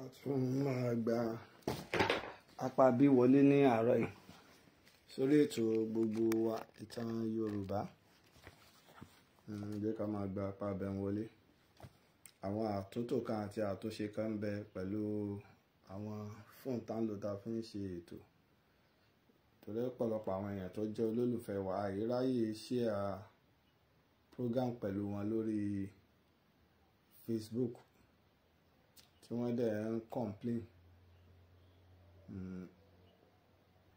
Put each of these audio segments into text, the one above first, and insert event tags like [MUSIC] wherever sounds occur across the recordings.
a tún máa gba apá bí wọlé ní àárọ̀ yìí sórí ètò gbogbo wa ìtàn Yorùbá jẹ́ ká máa gba apá bẹ́ẹ̀ wọlé àwọn àtúntò kan àti àtúnṣe kan ń bẹ pẹ̀lú àwọn fóònù tá ń lò tá a fi ń ṣe ètò torí ọ̀pọ̀lọpọ̀ àwọn èèyàn tó jẹ́ olólùfẹ́ wa àìráyè ṣíà program pẹ̀lú wọn lórí Facebook tí wọ́n dẹ̀ ń complain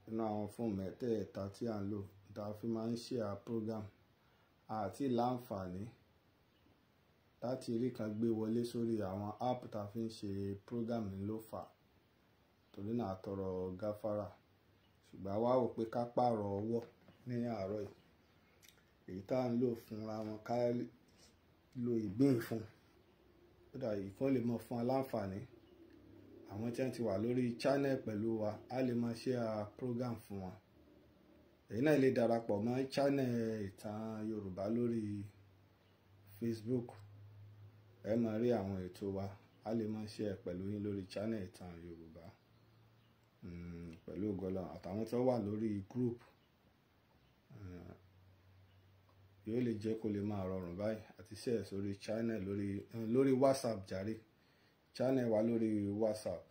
nínú hmm. àwọn fóònù mẹ́tẹ̀ẹ̀ta tí à ń lò tá a fi máa ń ṣe à program àti láǹfààní láti rí kan gbé wọlé sórí àwọn app tá a fi ń ṣe program ló fà torí náà tọrọ gáfárà ṣùgbọ́n wá wò pé ká pààrọ̀ ọwọ́ ní àárọ̀ yìí èyí tá à ń lò fúnra wọn ká lo ìgbín fún un so that ìkan lè mọ fún aláǹfààní àwọn tí wọ́n ti wà lórí channel pẹ̀lú wa a lè máa ṣe a program fún wọn èyí náà lè darapọ̀ mọ́ channel ìtàn Yorùbá lórí Facebook ẹ máa rí àwọn ètò wa a lè máa ṣe ẹ pẹ̀lú yín lórí channel ìtàn Yorùbá hmm, pẹ̀lú ògọlọ àtàwọn tí wọ́n wà lórí group hmm, yóò lè jẹ́ kó lè máa rọrùn báyìí àti ṣe ẹ̀ sórí channel lórí eh, lórí whatsapp jàre China wa lórí whatsapp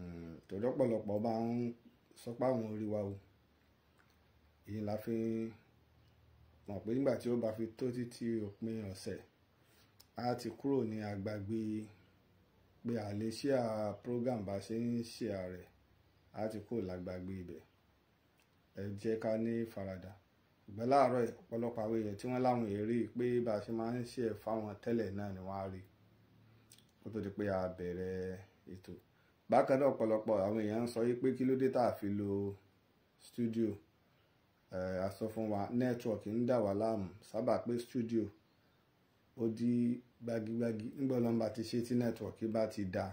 eh, tòjọ́pọ̀lọpọ̀ máa ń sọpá àwọn orí wa o èyí la fi mọ̀ pé nígbà tí ó bá fi tó títí òpin ọ̀sẹ̀ a ti kúrò ní agbágbé pé a program bá ṣe ń ṣe ààrẹ a ti kúrò lágbàgbé ibẹ̀ ẹ jẹ́ ká ní faradà ṣùgbọ́n láàárọ̀ ọ̀pọ̀lọpọ̀ àwọn èèyàn tí wọ́n láwọn èrè pé bá a ṣe máa ń ṣe fáwọn tẹ́lẹ̀ náà ni wọ́n á rí kó tó di pé a bẹ̀rẹ̀ ètò bákan náà ọ̀pọ̀lọpọ̀ àwọn èèyàn ń sọ yí pé kí ló dé tá a fi lo studio a sọ fún wa network ń dà wá láàmú sábà pé studio ó di gbagigbagi nígbà lọ́nba ti ṣe tí network bá ti da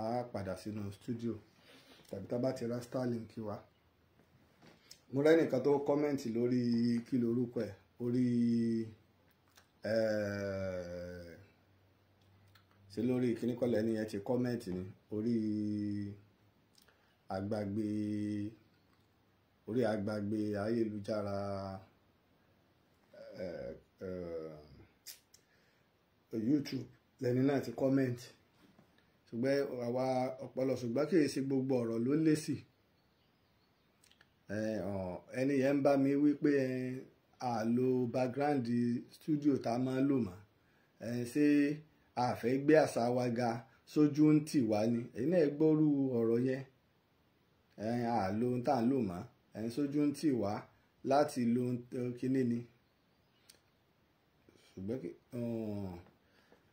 a padà sínú studio tàbí tá a bá ti ra starlink wa. mo rẹ́nìkan tó kọ́mẹ́ǹtì lórí kí lorúkọ ẹ̀ orí eh, ṣe lórí kíníkọ́lẹ̀ ni ẹ ti kọ́mẹ́ǹtì ni orí àgbàgbé orí àgbàgbé ayélujára eh, eh, YouTube lẹ́ni náà ti kọ́mẹ́ǹtì ṣùgbọ́n àwa ọ̀pọ̀lọ̀ ṣùgbọ́n kì í ṣe gbogbo ọ̀rọ̀ ló lé sí i ẹni yẹn ń bá mi wí pé àlò background studio tá a máa lò mọ́ ṣé àfẹ́ gbé àṣà wa ga sójú ń tì wá ni èyí náà gbọ́rú ọ̀rọ̀ yẹn àlò tá à ń lò mọ́ sójú ń tì wá láti lo kíní ni ṣùgbọ́n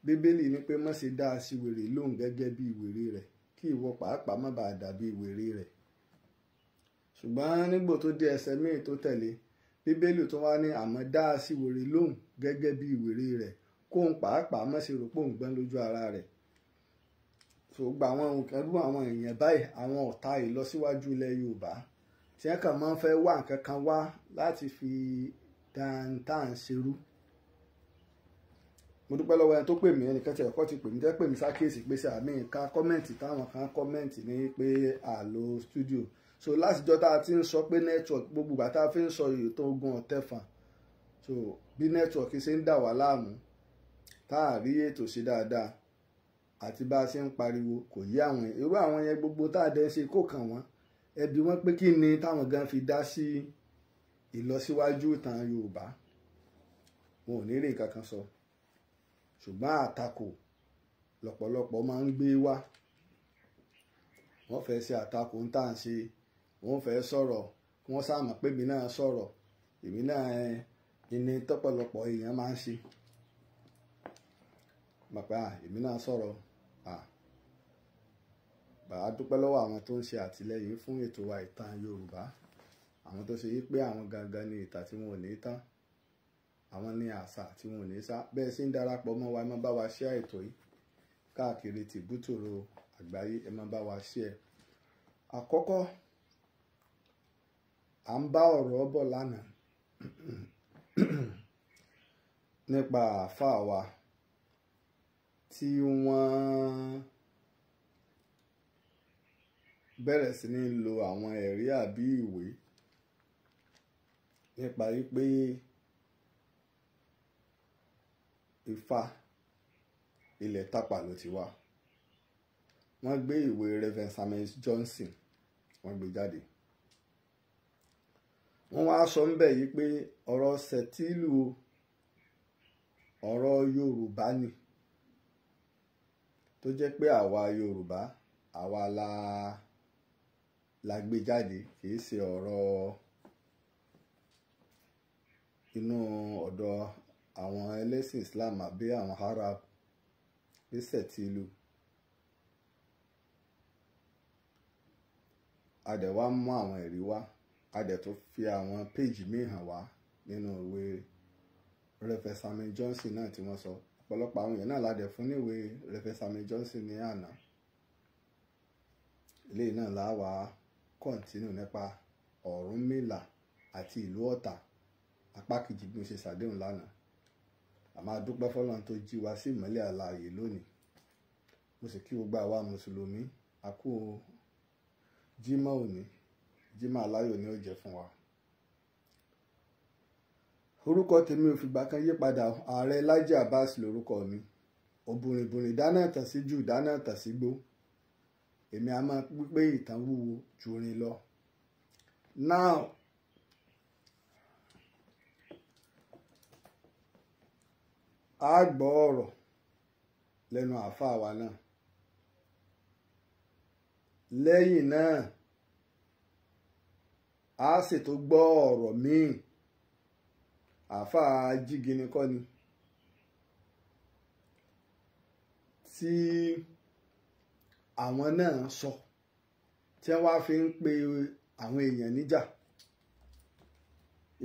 bíbélì ni pé má ṣe dá sí wèrè lóhùn gẹ́gẹ́ bí wèrè rẹ̀ kí ìwọ pàápàá má bàa dàbí wèrè rẹ̀ ṣùgbọ́n nígbò tó dé ẹsẹ̀ míì tó tẹ̀lé bíbélì tó wá ní àmọ́ dá a sí wèrè lóhùn gẹ́gẹ́ bí ìwèrè rẹ̀ kóun pàápàá mọ́ sí rògbò ń gbọ́n lójú ara rẹ̀ tó gba àwọn ẹrú àwọn èèyàn báyìí àwọn ọ̀tá ìlọsíwájú ilẹ̀ Yorùbá tí wọ́n kàn máa ń fẹ́ wá nǹkan kan wá láti fi dáńtàn ṣerú mo dúpẹ́ lọ́wọ́ ẹni tó pè mí ẹnìkan tí ẹ̀kọ́ ti pè mí jẹ́ pè mí sákèsì pé sí àmì nǹkan kọ́mẹ̀ntì táwọn kan kọ́mẹ̀ntì ní pé àlò stúdíò so látijọ́ tá a ti ń sọ pé network gbogbo ìgbà tá a fi ń sọ iye tó ogun ọ̀tẹ̀fà so bí network ṣe ń dà wá láàmú tá a rí ètò ṣe dáadáa àti bá a ṣe ń pariwo kò yí àwọn yẹn irú àwọn yẹn gbogbo tá a dẹ̀ ṣe kó kàn wọ́n ẹbí wọn pé kí ni táwọn gan fi dá sí ìlọsíwájú ìtàn Yorùbá wọn ò ní rí nǹkan sọ ṣùgbọ́n àtakò lọ́pọ̀lọpọ̀ máa ń gbé wá wọ́n fẹ́ ṣe àtakò ń tà ń ṣe wọ́n fẹ́ sọ̀rọ̀ kí wọ́n sáàmọ̀ pé èmi náà sọ̀rọ̀ èmi náà ẹni tọ́pọ̀lọpọ̀ èèyàn máa ń ṣe bàbá èmi náà sọ̀rọ̀ bàbá dúpẹ́ lọ́wọ́ àwọn tó ń ṣe àtìlẹ́yìn fún ètò wa ìtàn Yorùbá àwọn tó ṣe yí pé àwọn gangan ni ìtàn tí wọn ò ní tán àwọn ní àṣà tí wọn ò ní sá bẹ́ẹ̀ sì ń darapọ̀ mọ́ wa ẹ máa bá wa share ètò yìí káàkiri tìbútòrò àgbáyé ẹ máa bá wa share àkọ́kọ́ à ń bá ọ̀rọ̀ bọ̀ lánàá [CLEARS THROAT] nípa àáfàá wa tí wọ́n bẹ̀rẹ̀ sí ní lo àwọn ẹ̀rí àbí ìwé nípa wípé Ifá ilẹ̀ Tápà ló ti wá wọ́n gbé ìwé Reverend Samuel Johnson wọ́n gbé jáde wọ́n wá sọ ń bẹ̀ yìí pé ọ̀rọ̀ sẹ̀tílù ọ̀rọ̀ yorùbá ni tó jẹ́ pé àwa yorùbá àwa la la gbé jáde kìí ṣe ọ̀rọ̀ inú ọ̀dọ̀ àwọn ẹlẹ́sìn islam àbí àwọn arab pé sẹ̀tílù adẹ̀wá mú àwọn ẹ̀rí wá. a dẹ̀ tó fi àwọn péjì míì hàn wá nínú ìwé Reverend Samuel Johnson náà tí wọ́n sọ ọ̀pọ̀lọpọ̀ àwọn èèyàn náà ládẹ̀ fún níwé Reverend Samuel Johnson ní àná eléyìí náà láwa kọ́ńtínú nípa Ọ̀rúnmìlà àti ìlú Ọ̀tà apá kejì bí mo ṣe ṣàdéhùn lánàá àmọ́ adúpẹ́ fọlọ́run tó jí wa sí ìmọ́lẹ̀ àlàyé lónìí mo sì kí gbogbo àwa mùsùlùmí a kú jímọ̀ òní Jimoh Aláyọ̀ ni ó jẹ́ fún wa. orúkọ tèmi ò fìgbà kan yí padà ààrẹ Laji Abbas lórúkọ mi òbùrìbùrìn dáná tàn sí jù dáná tàn sí gbó èmi a máa pípé ìtàn wúwo ju orin lọ. now a gbọ́ ọ̀rọ̀ lẹ́nu àáfàá wa a sì tó gbọ́ ọ̀rọ̀ míì àáfàá jígini kọ́ ni tí àwọn náà sọ tí wọ́n fi ń pe àwọn èèyàn níjà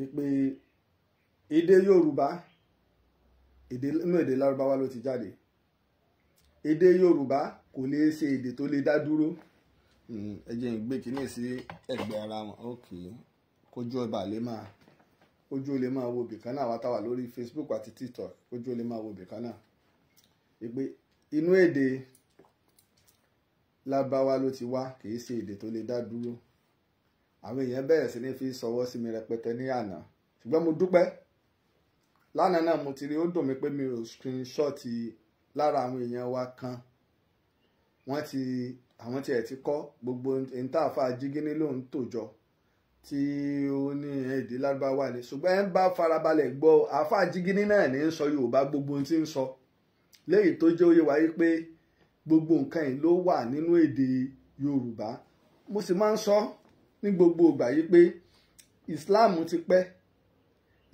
ìpè èdè Yorùbá èdè inú èdè Lárúbáwá ló ti jáde èdè Yorùbá kò lè ṣe èdè tó lè dá dúró. Hmm, ẹ jẹ́ n gbé kinní sí ẹ̀gbẹ́ ara wọn ok kójú ọba lè máa kójú lè máa wo bìkan náà wá táwà lórí Facebook àti TikTok kójú ó lè máa wo bìkan náà ìpè inú èdè lábáwá ló ti wá kìí ṣe èdè tó lè dá dúró àwọn èèyàn bẹ̀rẹ̀ sí ní fi sọwọ́ sí mi rẹpẹtẹ ní àná ṣùgbọ́n mo dúpẹ́ lánàá náà mo ti rí ó dùn mí pé mi ò screenshot lára àwọn èèyàn wa kan wọ́n ti àwọn tiẹ̀ ti kọ́ gbogbo ntàfà jígínní ló ń tòjọ tí ó ní èdè lárúbáwá ni ṣùgbọ́n ẹ ń bá farabalẹ̀ gbọ́ àáfà jígínní náà ní ń sọ yorùbá gbogbo ohun tí ń sọ léyìí tó jẹ́ òye wáyé pé gbogbo nǹkan yìí ló wà nínú èdè yorùbá mo sì máa ń sọ ní gbogbo ìgbà yìí pé islam ti pẹ́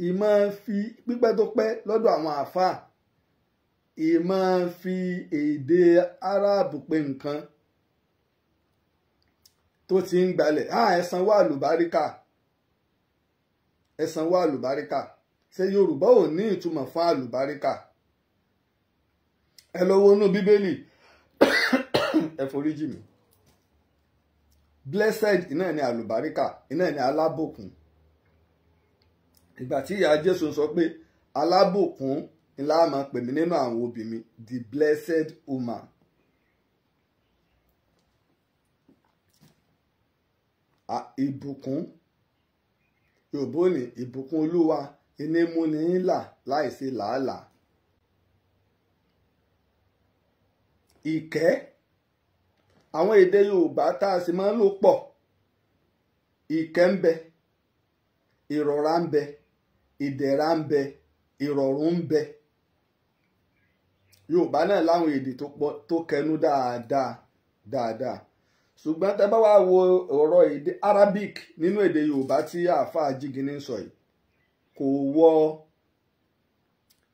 ìmọ̀ fi pípẹ́ tó pẹ́ lọ́dọ̀ àwọn àáfà ìmọ̀ fi èdè arab pé nǹkan tó ti ń gbalẹ̀ á ah, ẹ̀sán wà lùbáríkà ẹ̀sán wà lùbáríkà ṣé yorùbá ò ní ìtumọ̀ fún àlùbáríkà ẹ lọ wọnú bíbélì [COUGHS] ẹ foríjì mi blessed iná ni àlùbáríkà iná ni alábòkun ìgbà tí ìyá jésù sọ pé alábòkun ńlá máa pè mí nínú àwọn òbí mi the blessed woman ìbùkún Yorùbá ní ìbùkún Olúwa iní láìsí làálàá ìkẹ́ àwọn èdè Yorùbá tá a sì máa ń lò pọ̀ ìkẹ́ ń bẹ ìrọ̀rá ń bẹ ìdẹ̀ra ń bẹ ìrọ̀rùn ń bẹ Yorùbá náà láwọn èdè tó kẹnu dáadáa dáadáa. ṣùgbọ́n tẹ́ bá wá wo ọ̀rọ̀ èdè Arabic nínú èdè Yorùbá tí àáfàá jígínní sọ yìí kò wọ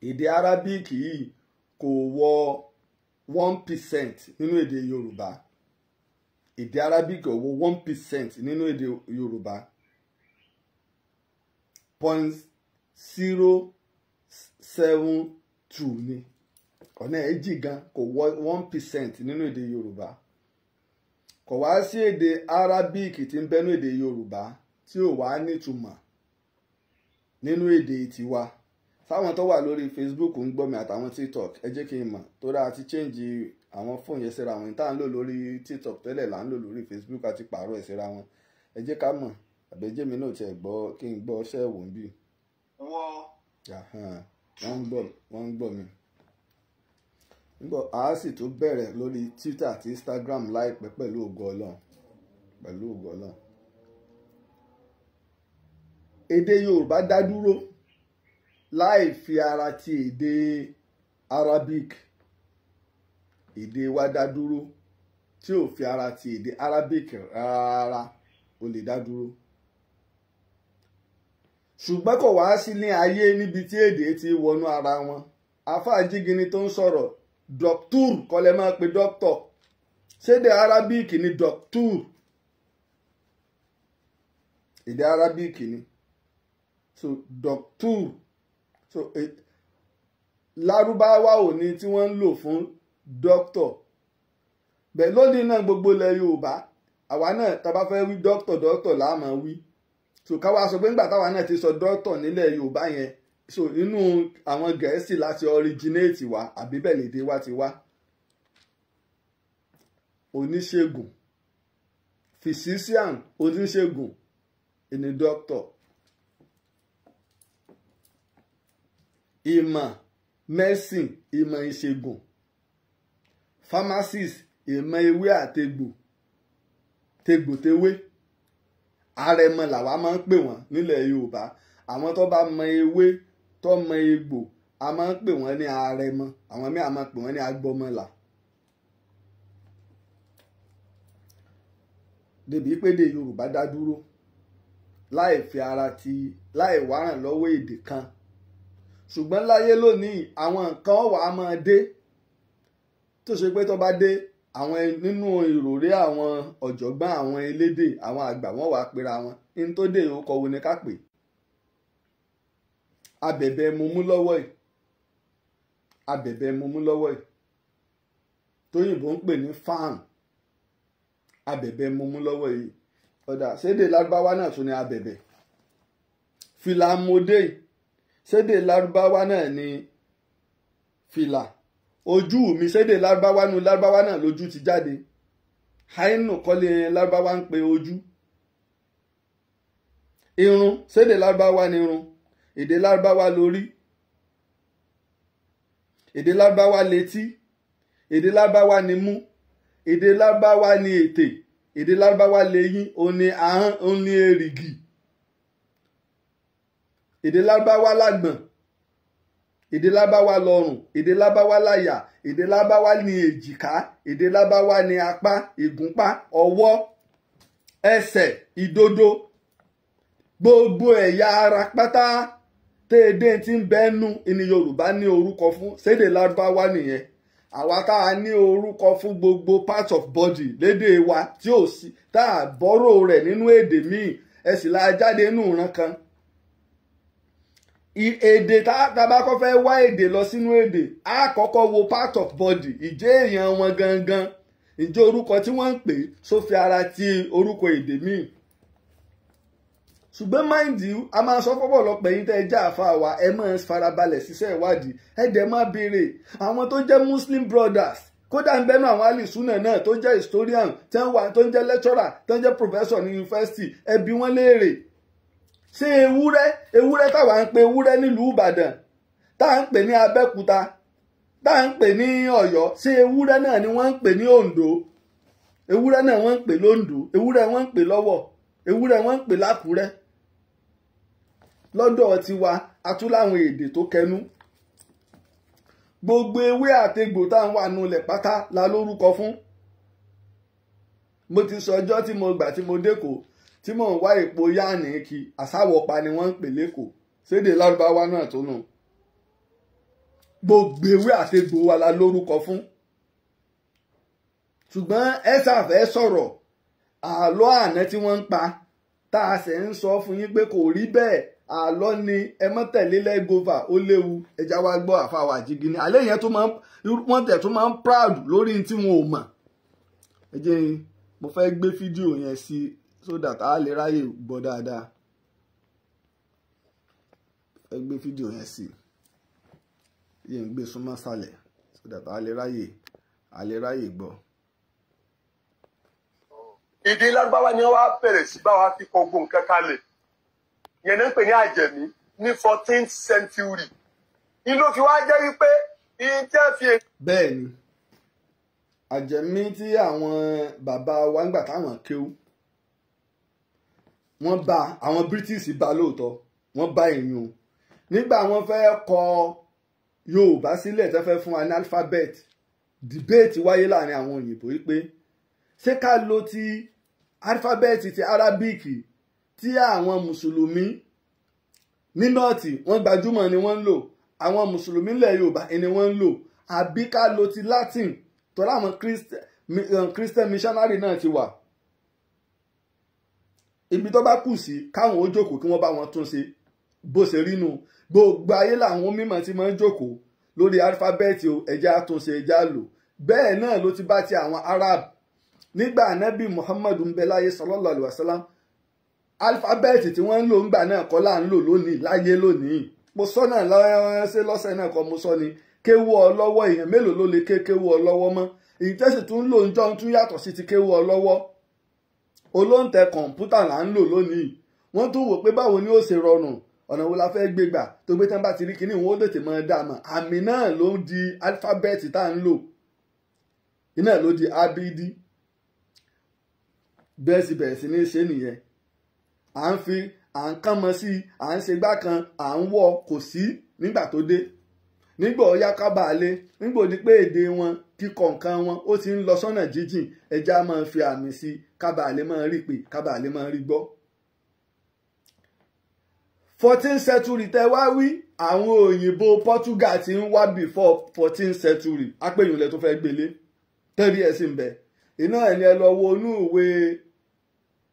èdè Arabic yìí kò wọ one percent nínú èdè Yorùbá èdè Arabic ò wọ one percent nínú èdè Yorùbá point zero seven two ni ọ̀nà ẹ̀jì gan kò wọ one percent nínú èdè Yorùbá kò wá sí èdè Arabic tí ń bẹ́nu èdè Yorùbá tí ò wá nítumọ̀ nínú èdè tiwa fáwọn tó wà lórí Facebook ń gbọ́ mi àtàwọn TikTok ẹ jẹ́ kí n mọ̀ tó dáa ti change àwọn fóònù yẹn síra wọn tá à ń lò lórí TikTok tẹ́lẹ̀ là ń lò lórí Facebook àti pààrọ̀ ẹ̀ síra wọn ẹ jẹ́ ká mọ̀ àbẹ́jẹ́ mi náà tiẹ̀ gbọ́ kí n gbọ́ ṣẹ́ẹ̀wò ń bì. wọ́n ń gbọ́ mi nígbà a sì tún bẹ̀rẹ̀ lórí Twitter àti Instagram láìpẹ́ pẹ̀lú ògo Ọlọ́run pẹ̀lú ògo Ọlọ́run èdè Yorùbá dá dúró láì fi ara ti èdè Arabic èdè wa dá dúró tí ò fi ara ti èdè Arabic rárá o lè dá dúró ṣùgbọ́n kò wá sí ní ayé níbi tí èdè ti wọnú ara wọn àfáà jígini tó ń sọ̀rọ̀ doctor kọ́ lẹ́ máa pe doctor ṣédè arabic ni doctor èdè arabic ni so doctor so e, lárúbáwá ò ní tí wọ́n ń lò fún doctor bẹ́ẹ̀ lónìí náà gbogbo ilẹ̀ yorùbá àwa náà tá a bá fẹ́ wí doctor doctor la máa wí so ká wá sọ pé ńgbà táwa náà ti sọ doctor nílẹ̀ yorùbá yẹn so nínú àwọn gẹ̀ẹ́sì láti originate wa àbí bẹ́ẹ̀ lédè wa ti wá oníṣègùn physician oníṣègùn ìní doctor ìmọ̀ medicine ìmọ̀ ìṣègùn pharmacist ìmọ̀ ewé àtegbò tegbòtewé àrẹ̀mọ làwa máa ń pè wọ́n nílẹ̀ yorùbá àwọn tó bá mọ ewé tọmọ egbò a máa ń pè wọ́n ní arẹmọ àwọn míì a máa pè wọ́n ní agbọmọlà. dèbí pédè yorùbá dá dúró láì fi ara ti láì wárán lọ́wọ́ èdè kan ṣùgbọ́n láyé lónìí àwọn nǹkan wà á máa dé tó ṣe pé tó bá dé àwọn nínú ìròrí àwọn ọ̀jọ̀gbọ́n àwọn elédè àwọn àgbà wọn wàá pera wọn ní tó dé ìhókòwò ni ká pè é abẹ̀bẹ̀ mumu mú lọ́wọ́ yìí abẹ̀bẹ̀ mo mú lọ́wọ́ yìí tóyìnbó ń pè ní fan abẹ̀bẹ̀ mo mú lọ́wọ́ yìí ọ̀dà sédè lárúbáwá náà tún ní abẹ̀bẹ̀ fìlà mòdè sédè lárúbáwá náà ní fìlà ojú mi sédè lárúbáwá nu lárúbáwá náà lójú ti jáde hainu kọ́lé lárúbáwá ń pe ojú irun sédè lárúbáwá ni irun èdè lárúbáwá lórí èdè lárúbáwá létí èdè lárúbáwá ni mú èdè lárúbáwá ni ètè èdè lárúbáwá lẹ́yìn òní ahọ́n òní èrìgì èdè lárúbáwá lágbọ̀n èdè lárúbáwá lọ́rùn èdè lárúbáwá láyà èdè lárúbáwá ni èjìká èdè lárúbáwá ni apá ìgúnpá ọwọ́ ẹsẹ̀ ìdodo gbogbo ẹ̀yà ara pátá téèdé tí ń bẹ́nu ni yorùbá ní orúkọ fún sédè lárúbáwá nìyẹn àwa tá a ní orúkọ fún gbogbo part of body lédè wa tí ò sí tá a bọ́rò rẹ̀ nínú èdè míì ẹ sì la jáde nínú ìran kan èdè tá a bá fẹ́ wá èdè lọ sínú èdè á kọ́kọ́ wo part of body ìjẹ́ èèyàn wọn gangan ìjẹ́ orúkọ tí wọ́n ń pè sófin ara ti orúkọ èdè míì ṣùgbọ́n mind you a máa sọ fọ́bọ̀ lọ́pẹ̀ yín tẹ́ ẹ já àfa wa ẹ máa farabalẹ̀ ṣiṣẹ́ ìwádìí ẹ dẹ̀ máa béèrè àwọn tó jẹ́ muslim brothers kódà ń bẹ́nu àwọn alìsúnà náà tó jẹ́ historian tó ń wà tó ń jẹ́ lecturer tó ń jẹ́ professor ní yunifásitì ẹ bi wọ́n léèrè ṣé ewúrẹ́ ewúrẹ́ táwa ń pe ewúrẹ́ nílùú ìbàdàn tá à ń pè ní abẹ́kúta tá à ń pè ní ọ̀yọ́ ṣé ewúrẹ́ náà ni wọ́n ń pè ní oǹdó ewúrẹ́ náà wọ́n ń pè lóǹdó ewúrẹ́ wọ́n ń pè lọ́wọ̀ ewúrẹ́ wọ́n ń pè lákùúrẹ́ lọ́dọ̀ tiwa a tún láwọn èdè tó kẹnu gbogbo ewé àtegbò tá à ń wà nulẹ̀ pátá la lórúkọ fún mo ti sọ ọjọ́ tí mo gbà tí mo dẹ́kọ̀ tí mò ń wá epo yáàní kí àsáwọ̀pa ni wọ́n ń pè lẹ́kọ̀ọ́ sédè lárúbáwá náà tó nù gbogbo ewé àtegbò wa la lórúkọ fún ṣùgbọ́n ẹ ṣàfẹ́ sọ̀rọ̀ àlọ́ àná tí wọ́n ń pa tá a sì ń sọ fún yín pé kò rí bẹ́ẹ̀ àlọ́ ni ẹ mọ́ tẹ̀lé lẹ́gọ́fà ó léwu ẹja wa gbọ́ àfàwà jìgì ni àlẹ́ yẹn tó máa wọ́n tẹ̀ tó máa ń proud lórí tí wọn ò mọ̀ ẹ jẹ́ mo fẹ́ gbé fídíò yẹn sí so that a lè ráyè gbọ́ dáadáa ẹ gbé fídíò yẹn sí yẹn gbé súnmọ́ sálẹ̀ so that a lè ráyè a lè ráyè gbọ́. èdè lárúbáwá ni wọ́n á bẹ̀rẹ̀ sí báwa fi kọ gbọ̀ǹkan kalẹ̀ yẹn náà ń pè ní àjẹmí ní fourteenth century inú fi wá jẹ́ wípé iye tí a fi. bẹ́ẹ̀ ni àjẹmí tí àwọn bàbá wa ń gbà táwọn kéwú wọ́n bá àwọn British bá lóòótọ́ wọ́n bá èèyàn nígbà wọ́n fẹ́ kọ Yorùbá sílẹ̀ tó fẹ́ fún analphabet debate wáyé láàrin àwọn òyìnbó wípé ṣé ká lo ti alphabet ti Arabic tí àwọn mùsùlùmí ní nọ́ọ̀tì wọ́n gbajúmọ̀ ni wọ́n ń lò àwọn mùsùlùmí ilẹ̀ yorùbá ni wọ́n ń lò àbí ká lo ti latin tọ́lá àwọn eh, christian missionary náà ti wà ibi tó bá kù sí káwọn ó jókòó kí wọ́n bá wọn tún ṣe bó ṣe rí nu gbogbo ayé làwọn mímọ̀ ti máa ń jókòó lórí alifábẹ́ẹ̀tì ẹja àtúnṣe ẹja lò bẹ́ẹ̀ náà ló ti bá ti àwọn arab nígbà anabi muhammadu ń bẹ láyé sallallahu alifábẹ́ẹ̀tì tí wọ́n ń lò ń gbà náà kọ́ là ń lò lónìí láyé lónìí mo sọ náà lọ́sẹ̀ lọ́sẹ̀ náà kọ́ mo sọ ni kéwú ọlọ́wọ́ èèyàn mélòó ló lè ké kéwú ọlọ́wọ́ mọ́ èyí tẹ́sí tún lò ń jọ ń tún yàtọ̀ sí ti kéwú ọlọ́wọ́ olóǹtẹ̀ kọ̀ǹpútà là ń lò lónìí wọ́n tún wò pé báwo ni ó ṣe rọrùn ọ̀nà wo la fẹ́ gbé gbà tó gbé tán bá ti rí kinní wọn ó tètè mọ dáa mọ̀ àmì náà ló di alifábẹ́ẹ̀tì tá à ń lò iná ló di abd bẹ́ẹ̀ sì bẹ̀rẹ̀ sí ní ṣe nìyẹn à ń fi à ń kánmọ sí i à ń ṣe gbá kan à ń wọ kò sí nígbà tó dé nígbà ọyá kábàálé nígbà òdi pé èdè wọn kíkọ nǹkan wọn ó ti ń lọ sọ́nà jíjìn ẹja máa fi àmì sí kábàálé máa rí pé kábàálé máa rí gbọ́. fourteen century tẹ wá wí àwọn òyìnbó Portugal ti ń wá before fourteen century apẹ̀yìnlẹ̀ tó fẹ́ gbélé tẹ́rí ẹ̀ sì ń bẹ iná ẹ̀ ni ẹ lọ wo inú ìwé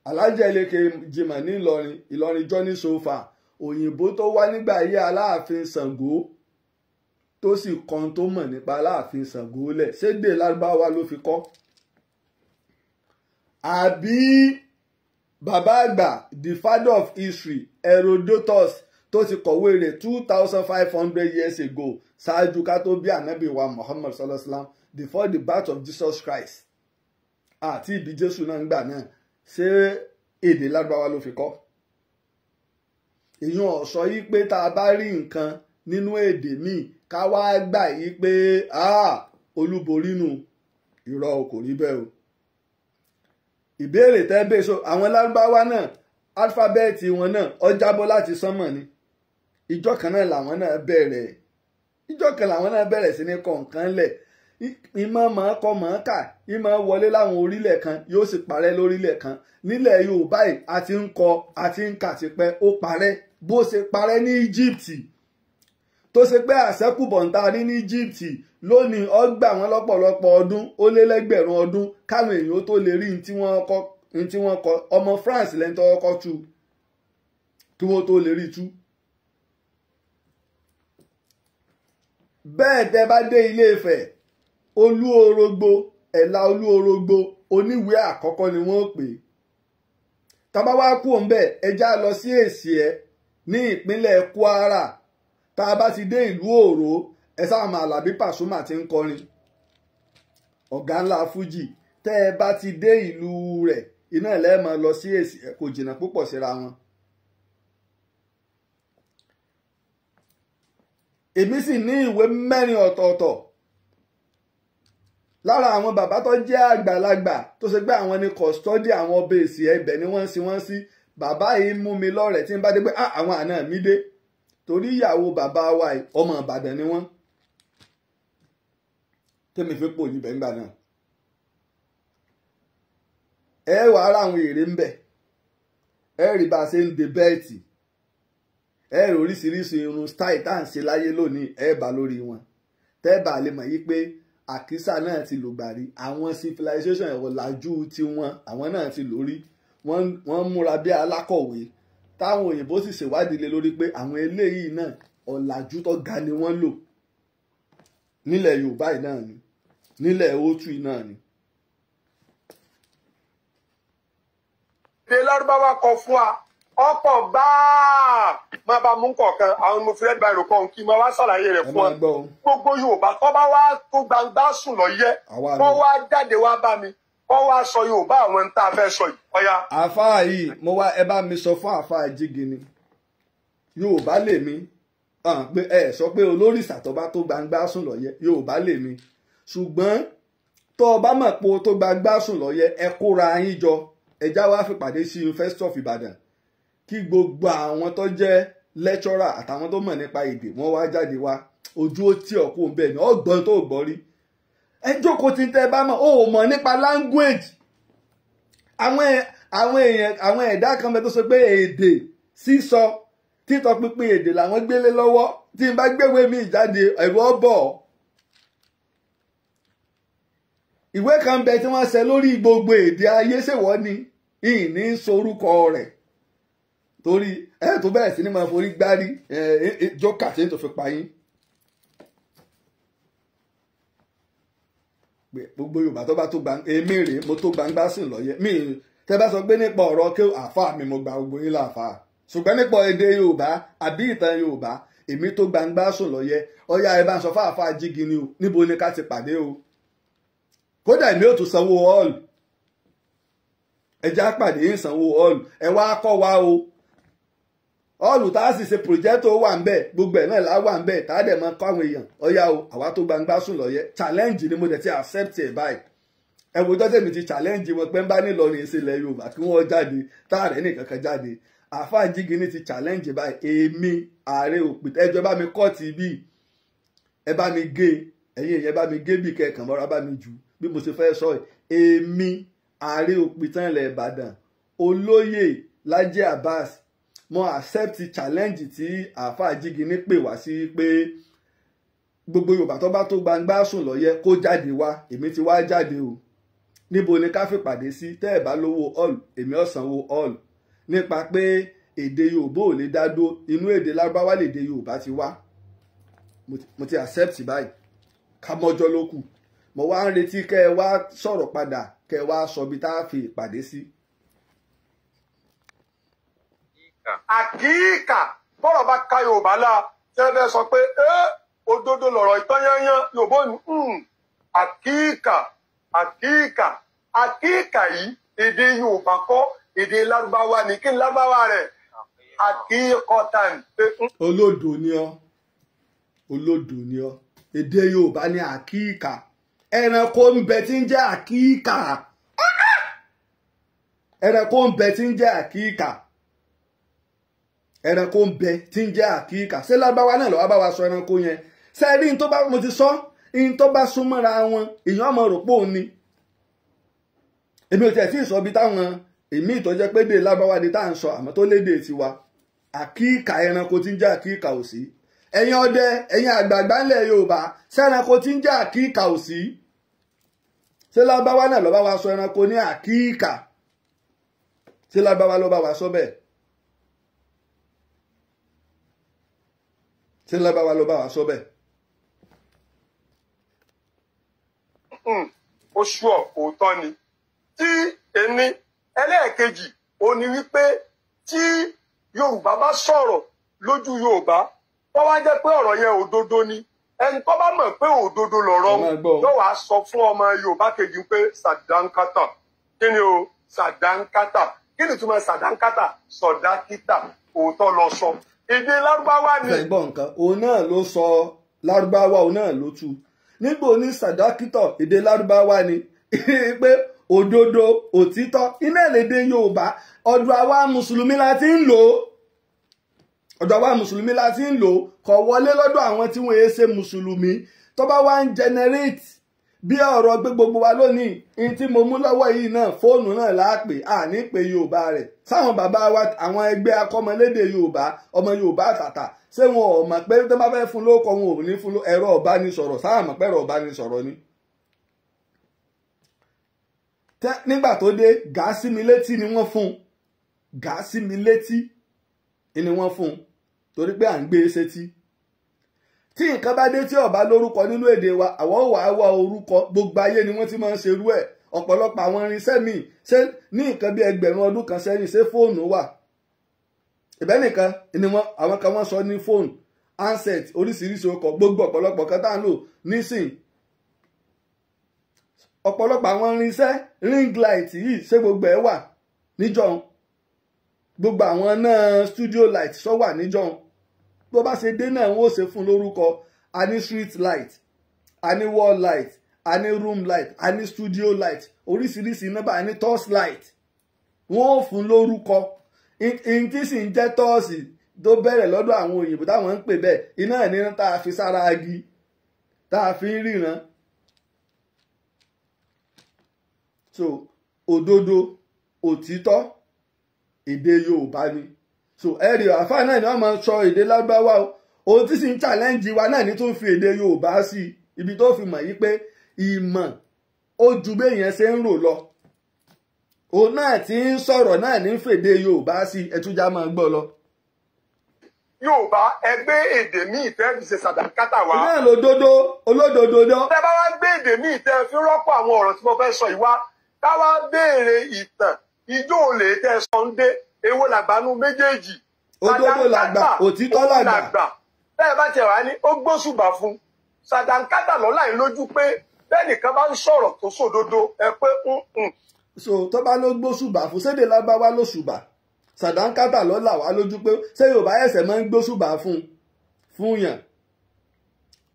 alájà Eleke jimá ní Ìlọrin Ìlọrin jọ́ní sofa òyìnbó tó wá nígbà ayé aláàfin Ṣàngó tó sì kan tó mọ̀ nípa aláàfin Ṣàngó lẹ̀ sédè lárúbáwá ló fi kọ́ àbí bàbá àgbà the father of history Herodotus tó ti kọ̀wé rẹ̀ two thousand five hundred years ago ṣáájú ká tó bí ànábì wa Muhammad sallallahu alayhi wa sallam before the birth of Jesus Christ àti ìbí Jésù náà ń gbà náà ṣé èdè lárúbáwá ló fi kọ́ ìyún ọ̀sọ́ yìí pé tá a bá rí nǹkan nínú èdè míì ká wá gbà yìí pé olúborí nù irọ́ kò rí bẹ́ẹ̀ o ìbéèrè tẹ́ bẹ́ẹ̀ so àwọn lárúbáwá náà álífábẹ́ẹ̀tì wọn náà ó jábọ́ láti sánmọ̀ ni ìjọ kan náà làwọn náà bẹ̀rẹ̀ ìjọ kan làwọn náà bẹ̀rẹ̀ sí ní kọ̀ọ̀kan lẹ̀ ìmọ̀ mọ̀ọ́kọ mọ̀ọ́kà ìmọ̀ wọlé láwọn orílẹ̀ kan yóò sì parẹ́ lórílẹ̀ kan nílẹ̀ Yorùbá yìí àti ń kọ àti ń kà sí pé ó parẹ́ bó ṣe parẹ́ ní Egypt tó ṣe pé àṣẹ́kùbọ̀ǹta rí ní Egypt lónìí ó gbà wọ́n lọ́pọ̀lọpọ̀ ọdún ó lé lẹ́gbẹ̀rún ọdún káwọn èèyàn tó lè rí ní tí wọ́n kọ ọmọ France lẹ́ni tó kọ́ tu kí wọ́n tó lè rí tú. bẹ́ẹ̀ tẹ́ bá dé Ilé Ifẹ̀ olúorogbo ẹ̀la olúorogbo oníwèé àkọ́kọ́ ni wọ́n pè é tàbá wá kú òǹbẹ̀ ẹja lọ sí èsì ẹ̀ ní ìpínlẹ̀ Kwara tá a bá ti dé ìlú Òró ẹ sáà máa làbí Pasuma ti ń kọrin ọ̀gá ńlá Fújì tẹ́ ẹ bá ti dé ìlú rẹ̀ iná ẹ̀ lẹ́ẹ̀mọ lọ sí èsì ẹ̀ kò jìnnà púpọ̀ síra wọn. èmi sì ní ìwé mẹ́rin ọ̀tọ̀ọ̀tọ̀ lára àwọn bàbá tó jẹ́ àgbàlagbà tó ṣe pé àwọn ni kọ̀stọ́dì àwọn ọba èsì ẹbẹ̀ ni wọ́n sin wọ́n sí bàbá yìí mú mi lọ́rẹ̀ tí n bá dé pé ah, àwọn àna mi dé torí ìyàwó bàbá wa ọmọ Ìbàdàn ni wọ́n tẹ́mi fi pò níbẹ̀ ńgbà náà ẹ wà ara àwọn èrè ń bẹ̀ ẹ rí bá a ṣe ń de bẹ́ẹ̀tì ẹ rí oríṣiríṣi irun style tá à ń ṣe láyé lónìí ẹ bá lórí wọn tẹ́ bá a lè mọ̀ yí pé àkísà náà ti lùgbàrí àwọn civilization ọ̀làjú tiwọn àwọn náà ti lórí wọ́n ń múra bí alákọ̀wé táwọn òyìnbó sì ṣèwádìí lé lórí pé àwọn eléyìí náà ọ̀làjú tó ga ni wọ́n lò nílẹ̀ yorùbá yìí náà ni nílẹ̀ òtù yìí náà ni. ilé lárúbáwá kọ fún wa ọ̀pọ̀ gbáà máa bá mú kọ̀ọ̀kan àwọn mo fi red biro kọ́ òun kí n máa wá ṣàlàyé rẹ̀ fún ọ gbogbo Yorùbá tó bá wá tó gbangba sùn lọ yẹ kó wá jáde wá bá mi kó wá sọ Yorùbá àwọn ń tá a fẹ́ sọ yìí ọ̀ya. àáfàá yìí mo wá ẹ bá mi sọ fún àáfàá Jígini Yorùbá lèmi ẹ sọ pé olórìṣà tó bá tó gbangba sùn lọ yẹ Yorùbá lèmi ṣùgbọ́n tó o mọ̀ pé o tó gbangba sùn lọ yẹ ẹ kóra yín jọ ẹ já wá fìpàdé sí kí gbogbo àwọn tó jẹ́ lẹ́tọ́rà àtàwọn tó mọ̀ nípa èdè wọ́n wá jáde wá ojú ó tí ọ̀kú bẹ́ẹ̀ ni ọgbọ́n tó gbọ́ rí ẹ jókòó tí tẹ́ bá mọ̀ ó mọ̀ nípa language àwọn àwọn èèyàn àwọn ẹ̀dá kan bẹ tó sọ pé èdè sísọ títọ́ pínpín èdè làwọn gbélé lọ́wọ́ tí n bá gbéwé mi ìjáde ẹ̀rọ bọ̀ ìwé kan bẹ tí wọ́n ṣe lórí gbogbo èdè ayé ṣèwọ́ ni ìní ń sorúkọ rẹ̀ torí ẹ tó bẹ̀rẹ̀ sí ni máa forí gbárí ẹ jókà tí tó fi pa gbogbo yorùbá tó bá tó gbangba èmi rèé mo tó gbangba sìn lọ́yẹ mi tẹ bá sọ pé nípa ọ̀rọ̀ kí àáfàá mi mo gba gbogbo yín láàfàá ṣùgbọ́n nípa èdè yorùbá àbí ìtàn yorùbá èmi tó gbangba sùn lọ́yẹ ọ̀yà ẹ̀ bá ń sọ fáàfáà jígi ni o níbo ni ká ti pàdé o kódà èmi ò tún sanwó hall ẹ já pàdé ìsanwó hall ẹ wá kọ́ wa o ọ́ọ̀lù tá a sì ṣe pòròjẹ́tò wà ń bẹ̀ gbogbo ẹ̀ náà lá wà ń bẹ̀ tá a dẹ̀ máa kọ́ àwọn èèyàn ọ̀yà o àwa tó gbangba sùn lọ́yẹ challenge ni mo dẹ̀ ti accept ẹ̀ báyìí ẹ wo jọ́jẹ́ mi ti challenge wọn pé ń bá nílọrin ìṣẹ̀lẹ̀ Yorùbá kí wọ́n jáde tá a rẹ̀ nìkan kan jáde àfáà Jígínní ti challenge báyìí èmi ààrẹ òpìtẹ́ ẹjọ́ bá mi kọ́ ti bí ẹ bá mi gé ẹ̀yin ẹ̀yẹ bá mi gé bí kẹ̀kàn mọ́ra bá mi jù bí mo ṣe fẹ́ sọ èmi ààrẹ òpìtẹ́ ilẹ̀ Ìbàdàn olóyè Lájí Abbas mo accept challenge tí àáfàá jíginí pè wá sí pe gbogbo yorùbá tó bá tó gbangba sùn lọ́yẹ kó jáde wá èmi ti wá jáde o níbo ni ká fi pàdé sí tẹ́ ẹ̀ bá lówó all èmi ò sanwó all nípa pé èdè yorùbá ò lè dá dó inú èdè lárúbáwá lèdè yorùbá ti wá mo ti accept báyìí ká mọ́jọ́ ló mo wá ń retí kẹ́ ẹ wá sọ̀rọ̀ padà kẹ́ ẹ wá sọ ibi tá a fi ìpàdé sí. Si àkíkà bọ́rọ̀ bá ka yorùbá la tẹ́lẹ̀ sọ pé ẹ́ òdodo lọ̀rọ̀ ìtọ́yányán yorùbá ni hmm. àkíkà àkíkà àkíkà yìí èdè yorùbá kọ́ èdè lárúbáwá ni kí ni lárúbáwá rẹ̀ àkíkọ́tà ni. Hmm. olódò ni ọ olódò ni ọ èdè yorùbá ni àkíkà ẹranko ń bẹ tí ń jẹ́ àkíkà ẹranko ń bẹ tí ń jẹ́ àkíkà. ẹranko ń bẹ tí ń jẹ́ àkíkà ṣé lábáwá náà lọ́wọ́ bá wa ẹranko yẹn ṣe rí ní tó bá ti sọ ní tó bá súnmọ́ra wọn èèyàn ọmọ rò pò ní èmi ò tiẹ̀ tí ì sọ táwọn èmi pé ni tá à ń sọ àmọ́ tó léde àkíkà ẹranko tí ń jẹ́ àkíkà ò sí ẹ̀yin ọdẹ ẹ̀yin àgbààgbà ńlẹ̀ Yorùbá ẹranko ń àkíkà ò sí wa sọ ẹranko ní àkíkà ṣé lábáwá ṣé ńlá bá wa lọ bá wa sọ bẹ́ẹ̀. ó ṣùọ òótọ́ ni tí ẹni ẹlẹ́ẹ̀kejì ó ní wípé tí yorùbá bá sọ̀rọ̀ lójú yorùbá wọ́n wá jẹ́ pé ọ̀rọ̀ yẹn òdodo ni ẹni tó bá mọ̀ pé òdodo lọ̀rọ̀ yóò wá sọ fún ọmọ yorùbá kejì pé sàdánkátà kí ni o sàdánkátà kí ni túmọ̀ sàdánkátà sọ̀dákítà òótọ́ lọ sọ èdè lárúbáwá ni. fẹ̀gbọ́n nǹkan òun náà ló sọ lárúbáwá òun náà ló tú nígbà oní sàdákítọ̀ èdè lárúbáwá ni [LAUGHS] pé òdodo òtítọ́ iná èlédè yorùbá ọ̀dọ̀ àwa mùsùlùmí la ti ń lò ó ọ̀dọ̀ àwa mùsùlùmí la ti ń lò ó kò wọlé lọ́dọ̀ àwọn tí wọ́n yé ṣe mùsùlùmí tó bá wá ń generate bí ọ̀rọ̀ gbé gbogbo wa lónìí ní tí mo mú lọ́wọ́ yìí náà fóònù náà láàpè àní pé yorùbá rẹ̀ sáwọn bàbá wa àwọn ẹgbẹ́ akọ́mọlédè yorùbá ọmọ yorùbá àtàtà ṣé wọn ò mọ̀ pé tó bá fẹ́ fún lóko wọn ò ní fún ẹ̀rọ ọ̀bánisọ̀rọ̀ sáwọn mọ̀ pé ẹ̀rọ ọ̀bánisọ̀rọ̀ ni. nígbà tó dé gàá sí mi létí ni wọ́n fún un gàá sí mi létí ni wọ́n fún un torí pé à ń gbé e sétí tí nǹkan bá dé tí ọba lórúkọ nínú èdè wa àwọn ò wá wá orúkọ gbogbo ayé ni wọ́n ti máa ń ṣerú ẹ̀ ọ̀pọ̀lọpọ̀ àwọn irinṣẹ́ míì ṣé ní nǹkan bí ẹgbẹ̀rún ọdún kan sẹ́yìn ṣé fóònù wà ìbẹ́ nìkan ni wọ́n àwọn kan wọ́n sọ ní fóònù handset oríṣiríṣi ọkọ̀ gbogbo ọ̀pọ̀lọpọ̀ kan tá à ń lò nísìn ọ̀pọ̀lọpọ̀ àwọn irinṣẹ́ ring light yìí ṣé gbogbo ẹ̀ wà níjọ́un gbogbo àwọn náà studio light sọ wà níjọ́un tó bá ṣe dé náà wọ́n ó ṣe fún lórúkọ a ní street light a ní wall light a ní room light a ní studio light oríṣiríṣi nọ́mbà a ní torch light wọ́n ó fún lórúkọ ìǹtí sì ń jẹ́ tọ́ọ̀sì tó bẹ̀rẹ̀ lọ́dọ̀ àwọn òyìnbó táwọn ń pè bẹ́ẹ̀ iná ẹ̀ níran tá a fi sára agi tá a fi ń ríran so òdodo òtítọ́ èdè Yorùbá ni. so ẹ rí àfáà náà ni wọ́n máa ń sọ èdè lárúbáwá o ohun tí sì ń challenge wa náà ni tó ń fi èdè yorùbá sí ibi tó fi mọ̀ yí pé ìmọ̀ ó ju béèyàn ṣe ń rò lọ òun náà ti ń sọ̀rọ̀ náà ní fèdè yorùbá sí ẹtújá máa gbọ́ lọ. yorùbá ẹgbẹ́ èdè míì fẹ́ fi ṣe sàdákátà wá. ìwé olódodo olódododo. ẹ bá wá gbé èdè míì tẹ fi rọ́pò àwọn ọ̀rọ̀ tí mo fẹ́ sọ yìí wá ká wá béèrè ìtàn ijó òlè tẹ sọ ń dé èwo làgbà nu méjèèjì òdodo òtítọ́ làgbà bẹ́ẹ̀ bá tiẹ̀ wá ní ó gbóṣùbà fún sàdánkátà lọ́la yìí lójú pé bẹ́ẹ̀ nìkan bá ń sọ̀rọ̀ tó sòdodo ẹ pé so tó bá ló gbóṣùbà fún sédè lábáwá lóṣùbà sàdánkátà lọ́la wá lójú pé ṣé yorùbá ẹ̀sẹ̀ máa ń gbóṣùbà fún fún yàn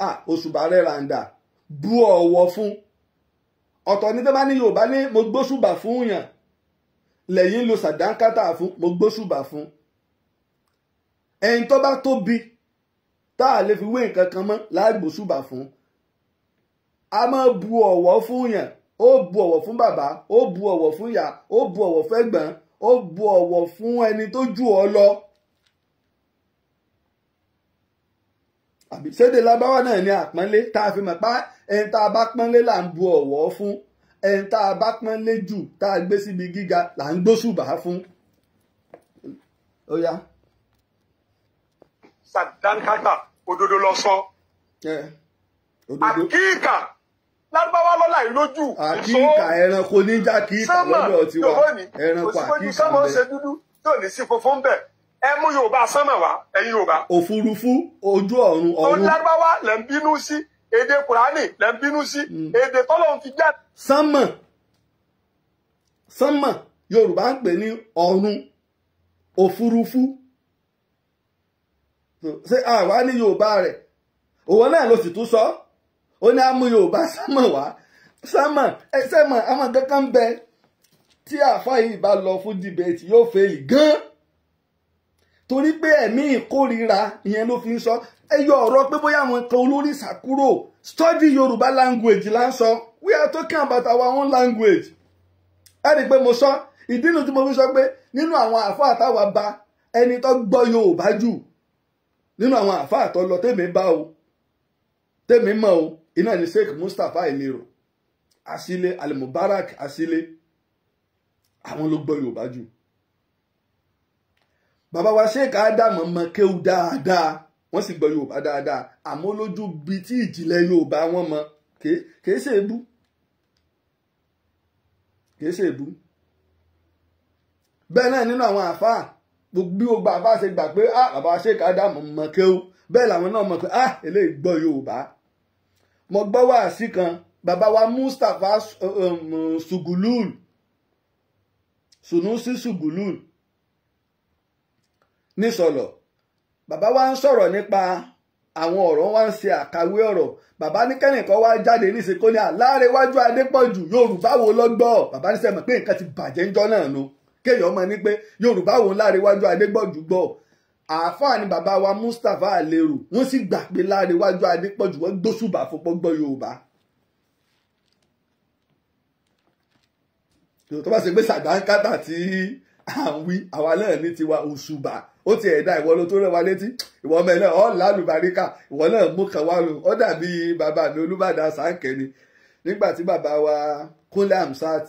ah òṣùbà rẹ̀ ràǹdà bu ọ̀wọ̀ fún ọ̀tọ̀ ní tó bá ní yorùbá ní mo gbóṣùbà fún yàn lẹ́yìn lo sàdánkátà fún mo gbóṣùbà fún ẹni tó bá tóbi tá a lè fi wé nǹkan kan mọ́ láàgbóṣùbà fún a máa bu ọ̀wọ̀ fún yàn ó bu ọ̀wọ̀ fún bàbá ó bu ọ̀wọ̀ fún ìyá ó bu ọ̀wọ̀ fún ẹ̀gbọ́n ó bu ọ̀wọ̀ fún ẹni tó jù ọ lọ. àbí sédè lábáwá náà ní àpọ́nlé tá a fi mọ̀ pa ẹni tá a bá pọ́nlé là ń bu ọ̀wọ̀ fún ẹni tá a bá pọ́n lé jù tá a gbé síbi gíga là ń gbóṣùbà fún ó yá. sàdánkátà òdodo lọ sọ. àkíkà lárúbáwá lọ́la yìí lójú. àkíkà ẹranko níjà kíkà lọ́dọ̀ tiwa ẹranko àkíkà bẹ́ẹ̀. tó ní sí funfun bẹ́ẹ̀ ẹ mú yorùbá sánmà wá ẹ̀yin yorùbá. òfurufú ojú ọ̀run ọ̀run. tó lárúbáwá lẹ́ ń bínú sí èdè kùránì lẹ́ ń bínú sí hmm. èdè tọ́lọ́run ti jẹ́. sánmọ̀ sánmọ̀ yorùbá ń pè ní ọ̀run òfurufú ṣé àwa ní yorùbá rẹ̀ òwò náà ló sì tún sọ ó ní á mú yorùbá sánmọ̀ wá sánmọ̀ ẹsẹ̀mọ̀ àwọn kankan bẹ tí àáfàá yìí bá lọ fún dìbẹ̀tì yóò fẹ́ẹ̀lì gan torí pé ẹ̀mí ìkórira ìyẹn ló fi ń sọ ẹ yọ ọ̀rọ̀ pé bóyá àwọn kan olórìṣà kúrò study yorùbá language là we are talking about our own language ẹ rí i pé mo sọ ìdí inú tí mo fi sọ pé nínú àwọn àfọ àtàwà ba ẹni tó gbọ́ yorùbá jù nínú àwọn àfọ àtọ lọ tèmi bá o tèmi mọ̀ o iná ni sheikh mustapha ìlérò asile alimubarak asile àwọn ló gbọ́ yorùbá jù bàbá wa sheikh adam mọ̀ kéwù dáadáa wọ́n sì gbọ́ yorùbá dáadáa àmọ́ lójú bi tí ìjìnlẹ̀ yorùbá wọn mọ kèé ṣe é bú kèé ṣe é bú bẹ́ẹ̀ náà nínú àwọn àfáà bí o gbà bá ṣe gbà pé ah bàbá Sheikh Adam mọ̀ kí o bẹ́ẹ̀ làwọn náà mọ̀ pé ah eléyìí gbọ́ yorùbá mo gbọ́ wáàsí kan bàbá wa Mustapha um, sugulul Sunusi sugulul ní sọlọ. So bàbá wa ń sọ̀rọ̀ nípa àwọn ọ̀rọ̀ wa ń ṣe àkàwé ọ̀rọ̀ bàbá ní kẹ́nìkan wá jáde níṣe kó ní àláréwájú adépọ̀jù yorùbá wo lọ́gbọ́ bàbá ní sẹ́mọ̀ pé nǹkan ti bàjẹ́ ńjọ́ náà nu kéèyàn ọmọ ní pé yorùbá wo láréwájú adépọ̀jù gbọ́ àáfàá ni bàbá wa mustapha àlérò wọ́n sì gbà pé láréwájú adépọ̀jù wọ́n gbósùbà fọpọ́ gbọ́ yorùbá. tó bá ṣe pé sàgbáńkátà tí à ń wí àwa náà ní tiwa òṣùbà ó ti ẹ̀dá ìwọ ló tó rẹwà létí ìwọ ọmọ ẹ náà ọ̀ lálùbáríkà ìwọ náà mú kan wá lò ó dàbí bàbá mi Olúbàdàn Sáǹkẹ́ ni nígbà tí bàbá wa Kúnlé Hamsat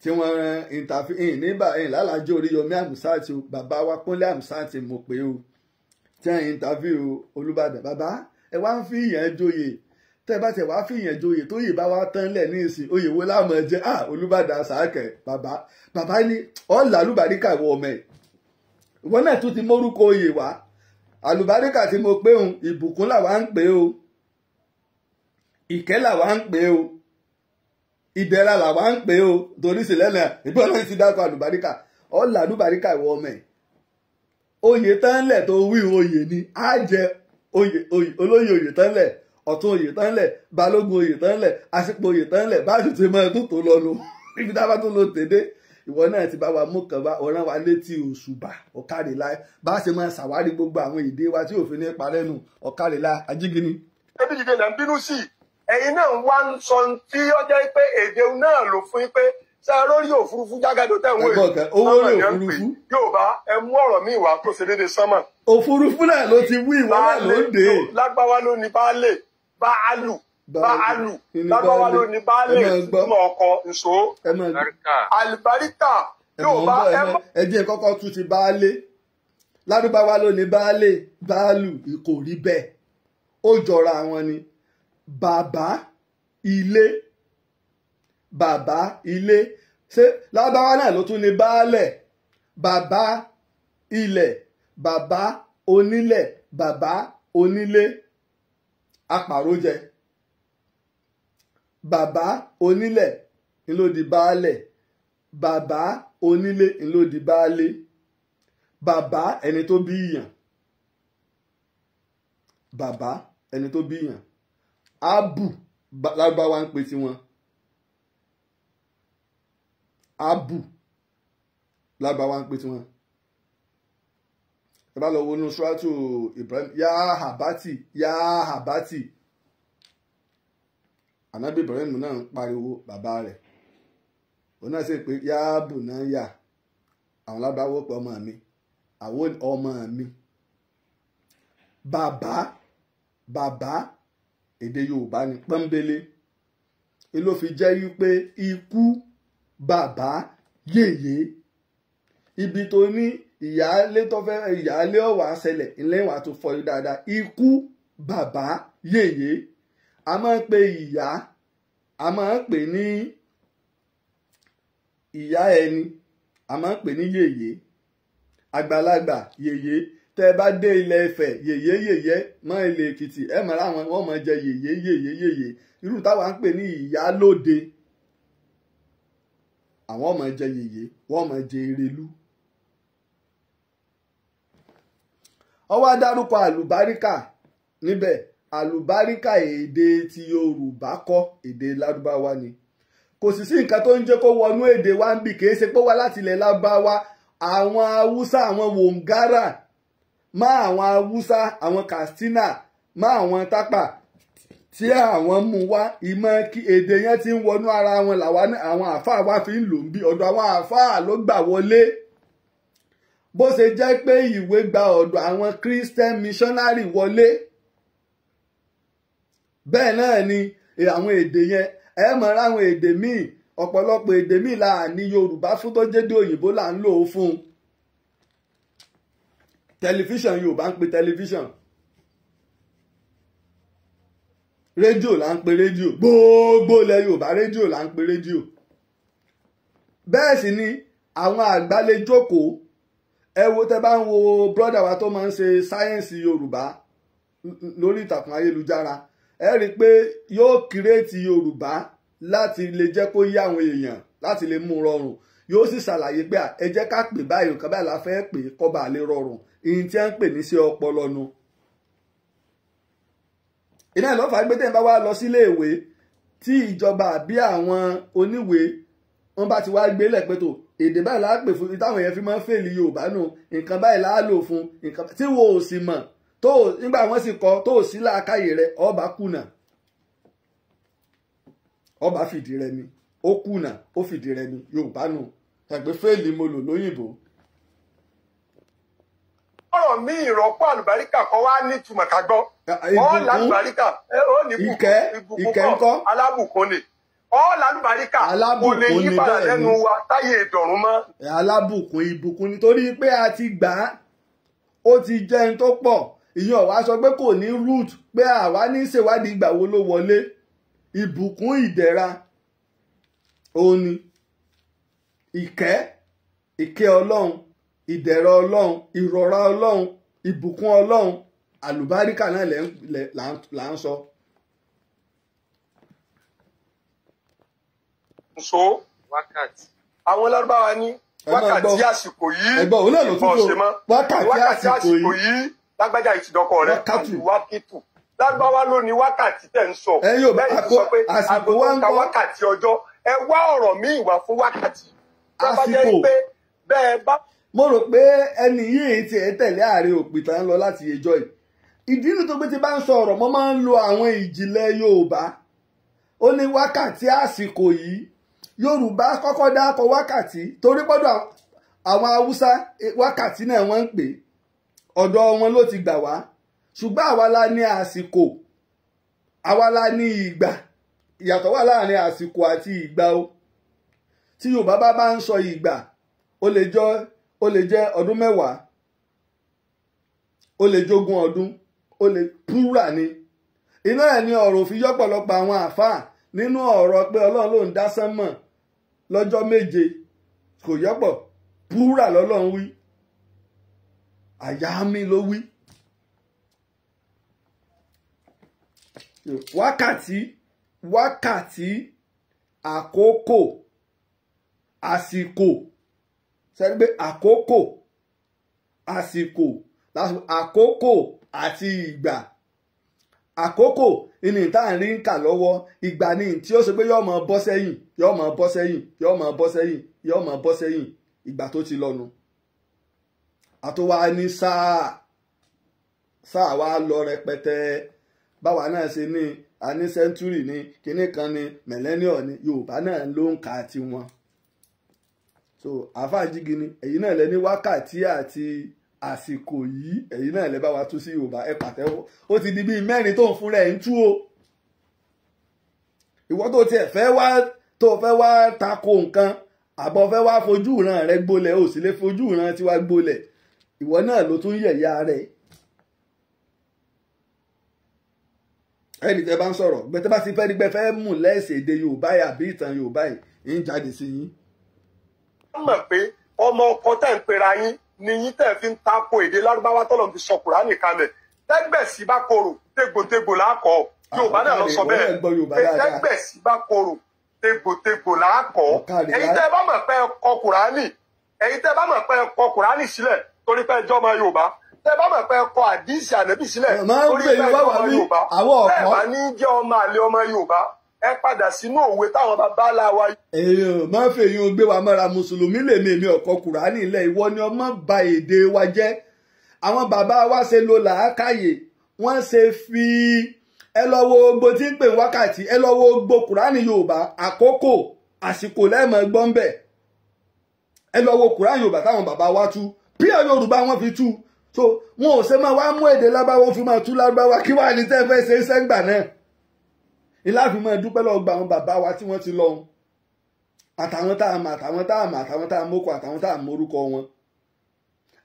tí wọ́n ran ìntàfihàn nígbà ìlàlájọ Oríyọmí Hamsat o bàbá wa Kúnlé Hamsat mo pé o tí wọ́n ìntàfihàn Olúbàdàn bàbá ẹ wá ń fi ìyẹn joyè tẹ́ bá tẹ̀ wá fìyàn joyè tó yè bá wá tán lẹ̀ ní ìsìn oyè wo láàmú ẹjẹ́ à ah, Olúbàdàn sàákẹ́ bàbá bàbá ní ọ̀là alùbáríkà wọ ọmọ ẹ̀ wọn náà tún ti mórúkọ oyè wá alùbáríkà tí mo pé òun ìbùkún làwa ń pè o ìkẹ́ làwa ń pè o ìdẹ̀ra làwa ń pè o torí sílẹ̀ náà ìgbọ́n náà ti dákọ̀ alùbáríkà ọ̀là alùbáríkà wọ ọmọ ẹ̀ oyè tán lẹ̀ tó wí oyè ni á jẹ olóyè oyè tán lẹ̀ ọ̀tún oyè tán lẹ̀ balógun oyè tán lẹ̀ aṣípò oyè tán lẹ̀ báyìí ti mọ ẹdún tó lọ nu [LAUGHS] ibi tá a bá tún lọ tèdè ìwọ náà ti bá wa mú kan bá ọ̀ràn wa létí òṣùbà ọ̀kàrìlá bá a ṣe máa ṣàwárí gbogbo àwọn èdè wa tí òfin ní parẹ́ nu ọ̀kàrìlá ajígini. ẹbí jíjẹ là ń bínú sí i ẹ̀yin náà wá ń sọ tí ó jẹ́ pé èdè náà ló fún yín pé ṣe lórí òfurufú jágàdo tẹ̀wé owó lè òfurufú yóò bá ẹ mú ọ̀rọ̀ mi ìwà tó ṣe déédéé sánmà. òfurufú náà ló ti wí ìwọ náà ló ń dé. lágbáwá báàlù báàlù lábáwá ló ní baálé ìtumọ̀ ọkọ ìṣó àlùbáríkà yóò bá ẹ jẹ́ kọ́kọ́ tún ti baálé lárúbáwá ló ní baálé báàlù kò rí bẹ́ẹ̀ ó jọra wọn ni bàbá ilé bàbá ilé ṣé lárúbáwá náà ló tún ní baálẹ̀ bàbá ilẹ̀ bàbá onílẹ̀ bàbá onílé apàrójẹ bàbá onílẹ̀ ńlódì baálẹ̀ bàbá onílé ńlódì baálé bàbá ẹni tó bí ìyàn bàbá ẹni tó bí ìyàn abu lágbáwá ń pe tiwọn abu lágbáwá ń pe tiwọn ẹ bá lọ wo inú ṣúrátù Ibrahim yá habati yá habati anabi Ibrahim náà ń pariwo bàbá rẹ̀ òun náà sì pé yá bùnáyà àwọn lábáwò pé ọmọ mi àwọn ọmọ mi bàbá bàbá èdè Yorùbá ni pọ́nbélé ló fi jẹ́ wípé ikú bàbá yèyé ibi tó ní ìyáálé tó fẹ́ ìyáálé ọ̀wà ṣẹlẹ̀ ńlẹ́ wàá tó fọ yín dáadáa ikú bàbá yèyé a máa ń pe ìyá a máa ń pè ní ìyá ẹni a máa ń pè ní yèyé àgbàlagbà yèyé tẹ bá dé ilẹ̀ Ifẹ̀ yèyé yèyé mọ́ ilẹ̀ Èkìtì ẹ mọ̀ láwọn wọ́n mọ̀ jẹ yèyé yèyé yèyé irú táwa ń pè ní ìyá lóde àwọn ọmọ jẹ yèyé wọ́n mọ̀ jẹ erelú ó wá dárúkọ àlùbáríkà níbẹ̀ àlùbáríkà èdè ti yorùbá kọ́ èdè lárúbáwá ni kò sì sí nǹkan tó ń jẹ́ kó wọnú èdè wa ń bì kìí ṣe pé wá láti ilẹ̀ lárúbáwá àwọn haúsá àwọn wòǹgárà má àwọn haúsá àwọn katsina má àwọn tápà tí àwọn mú wá ìmọ̀ kí èdè yẹn ti ń wọnú ara wọn làwọn àáfàá wa fi ń lò ń bí ọ̀dọ̀ àwọn àáfàá ló gbà wọlé bó ṣe jẹ́ pé ìwé gba ọ̀dọ̀ àwọn Christian missionary wọlé bẹ́ẹ̀ náà ni àwọn èdè yẹn ẹ mọ̀ ra àwọn èdè míì ọ̀pọ̀lọpọ̀ èdè míì là ní Yorùbá fún tó jẹ́dé òyìnbó là ń lò ó fún tẹlifíṣàn Yorùbá ń pe tẹlifíṣàn rédíò là ń pe rédíò gbogbo ilẹ̀ Yorùbá rédíò là ń pe rédíò bẹ́ẹ̀ sì ni àwọn àgbálẹ̀ jókòó ẹ wo tẹ bá ń wo brọ́dà wa tó máa ń ṣe sáyẹ́ǹsì yorùbá lórí ìtàkùn ayélujára ẹ rí i pé yóò kírètì yorùbá láti lè jẹ́ kó yé àwọn èèyàn láti lè mú rọrùn yóò sì ṣàlàyé pé ẹ jẹ́ ká pè báyìí nǹkan báyìí la fẹ́ pè kó bá lè rọrùn ìyìn tí a ń pè ní sí ọpọlọ nu. iná ìlọ́fà gbé tẹ́yìn bá wá lọ sílé ìwé tí ìjọba àbí àwọn oníwèé wọ́n bá ti wá gbélẹ̀ pé tó èdè báyìí láà fún èèyàn fi máa ń fèlì yorùbá nù nǹkan báyìí láà fún nǹkan tí wo ò sì mọ̀ tó nígbà wọ́n sì kọ tó sí rẹ ọba kùnà ọba fìdí rẹ mi ó kùnà ó fìdí rẹ mi yorùbá nù ẹgbẹ́ mo lò lóyìnbó. ọ̀rọ̀ mi ìrọ́pọ̀ àlùbáríkà kan wá nítumọ̀ ká gbọ́ ọ̀ làlùbáríkà ó ní ọ̀làlùbáríkà kò lè yí padà wa táyé ìdọ̀rùn mọ́. alábùkún ìbùkún nítorí pé a ti gbà á ó ti jẹ́ ẹni tó pọ̀ ìyẹn ọ̀wá sọ pé kò ní root pé àwa ní ṣèwádìí ìgbà wo ló wọlé ìbùkún ìdẹ̀ra òun ni ìkẹ́ ìkẹ́ ọlọ́run ìdẹ̀ra ọlọ́run ìrọ̀ra ọlọ́run ìbùkún ọlọ́run àlùbáríkà náà là ń sọ. So. so wakati àwọn lárúbáwá ní wákàtí àsìkò yìí ẹgbẹ́ òun náà ló tún tó wákàtí àsìkò yìí lágbájá ìtìdọ́kọ rẹ àti wákìtù lárúbáwá ló ní wákàtí tẹ̀ ń sọ lẹ́yìn sọ pé àgbo ka wákàtí ọjọ́ ẹ wá ọ̀rọ̀ míì wá fún wákàtí lágbájá yìí pé bẹ́ẹ̀ bá. mo rò pé ẹni yìí ti ẹ̀ tẹ̀lé ààrẹ òpìtàn lọ láti ẹjọ́ yìí ìdí inú tó ti bá ń sọ ọ̀rọ̀ mo máa ń lo àwọn ìjìnlẹ̀ Yorùbá ó ní wákàtí àsìkò yìí yorùbá kọ́kọ́ dákọ wákàtí torí gbọ́dọ̀ àwọn haúsá e, wákàtí náà wọ́n ń pè ọ̀dọ̀ wọn ló ti gbà wá ṣùgbọ́n àwa la ní àsìkò àwa la ní ìgbà ìyàtọ̀ wà láàrin àsìkò àti ìgbà o tí yorùbá bá bá ń sọ ìgbà ó lè jọ ó lè jẹ́ ọdún mẹ́wàá ó lè jogún ọdún ó lè púrà ni iná ẹ̀ ní ọ̀rọ̀ òfin yọ́pọ̀lọpọ̀ àwọn àfáà nínú ọ̀rọ̀ pé ọlọ́run ló ń dá sánmọ̀ lọ́jọ́ méje kò yọpọ̀ púrà lọ́lọ́run wí àyà mi ló wí. wákàtí wákàtí àkókò àsìkò sẹ́ni pé àkókò àsìkò àkókò àti ìgbà àkókò ìní tá à ń rí ń kà lọ́wọ́ ìgbà ni tí ó ṣe pé yóò máa bọ́ sẹ́yìn yóò máa bọ́ sẹ́yìn yóò máa bọ́ sẹ́yìn yóò máa bọ́ sẹ́yìn ìgbà tó ti lọ́nu. àtúwá ní sáà sáà wá lọ rẹpẹtẹ báwa náà ṣe ní a ní sẹ́ńtúrì kinní kan ní mẹ̀lẹ́níọ̀ ní yorùbá náà ló ń kà tiwọn. so àfáàjì gini èyí náà lẹ ní wákàtí àti àsìkò yìí ẹ̀yin náà lè bá wa tú sí yorùbá ẹ pàtẹ́wọ́ ó ti di bíi mẹ́rin tó ń fúnra ẹ̀ ń tú o ìwọ tó tiẹ̀ fẹ́ wá tó fẹ́ wá tako nǹkan àbọ̀ fẹ́ wá fojú ìran rẹ gbolẹ̀ ò sì lè fojú ìran tiwa gbolẹ̀ ìwọ náà ló tún yẹ̀yà rẹ̀ ẹni tẹ bá ń sọ̀rọ̀ gbẹtẹ bá ti fẹ́ nígbẹ́ fẹ́ mú lẹ́sẹ̀ èdè yorùbá yìí àbí ìtàn yorùbá yìí ń jáde sí yín. wọ́n mọ̀ pé ọmọ ọkọ tẹ̀ ń pera yín ni yín tẹ̀ fi ń tako èdè lárúbáwá tọ́lọ̀ fi sọ kùránì kalẹ̀ tẹ́gbẹ̀sì bá korò tégbòtégbò láàkọ́ yorùbá náà lọ sọ bẹ́ẹ̀ tẹ́gbẹ̀sì bá korò tégbòtégbò láàkọ́ èyí tẹ́ bá mọ̀ pé kọ kùránì èyí tẹ́ bá mọ̀ pé kọ kùránì sílẹ̀ torí pé ẹjọ́ ọmọ yorùbá tẹ́ bá mọ̀ pé kọ àdìsí ànẹ́bí sílẹ̀ torí pé ẹjọ́ ọmọ yorùbá bẹ́ẹ̀ bá ní jẹ́ ọmọ àlè ọmọ yorùbá ẹ padà sínú òwe táwọn bàbá ńlá wa. èèyàn má fèyàn gbé wa mọ́ra mùsùlùmí lèmi èmi ọ̀kọ́ kùránì ilẹ̀ ìwọ ni ọmọ ba èdè wa jẹ́ àwọn bàbá wa ṣe lo làákàyè wọ́n ṣe fi ẹ lọ wo gbogbo tí ń pè wákàtí ẹ lọ wo gbogbo kùránì yorùbá àkókò àsìkò lẹ́ẹ̀mọ́ gbọ́n bẹ̀ ẹ lọ wo kùránì yorùbá táwọn bàbá wa tú píọ̀ yorùbá wọ́n fi tú so wọn ò ṣe máa wá mú èdè lábáwọ́ fi máa tú lábáwá kí wàá ní tẹ́ fẹ́ ṣe ń sẹ́ngbà náà ìláàfin máa dúpẹ́ lọ́wọ́ gba àwọn bàbá wa tí wọ́n ti lọ́hùn àtàwọn tá a mọ̀ àtàwọn tá a mọ̀ àtàwọn tá a mọ́kọ àtàwọn tá a mọ orúkọ wọn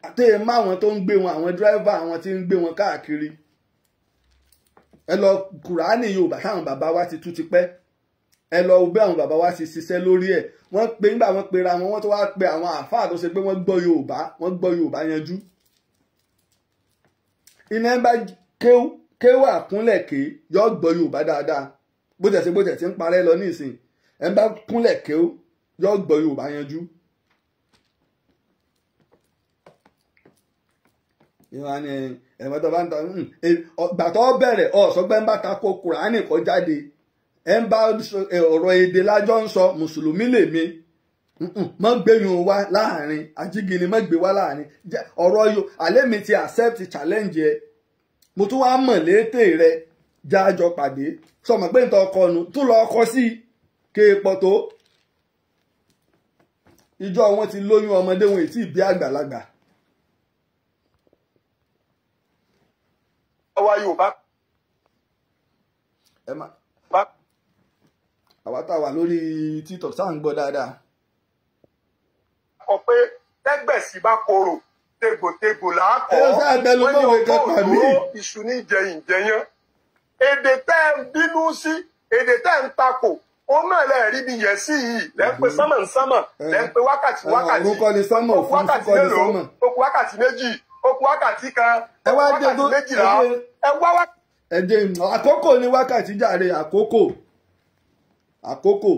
àtẹ̀yẹ mọ́ àwọn tó ń gbé wọn àwọn dírẹ́fà àwọn tí ń gbé wọn káàkiri ẹ lọ kùránì yorùbá táwọn bàbá wa ti tú ti pẹ́ ẹ lọ bí àwọn bàbá wa ti ṣiṣẹ́ lórí ẹ̀ wọ́n pe nígbà wọ́n pera wọn wọ́n tó wá pe àwọn àáfàá tó ṣe pé wọ́n gbọ́ yorùbá wọ́n gbọ́ yorùbá yanjú iná bá kéwà kúnlẹ̀ ké yọ gbọ́ yorùbá dáadáa bó tẹ̀sí bó tẹ̀sí ń parẹ́ lọ ní ìsìn ẹ̀ ń bá kúnlẹ̀ kéw yọ gbọ́ Yorùbá yanjú. ìwàní ẹ̀rọ tó bá ń ta gbàtọ́ hmm, bẹ̀rẹ̀ ọ̀sọ́gbẹ́ ń bá tako Kùránì kọ́ jáde ẹ̀ ń bá ọ̀rọ̀ èdè lájọ́ ń sọ mùsùlùmí lèmi mọ gbẹyìn wa láàrin ajígini mọ gbé wa láàrin ọ̀rọ̀ yóò alẹ́ mi ti accept challenge yẹ mo tún wá mọ̀ létè rẹ jájọ pàdé sọmọ pé nítorí ọkọ nu tún lọ ọkọ sí kéèpọ̀ e tó ìjọ wọn ti lóyún ọmọdé wọn ètí ìbí àgbàlagbà. àwa Yorùbá. ẹ má àwa tá a wà lórí TikTok sáà ń gbọ́ dáadáa. ọ̀pẹ tẹ́gbẹ̀sì bá korò tegbòtegbò làákọ́ wọ́n ní ọkọ̀ òdòró iṣu ní jẹyìn jẹyán. èdè bínú sí èdè tẹ́ ń takò òun náà lẹ́ẹ̀ rí ibi yẹn sí yìí lẹ́ ń pe mm-hmm. sánmọ̀ sánmọ̀ eh. lẹ́ ń pe wákàtí eh, wákàtí orúkọ wákàtí sánmọ̀ òfurufú kọ́ ni sánmọ̀ wákàtí méjì okùn wákàtí kan okùn wákàtí méjìlá ẹ wá wá. ẹ jẹ́ ìmọ̀ àkókò ni wákàtí jàre àkókò àkókò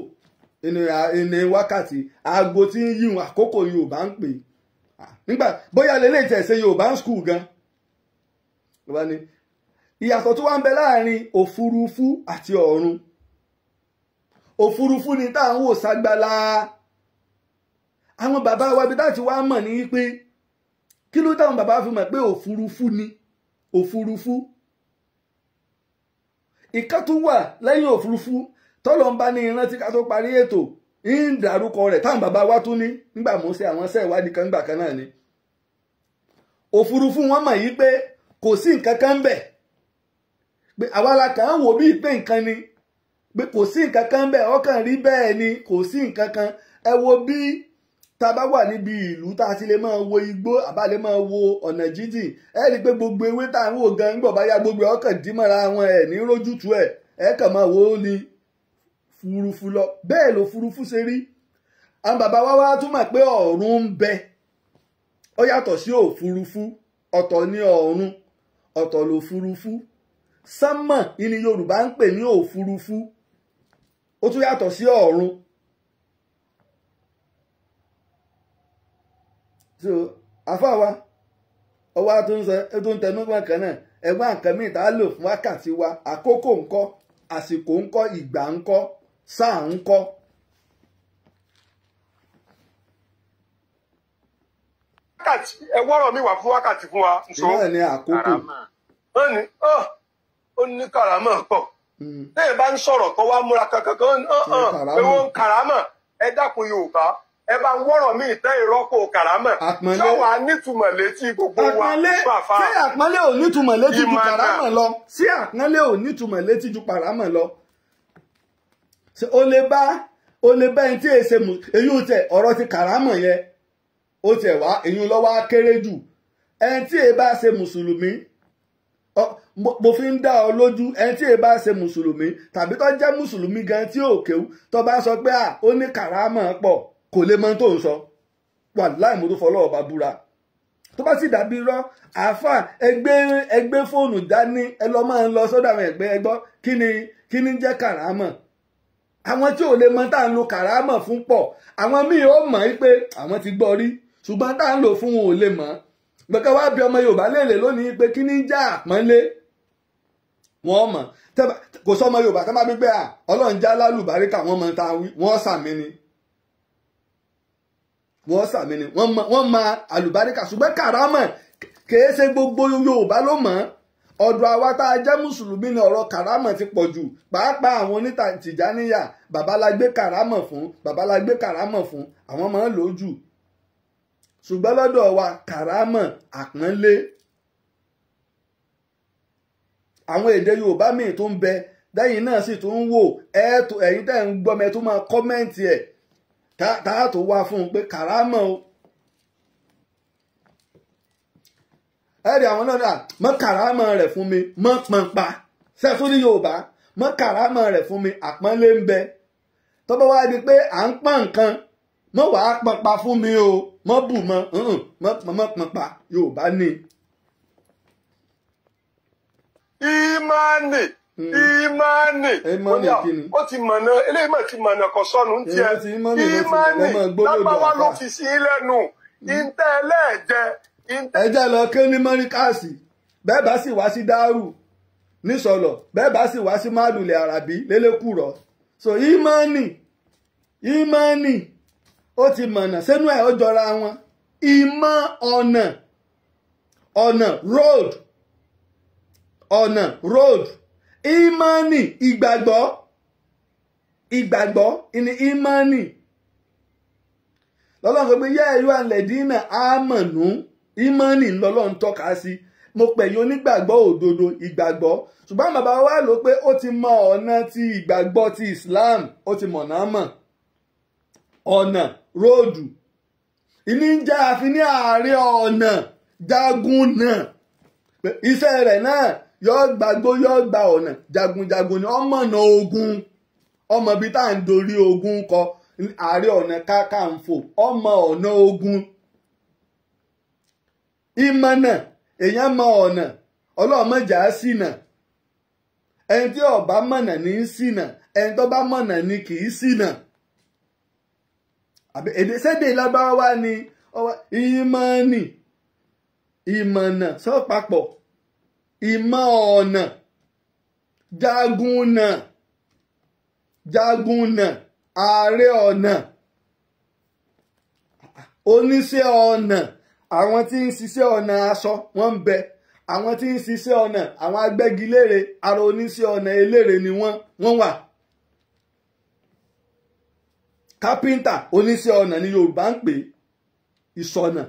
ìní wákàtí aago tí ń yíwọ̀n àkókò Yorùbá ń pè nígbà bóyá lè lè tẹ̀sẹ̀ Yorùbá ń skul gan ìyàtọ̀ tó wá ń bẹ láàrin òfurufú àti ọ̀run òfurufú ni tá à ń wò ságbálá àwọn bàbá wa ibi táti wá mọ̀ ní pé kí ló táwọn bàbá fi mọ̀ pé òfurufú ni òfurufú ìkan wà lẹ́yìn òfurufú tọ́lọ̀ ń bá ní ká tó parí ètò ń rẹ̀ táwọn bàbá wa tún ní nígbà náà ni òfurufú wọn mọ̀ yí pé kò sí nǹkan pé àwa la kàn án wò bíi pé nǹkan ni pé kò sí nǹkan kan bẹ́ẹ̀ ọkàn rí bẹ́ẹ̀ ni kò sí nǹkan kan ẹ wo bí tá a bá wà níbi ìlú tá a ti lè máa wo igbó àbá lè máa wo ọ̀nà jíjìn ẹ rí i pé gbogbo ewé tá à ń wò gan nígbà bá yá gbogbo ọkàn dímọ̀ra wọn ẹ̀ ní rójútu ẹ̀ ẹ kàn máa wò ó ní furuufu lọ bẹ́ẹ̀ ló furuufu ṣe rí àwọn bàbá wa wá túmọ̀ pé ọ̀run ń bẹ ó yàtọ̀ sí òfuruufu ọ̀tọ̀ ni ọ̀run ọ̀tọ̀ ló furuufu sánmọ̀ ìní yorùbá ń pè ní òfurufú ó tún yàtọ̀ sí ọ̀run so wa ọwọ́ tó ń sọ tó ń tẹnu gbọ̀n kan náà lò fún wákàtí wa àkókò ńkọ́ àsìkò ńkọ́ ìgbà ńkọ́ sáà ńkọ́. wákàtí ẹ wọ́rọ̀ mi wà fún wákàtí fún wa. ẹ̀ ó ní kàrámọ̀ pọ̀ hmm. téèyàn bá ń sọ̀rọ̀ kó wá múra kankan kan hàn pé wọ́n ń kàrámọ̀ ẹ dákun yorùbá ẹ bá ń wọ́rọ̀ mí ìtẹ́ ìrọ́pò kàrámọ̀ ṣé wàá nítumọ̀ létí gbogbo wa fàfà. ṣé àpọ́nlé ò nítumọ̀ létí ju kàrámọ̀ lọ ṣé àpọ́nlé ò nítumọ̀ létí ju kàrámọ̀ lọ. o lè bá o lè bá ẹni tí èsè mú èyí tẹ ọ̀rọ̀ ti kàrámọ̀ yẹn ó tẹ wá èyí lọ́wọ́ á kéré jù ẹni tí èyí ṣe mùsùlùmí mo fi ń dá ọ lójú ẹni tí èèbá ṣe mùsùlùmí tàbí tó jẹ́ mùsùlùmí gan tí ò kéwú tó bá sọ pé à ó ní kàrámọ̀ pọ̀ kò lè mọ tó ń sọ wàláì mo tó fọlọ́ ọba búra tó bá sì dàbí irọ́ àáfà ẹgbẹ́ ẹgbẹ́ fóònù dání ẹ lọ máa ń lọ sọ́dọ̀ àwọn ẹgbẹ́ ẹgbọ́ kí ni kí ni jẹ́ kàrámọ̀ àwọn tí ò lè mọ tá à ń lo kàrámọ̀ fún pọ̀ àwọn míì ó mọ̀ ẹ́ pé àwọn ti gbọ́ rí ṣùgbọ́n tá à ń lò fún wọn ò lè mọ̀ gbẹ̀kẹ́ wá bí ọmọ Yorùbá lè lè lónìí pé kí ni jẹ́ àpọ́nlé wọ́n mọ̀ kò sọ́mọ yorùbá tá bá gbé pé ọlọ́run já lálùbáríkà wọ́n mọ ta wọ́n sàmì ni wọ́n sàmì ni wọ́n mọ àlùbáríkà ṣùgbọ́n kàrámọ̀ kìí ṣe gbogbo yorùbá ló mọ̀ ọ̀dọ̀ àwa tá a jẹ́ mùsùlùmí ni ọ̀rọ̀ kàrámọ̀ ti pọ̀ jù pàápàá àwọn onítìjáníyà babalágbé kàrámọ̀ fún babalágbé kàrámọ̀ fún àwọn máa ń lò jù ṣùgbọ́n lọ́dọ̀ wa kàrámọ̀ àpọ́nlé àwọn èdè yorùbá míì tó ń bẹ dẹ́yìn náà sì tún ń wò ẹ̀ẹ́tò ẹ̀yìn tẹ̀ ń gbọ́mọ ẹ̀ tó máa kọ́mẹ́ǹtì ẹ̀ táà tó wá fún un pé kàrámọ̀ o. ẹ̀rì àwọn náà dà mọ́ kàrámọ̀ rẹ̀ fún mi mọ́ pọnpa sẹ́fún ní yorùbá mọ́ kàrámọ̀ rẹ̀ fún mi àpọ́nlé ń bẹ tó bá wá di pé à ń pọ́n nǹkan mọ́ wàá pọnpa fún mi o mọ́ bù mọ́ mọ́ pọnpa yorùbá ni. Hmm. Imani, imani. ó ti mọ̀nà eléyìí mọ̀ ti mọ̀nà kò sọnù ń tiẹ̀ ìmánì lágbàwá ló fi sí lẹ́nu hmm. ìtẹ́ ẹlẹ́ẹ̀jẹ. ẹ jẹ́ lọ kí ní mọ́ríkàsì bẹ́ẹ̀ bá sì wá sí dárù nísọlọ bẹ́ẹ̀ bá sì wá sí mádùlẹ̀ àràbí lélẹ́kùrọ̀ so imani, imani. ó ti mọ̀nà sẹ́nu ẹ̀ ó jọra wọn ìmọ̀ ọ̀nà ọ̀nà road ọ̀nà road imani ìgbàgbọ́ ìgbàgbọ́ ìní imani lọ́lọ́run pé yá ẹ̀yọ́ alẹ́dínà àmọ̀nù ìmánì lọ́lọ́run tọ́ka sí mo pẹ̀yìn onígbàgbọ́ òdodo ìgbàgbọ́ wa lọ pé ó ti mọ ọ̀nà ti ìgbàgbọ́ ti Islam ó ti mọ̀ náà mọ̀ ọ̀nà róòdù ìní ń jẹ́ àfi ní ààrẹ ọ̀nà jagun náà iṣẹ́ rẹ̀ náà yóò gbàgbó yóò gba ọ̀nà jagunjagun ni ọmọọ̀nà ogun ọmọ bíi tá à ń dorí ogun kọ ààrẹ ọ̀nà kákàǹfò ọmọ ọ̀nà ogun ìmọ̀nà èèyàn mọ ọ̀nà ọlọ́mọjà ṣìnà ẹni tí ó mọ̀nà ní í ṣìnà ẹni tó bá mọ̀nà ní kì í ṣìnà èdè sédè lábáwá ni ìmọ̀nì ìmọ̀nà sọ́pàpọ̀. So ìmọ̀ ọ̀nà jagunà jagunà ààrẹ ọ̀nà oníṣẹ́ ọ̀nà àwọn tí ń ṣiṣẹ́ ọ̀nà aṣọ wọ́n ń bẹ àwọn tí ń ṣiṣẹ́ ọ̀nà àwọn agbẹ́gilére ara oníṣẹ́ ọ̀nà eléré ni wọ́n wọ́n wà kápẹ́ńtà oníṣẹ́ ọ̀nà ni Yorùbá ń pè ìṣọ̀nà.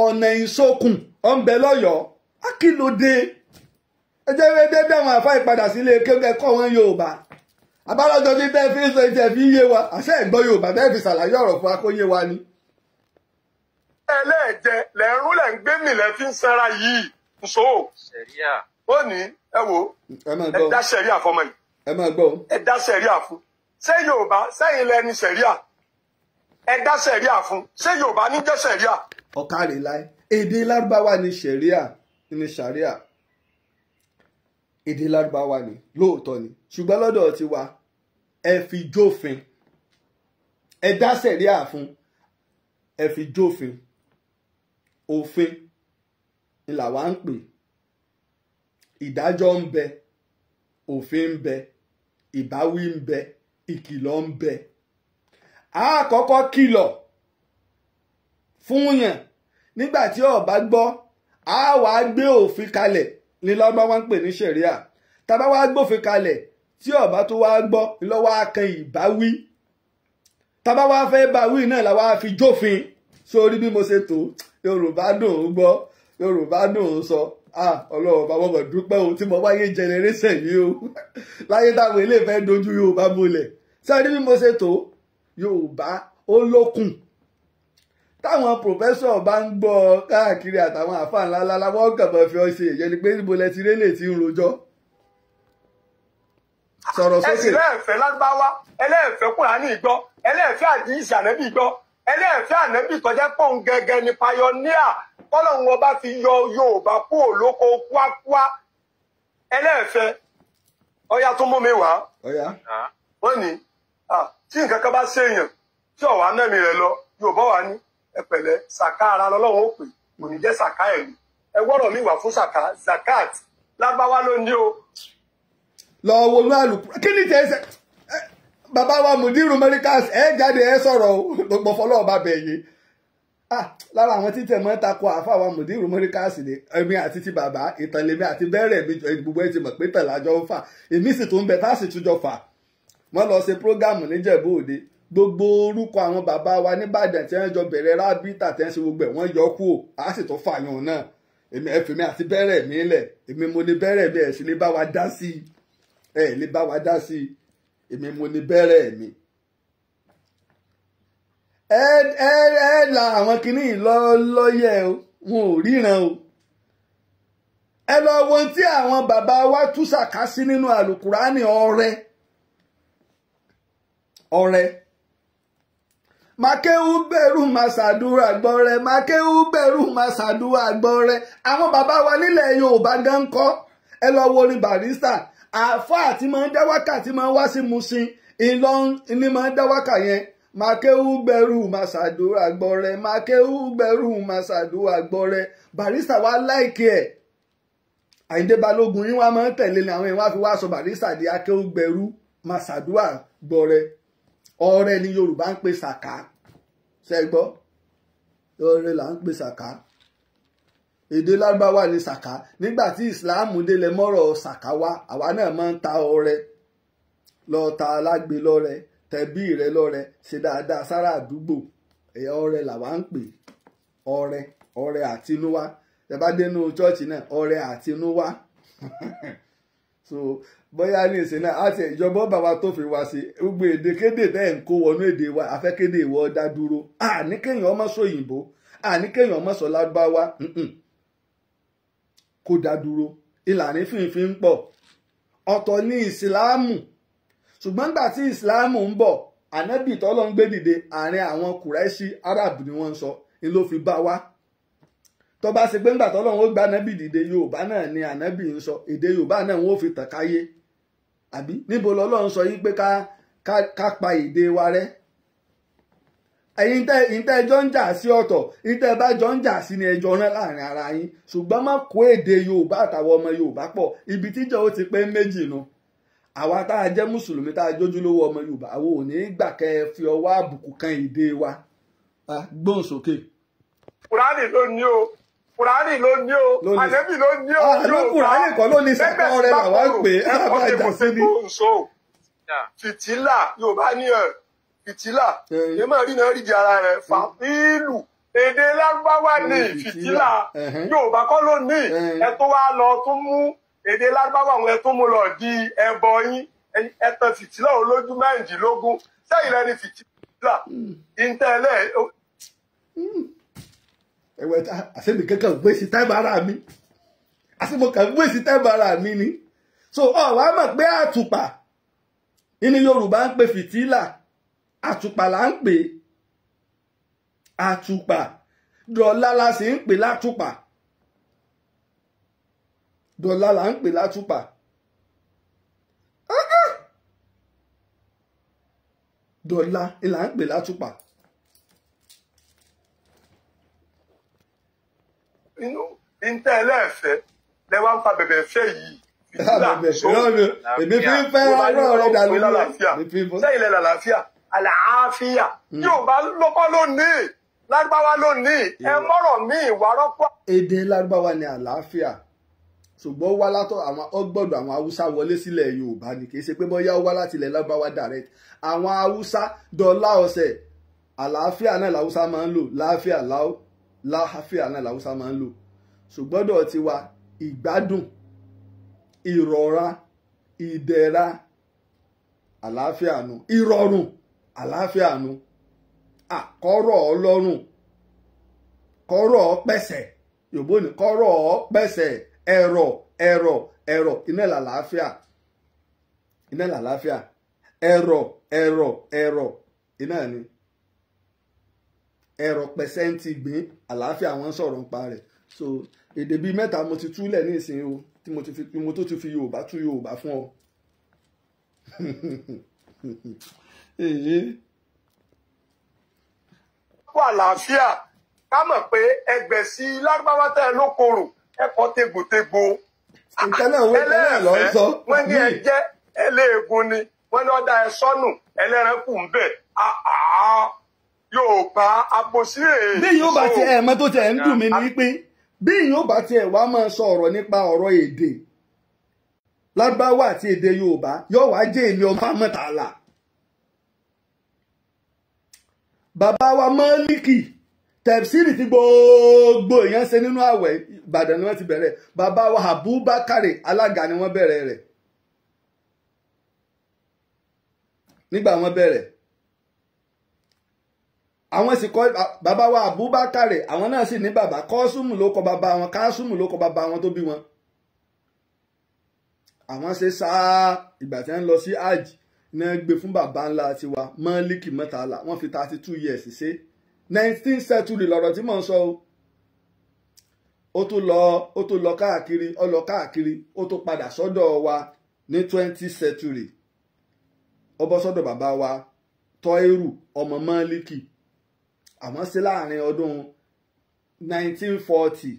ọ̀nà ìsokùn ọ̀nbẹ lọ́yọ̀ọ́ akílódé ẹ jẹ́ wí dédé àwọn àfa ìpadà sílé kéwọ́n ẹ̀kọ́ wọn Yorùbá abálọ́jọ́ bí bẹ́ẹ̀ fi ń sọ ìjẹ́ fi yé wa àṣẹ ìgbọ́ Yorùbá bẹ́ẹ̀ fi ṣàlàyé ọ̀rọ̀ fún akóyé wa ni. ẹlẹ́ẹ̀jẹ lẹ́rú lẹ̀ ń gbé mi lẹ́ fi ń sanra yìí nso ó ní ẹ wo ẹ dá sẹ̀ríà fọmọ yìí ẹ dá sẹ̀ríà fún ṣé Yorùbá sẹ́yìn lẹ́ni sẹ̀ríà ẹ dá sẹ̀ríà fún ṣé Yorùbá ní jẹ́ sẹ̀ríà ọ̀kárẹ̀ láì èdè lárúbáwá ni ṣẹ̀ríà ni ṣàríà èdè lárúbáwá ni lóòótọ́ ni ṣùgbọ́n lọ́dọ̀ ti wa ẹ fi jófin ẹ dá ṣẹ̀ríà fún ẹ fi jófin òfin ni làwa ń pè ìdájọ́ ń bẹ òfin ń bẹ ìbáwí ń bẹ ìkìlọ̀ ń bẹ a kọ́kọ́ kìlọ̀ fún yàn nígbà tí ó bá gbọ́ a wá gbé òfin kalẹ̀ ní lọ́gbọ́n ń pè ní ṣẹ̀ríà tàbá wá gbófin kalẹ̀ tí ó bá tó wá gbọ́ lọ́wọ́ akan ìbáwí tàbá wá fẹ́ báwí náà la wá fi jófin sórí bí mo ṣe tó yorùbá dùn ún gbọ́ yorùbá dùn ún sọ ọlọ́run bá wọ́pọ̀ dúpẹ́ o tí mo wáyé generation yìí o [LAUGHS] láyé táwọn ilé ìfẹ́ dojú yorùbá bolẹ̀ sẹ́ni bí mo ṣe tó yorùbá ó lókun táwọn pòfẹ́sọ̀ bá ń gbọ́ ọ káàkiri àtàwọn àfáà ńlá ńlá láwọn kàbọ̀ fi ọ ṣe ìyẹn ni pé níbo lẹ ti rélè tí ń rojọ́ sọ̀rọ̀ sókè. ẹ̀sìn lẹ́ẹ̀fẹ́ lágbáwá ẹlẹ́ẹ̀fẹ́ kùránì gbọ́ ẹlẹ́ẹ̀fẹ́ àdìsí ànábì gbọ́ ẹlẹ́ẹ̀fẹ́ ànábì tọ́jẹ́ pọ̀n gẹ́gẹ́ ni pioneer kọ́lọ́hún ọba fi yọ Yorùbá kú òlóko kwakwa ẹlẹ́ẹ̀fẹ́ ọya tó mú mi wá. wọ́n ní tí nǹkan kan bá ṣèèyàn tí ọ̀wá náà mi rẹ̀ lọ Yorùbá wà ní ẹ pẹ̀lẹ́ sàká ara lọ́lọ́run ó pè kò ní jẹ́ sàká ẹ̀rí ẹ gbọ́dọ̀ mi wà fún sàká zakat lágbáwá ló ní o. lọ wo inú àlùkò kí ni tẹ bàbá wa mudiru mẹríkàs ẹ jáde ẹ sọ̀rọ̀ o gbọfọlọ ọba bẹyẹ ah, lára àwọn títẹ̀ mọ́ takò àáfàá wa mudiru mẹríkàs ni èmi àti ti bàbá ìtànlẹ́mí àti bẹ́rẹ̀ mi gbogbo ẹ ti mọ̀ pé tẹ̀lájọ́ ń fà èmi sì tún bẹ tá a sì tún jọ fà wọ́n lọ ṣe prógámù níjẹ̀bú òde gbogbo orúkọ àwọn bàbá wa nìbàdàn tí wọ́n jọ bẹ̀rẹ̀ rábítà tí wọ́n ṣe gbogbo ẹ̀ wọ́n yọ kú á sì tó fàyàn náà èmi ẹ̀fẹ̀mí àti bẹ̀rẹ̀ mi lẹ̀ èmi mo ní bẹ̀rẹ̀ mi ẹ̀ sì lè bá wa dá sí i ẹ̀ lè bá wa dá sí i èmi mo ní bẹ̀rẹ̀ mi. ẹ ẹ ẹ la àwọn kìnnì lọ lọ́yẹ̀ o wọn ò ríran o ẹ lọ wo tí àwọn bàbá wa tú sàkásí nínú àlùkùránì ọrẹ ọrẹ. ma bẹ̀rù máa ṣàdúrà gbọ́ rẹ makewu bẹ̀rù máa gbọ́ rẹ àwọn bàbá wa nílẹ̀ Yorùbá gan kọ́ ẹ lọ wo orin barista àfọ́ àti máa ń dá ma máa ń wá sí ni máa ń dá wákà yẹn makewu bẹ̀rù máa gbọ́ gbọ́ barista wa láìkí ẹ̀ Balógun yín máa ń tẹ̀lé ni sọ barista di gbọ́ ọrẹ ni yorùbá ń pè sàká ṣe gbọ́ ọrẹ là ń pè sàká èdè lárúbáwá ni sàká nígbà tí ìsìláàmù délẹ̀ mọ́rọ̀ sàká wá àwa náà máa ń ta ọrẹ lọ ta alágbe lọ́rẹ tẹbí rẹ lọ́rẹ ṣe dáadáa sára àdúgbò ẹ̀yà ọrẹ làwa ń pè ọrẹ ọrẹ àtinúwá ẹ bá dénú chọ́ọ̀chì náà ọrẹ àtinúwá [LAUGHS] so bóyá ní ìsìn náà àti ìjọba ọba wa tó fi wá sí gbogbo èdè kéde bẹ́ẹ̀ ń kó wọnú èdè wa afẹ́kéde ìwọ ọ̀dá dúró àní kéèyàn ọmọ sọ òyìnbó àní kéèyàn ọmọ sọ lárúbáwá kó dá dúró ìlànà fínfín ń pọ̀ ọ̀tọ̀ ní ìsìláàmù ṣùgbọ́n gbà tí ìsìláàmù ń bọ̀ ànábì tọ́lọ́ ń gbé dìde àárín àwọn kùrẹ́ṣì arab ni wọ́n ń sọ ni ló fi bá wa tó bá ṣe pé ńgbà tọ́lọ́ ń gbà ànábì dìde yorùbá náà ni ànábì ń sọ èdè yorùbá náà wọ́n fi tàn káyé àbí níbo lọ́lọ́run sọ yí pé ká ká pa èdè wa rẹ́ ẹ̀yin tẹ́ ìtẹ́ ẹjọ́ ń jà sí ọ̀tọ̀ ìtẹ́ bá jọ ń jà sí ni ẹjọ́ rán láàrin ara yín ṣùgbọ́n má kó èdè Yorùbá àtàwọn ọmọ Yorùbá pọ̀ ibi tíjọ ó ti pé méjì nu àwa tá a jẹ́ mùsùlùmí tá a jójúlówó ọmọ Yorùbá àwọn ò ní gbà kẹ́ ẹ fi ọwọ́ àbùkù kan èdè wa gbọ́n sókè. Kùránì ló ní o kùránì ló ní o ànẹ́bì ló ní o yóò ah, kùránì kan ló ní sàkọ́ rẹ̀ làwa ń pè é àbá ìjà sí ah, ni. fìtílà yorùbá ní ẹ fìtílà eh. yẹn máa rí náà rí di ara rẹ eh. fàfíìlù èdè lárúbáwá eh, ní fìtílà yorùbá kọ́ ló ní ẹ tó wá lọ tún mú èdè lárúbáwá àwọn ẹ tó mú lọ di ẹbọ yín ẹ tan fìtílà olójú mẹ́rìndínlógún sẹ́yìn lẹ́ni fìtílà hmm. ìntẹ́lẹ̀. Hmm ẹ̀wẹ̀ ta àsèmi kankan gbèsè táìmù ara mi àsèmi kankan gbèsè táìmù ara mi ni so ọ̀rọ̀ á mọ̀ pé àtùpà ní Yorùbá ń pè fìtílà àtùpà là ń pè àtùpà dọ̀là la sì ń pè látùpà dọ̀là là ń pè látùpà. dọ̀là là ń pè látùpà. inú ìntẹ ẹlẹẹfẹ lẹwà ń fa bẹ̀bẹ̀ fẹ́ yìí [LAUGHS] èmi fi ń fẹ́ ọlọ́run rẹ̀ dàlú sẹ́yìn lẹ́ làlàáfíà àlàáfíà hmm. Yorùbá lọ́kọ́ lónìí lárúbáwá lónìí ẹ mọ́rọ̀ mi ìwà rọ́pọ̀. èdè lárúbáwá ni àlàáfíà ṣùgbọ́n wá látọ̀ àwọn ọgbọ́dọ̀ àwọn haúsá wọlé sílẹ̀ yorùbá ni kì í ṣe pé bóyá ó wá láti ilẹ̀ lárúbáwá direct àwọn haúsá dọ̀ọ́lá ọ̀sẹ̀ àlàáfíà náà làwùsá máa ń lò láàfíà láwù láàfíà náà làwùsá máa ń lò ṣùgbọ́dọ̀ wa ìgbádùn ìrọ̀ra ìdẹ̀ra àlàáfíà nu ìrọ̀rùn àlàáfíà nu àkọ́rọ̀ ọlọ́run kọ́rọ̀ pẹ̀sẹ̀ yòbó ni kọ́rọ̀ pẹ̀sẹ̀ ẹ̀rọ̀ ẹ̀rọ̀ iná iná ẹ̀rọ pẹ̀sẹ́ǹtì gbìn àlàáfíà wọn sọ̀rọ̀ ń pa rẹ̀ so èdè bíi mẹ́ta mo ti túlẹ̀ ní ìsìn o tí mo, fi, mo tó ti fi Yorùbá tú Yorùbá fún ọ. kó [LAUGHS] àlàáfíà ká mọ̀ pé ẹgbẹ́ sí lárúbáwá tẹ́ ẹ ló korò ẹ̀kọ́ tegbòtegbò. nǹkan náà wọ́n ti náà lọ sọ. wọ́n ní ẹ jẹ́ ẹlẹ́ẹ̀gún ni wọ́n ní ọ̀dà ẹ sọ́nù ẹlẹ́rẹ̀kù ń bẹ̀ áá. Ah, ah, ah. yóòbá àbòsí èyí. bí yóò bá tiẹ̀ mọ́ tó tiẹ̀ ń dùn mí ni pé bí yóò bá tiẹ̀ wá máa sọ ọ̀rọ̀ nípa ọ̀rọ̀ èdè lágbáwá àti èdè yóòbá yóò wá jẹ́ èmi ọmọ àmọ́tàlá. bàbá wa tí gbogbo èèyàn ṣe nínú àwẹ̀ Ìbàdàn ni wọ́n ti bẹ̀rẹ̀ bàbá wa Abubakar alága ni wọ́n bẹ̀rẹ̀ rẹ̀ nígbà bẹ̀rẹ̀ àwọn sì kọ bàbá wa abubakare àwọn náà sì ní bàbá kọ́sùmù ló kọ bàbá wọn kásùmù ló kọ bàbá wọn tó bí wọn. àwọn ṣe sáà ìgbà tí wọ́n lọ sí hajj náà gbé fún bàbá ńlá tiwa mọ́líkì mọ́tàlá wọ́n fi thirty two years ṣe nineteen century lọ́rọ̀ tí mò ń sọ o. ó tún lọ ó tún lọ káàkiri ó lọ káàkiri ó tún padà sọ́dọ̀ wa ní twenty century ó bọ́ sọ́dọ̀ bàbá wa tọ́ eru ọmọ mọ́líkì àmọ́ sí láàrin ọdún 1940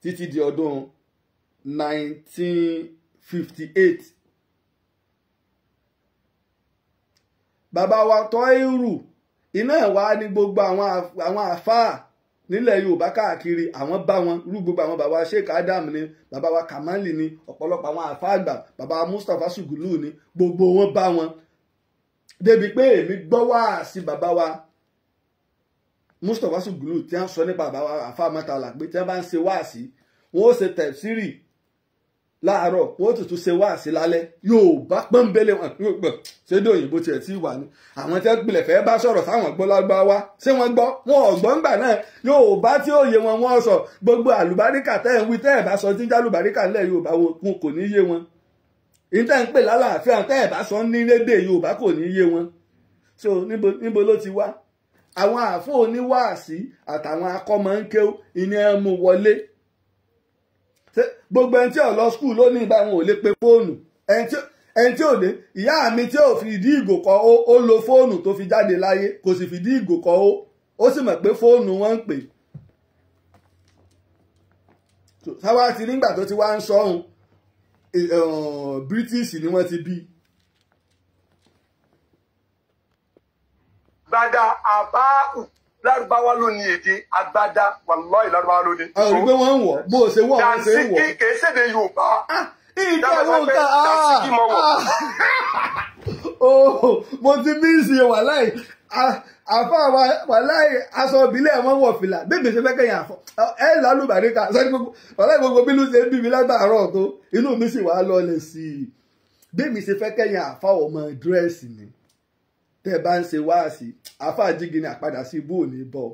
títí di ọdún 1958 bàbá wa Tọ́ìrù iná ìwà ní gbogbo àwọn àfáà nílẹ̀ yorùbá káàkiri àwọn bá wọn rú gbogbo àwọn bàbá sheik adam ni bàbá wa kamali ni ọ̀pọ̀lọpọ̀ àwọn àfáàgbà bàbá mustapha sugulu ni gbogbo wọn bá wọn débi pé èmi gbọ́ wá sí bàbá wa mustapha sugulu tí wọ́n sọ ní bàbá wa àfa mọ́tàlá pé tí wọ́n bá ń ṣe wáàsí wọ́n ó ṣe tẹ̀sírì láàárọ̀ wọ́n tuntun ṣe wáàsí lálẹ́ yóò bá pọ́nbélé wọn gbọ̀ ṣé dé òyìnbó tiẹ̀ tí wà ní. àwọn tí wọ́n gbilẹ̀ fẹ́ bá sọ̀rọ̀ sáwọn gbọ́ lágbá wa ṣé wọ́n gbọ́ wọn ò gbọ́ ńgbà náà yóò bá tí òye wọn wọ́n sọ gbogbo àlùbáríkà tẹ́ ẹ̀ ń wí tẹ́ ẹ̀ bá sọ jíjá àlùbáríkà ńlẹ̀ Yorùbá wọn kò ní yé wọn. ìtẹ́ ń pè lálàáfíà tẹ́ ẹ̀ bá sọ ní rédè Yorùbá kò ní yé wọn. so níbo níbo ló ti wá àwọn àáfàá oníwàásí àtàwọn akọ́mọ̀ńkéw ìní ẹ̀ mú wọlé gbogbo ẹni tí ò lọ skul ló ní ibà wọn ò lè pe fóònù ẹni tí ò dé ìyá mi tí ò fi ìdí ìgò kọ ó ó lo fóònù tó fi jáde láyé kò sì fi ìdí ìgò kọ ó ó sì mọ̀ pé fóònù wọn ń pè sáwá ti nígbà tó ti wá ń sọ́run British ni wọ́n ti bí agbádá àbáàkù lárúbáwá ló ní èdè agbádá wàlọ́ọ̀ì lárúbáwá ló ní. àwọn olùgbé wọn ń wọ bó o ṣe wọ wọn ṣe ń wọ. dànsíkì kìí ṣèdè yorùbá. ìdá ìwọ nǹkan dànsíkì Oh, wọ. mo ti bí ìsìn wàhálà yìí àfa wàhálà yìí aṣọ ìbílẹ̀ ẹ̀ wọ́n wọ̀ fìlà bébè ṣe fẹ́ kẹ́yìn àfọ ẹ̀ lálùbàdì ká sọ́ni gbogbo wàhálà gbogbo bí ṣe ń bí mi látàárọ̀ tó inú mi sì wàá lọ́ọ̀lẹ̀ sí i bébè ṣe fẹ́ kẹ́yìn àfa ọmọ dírẹ́sì ni tẹ́ ẹ bá ń ṣe wáàsí àáfàá jígi ni àpadà sí ibú òní bọ̀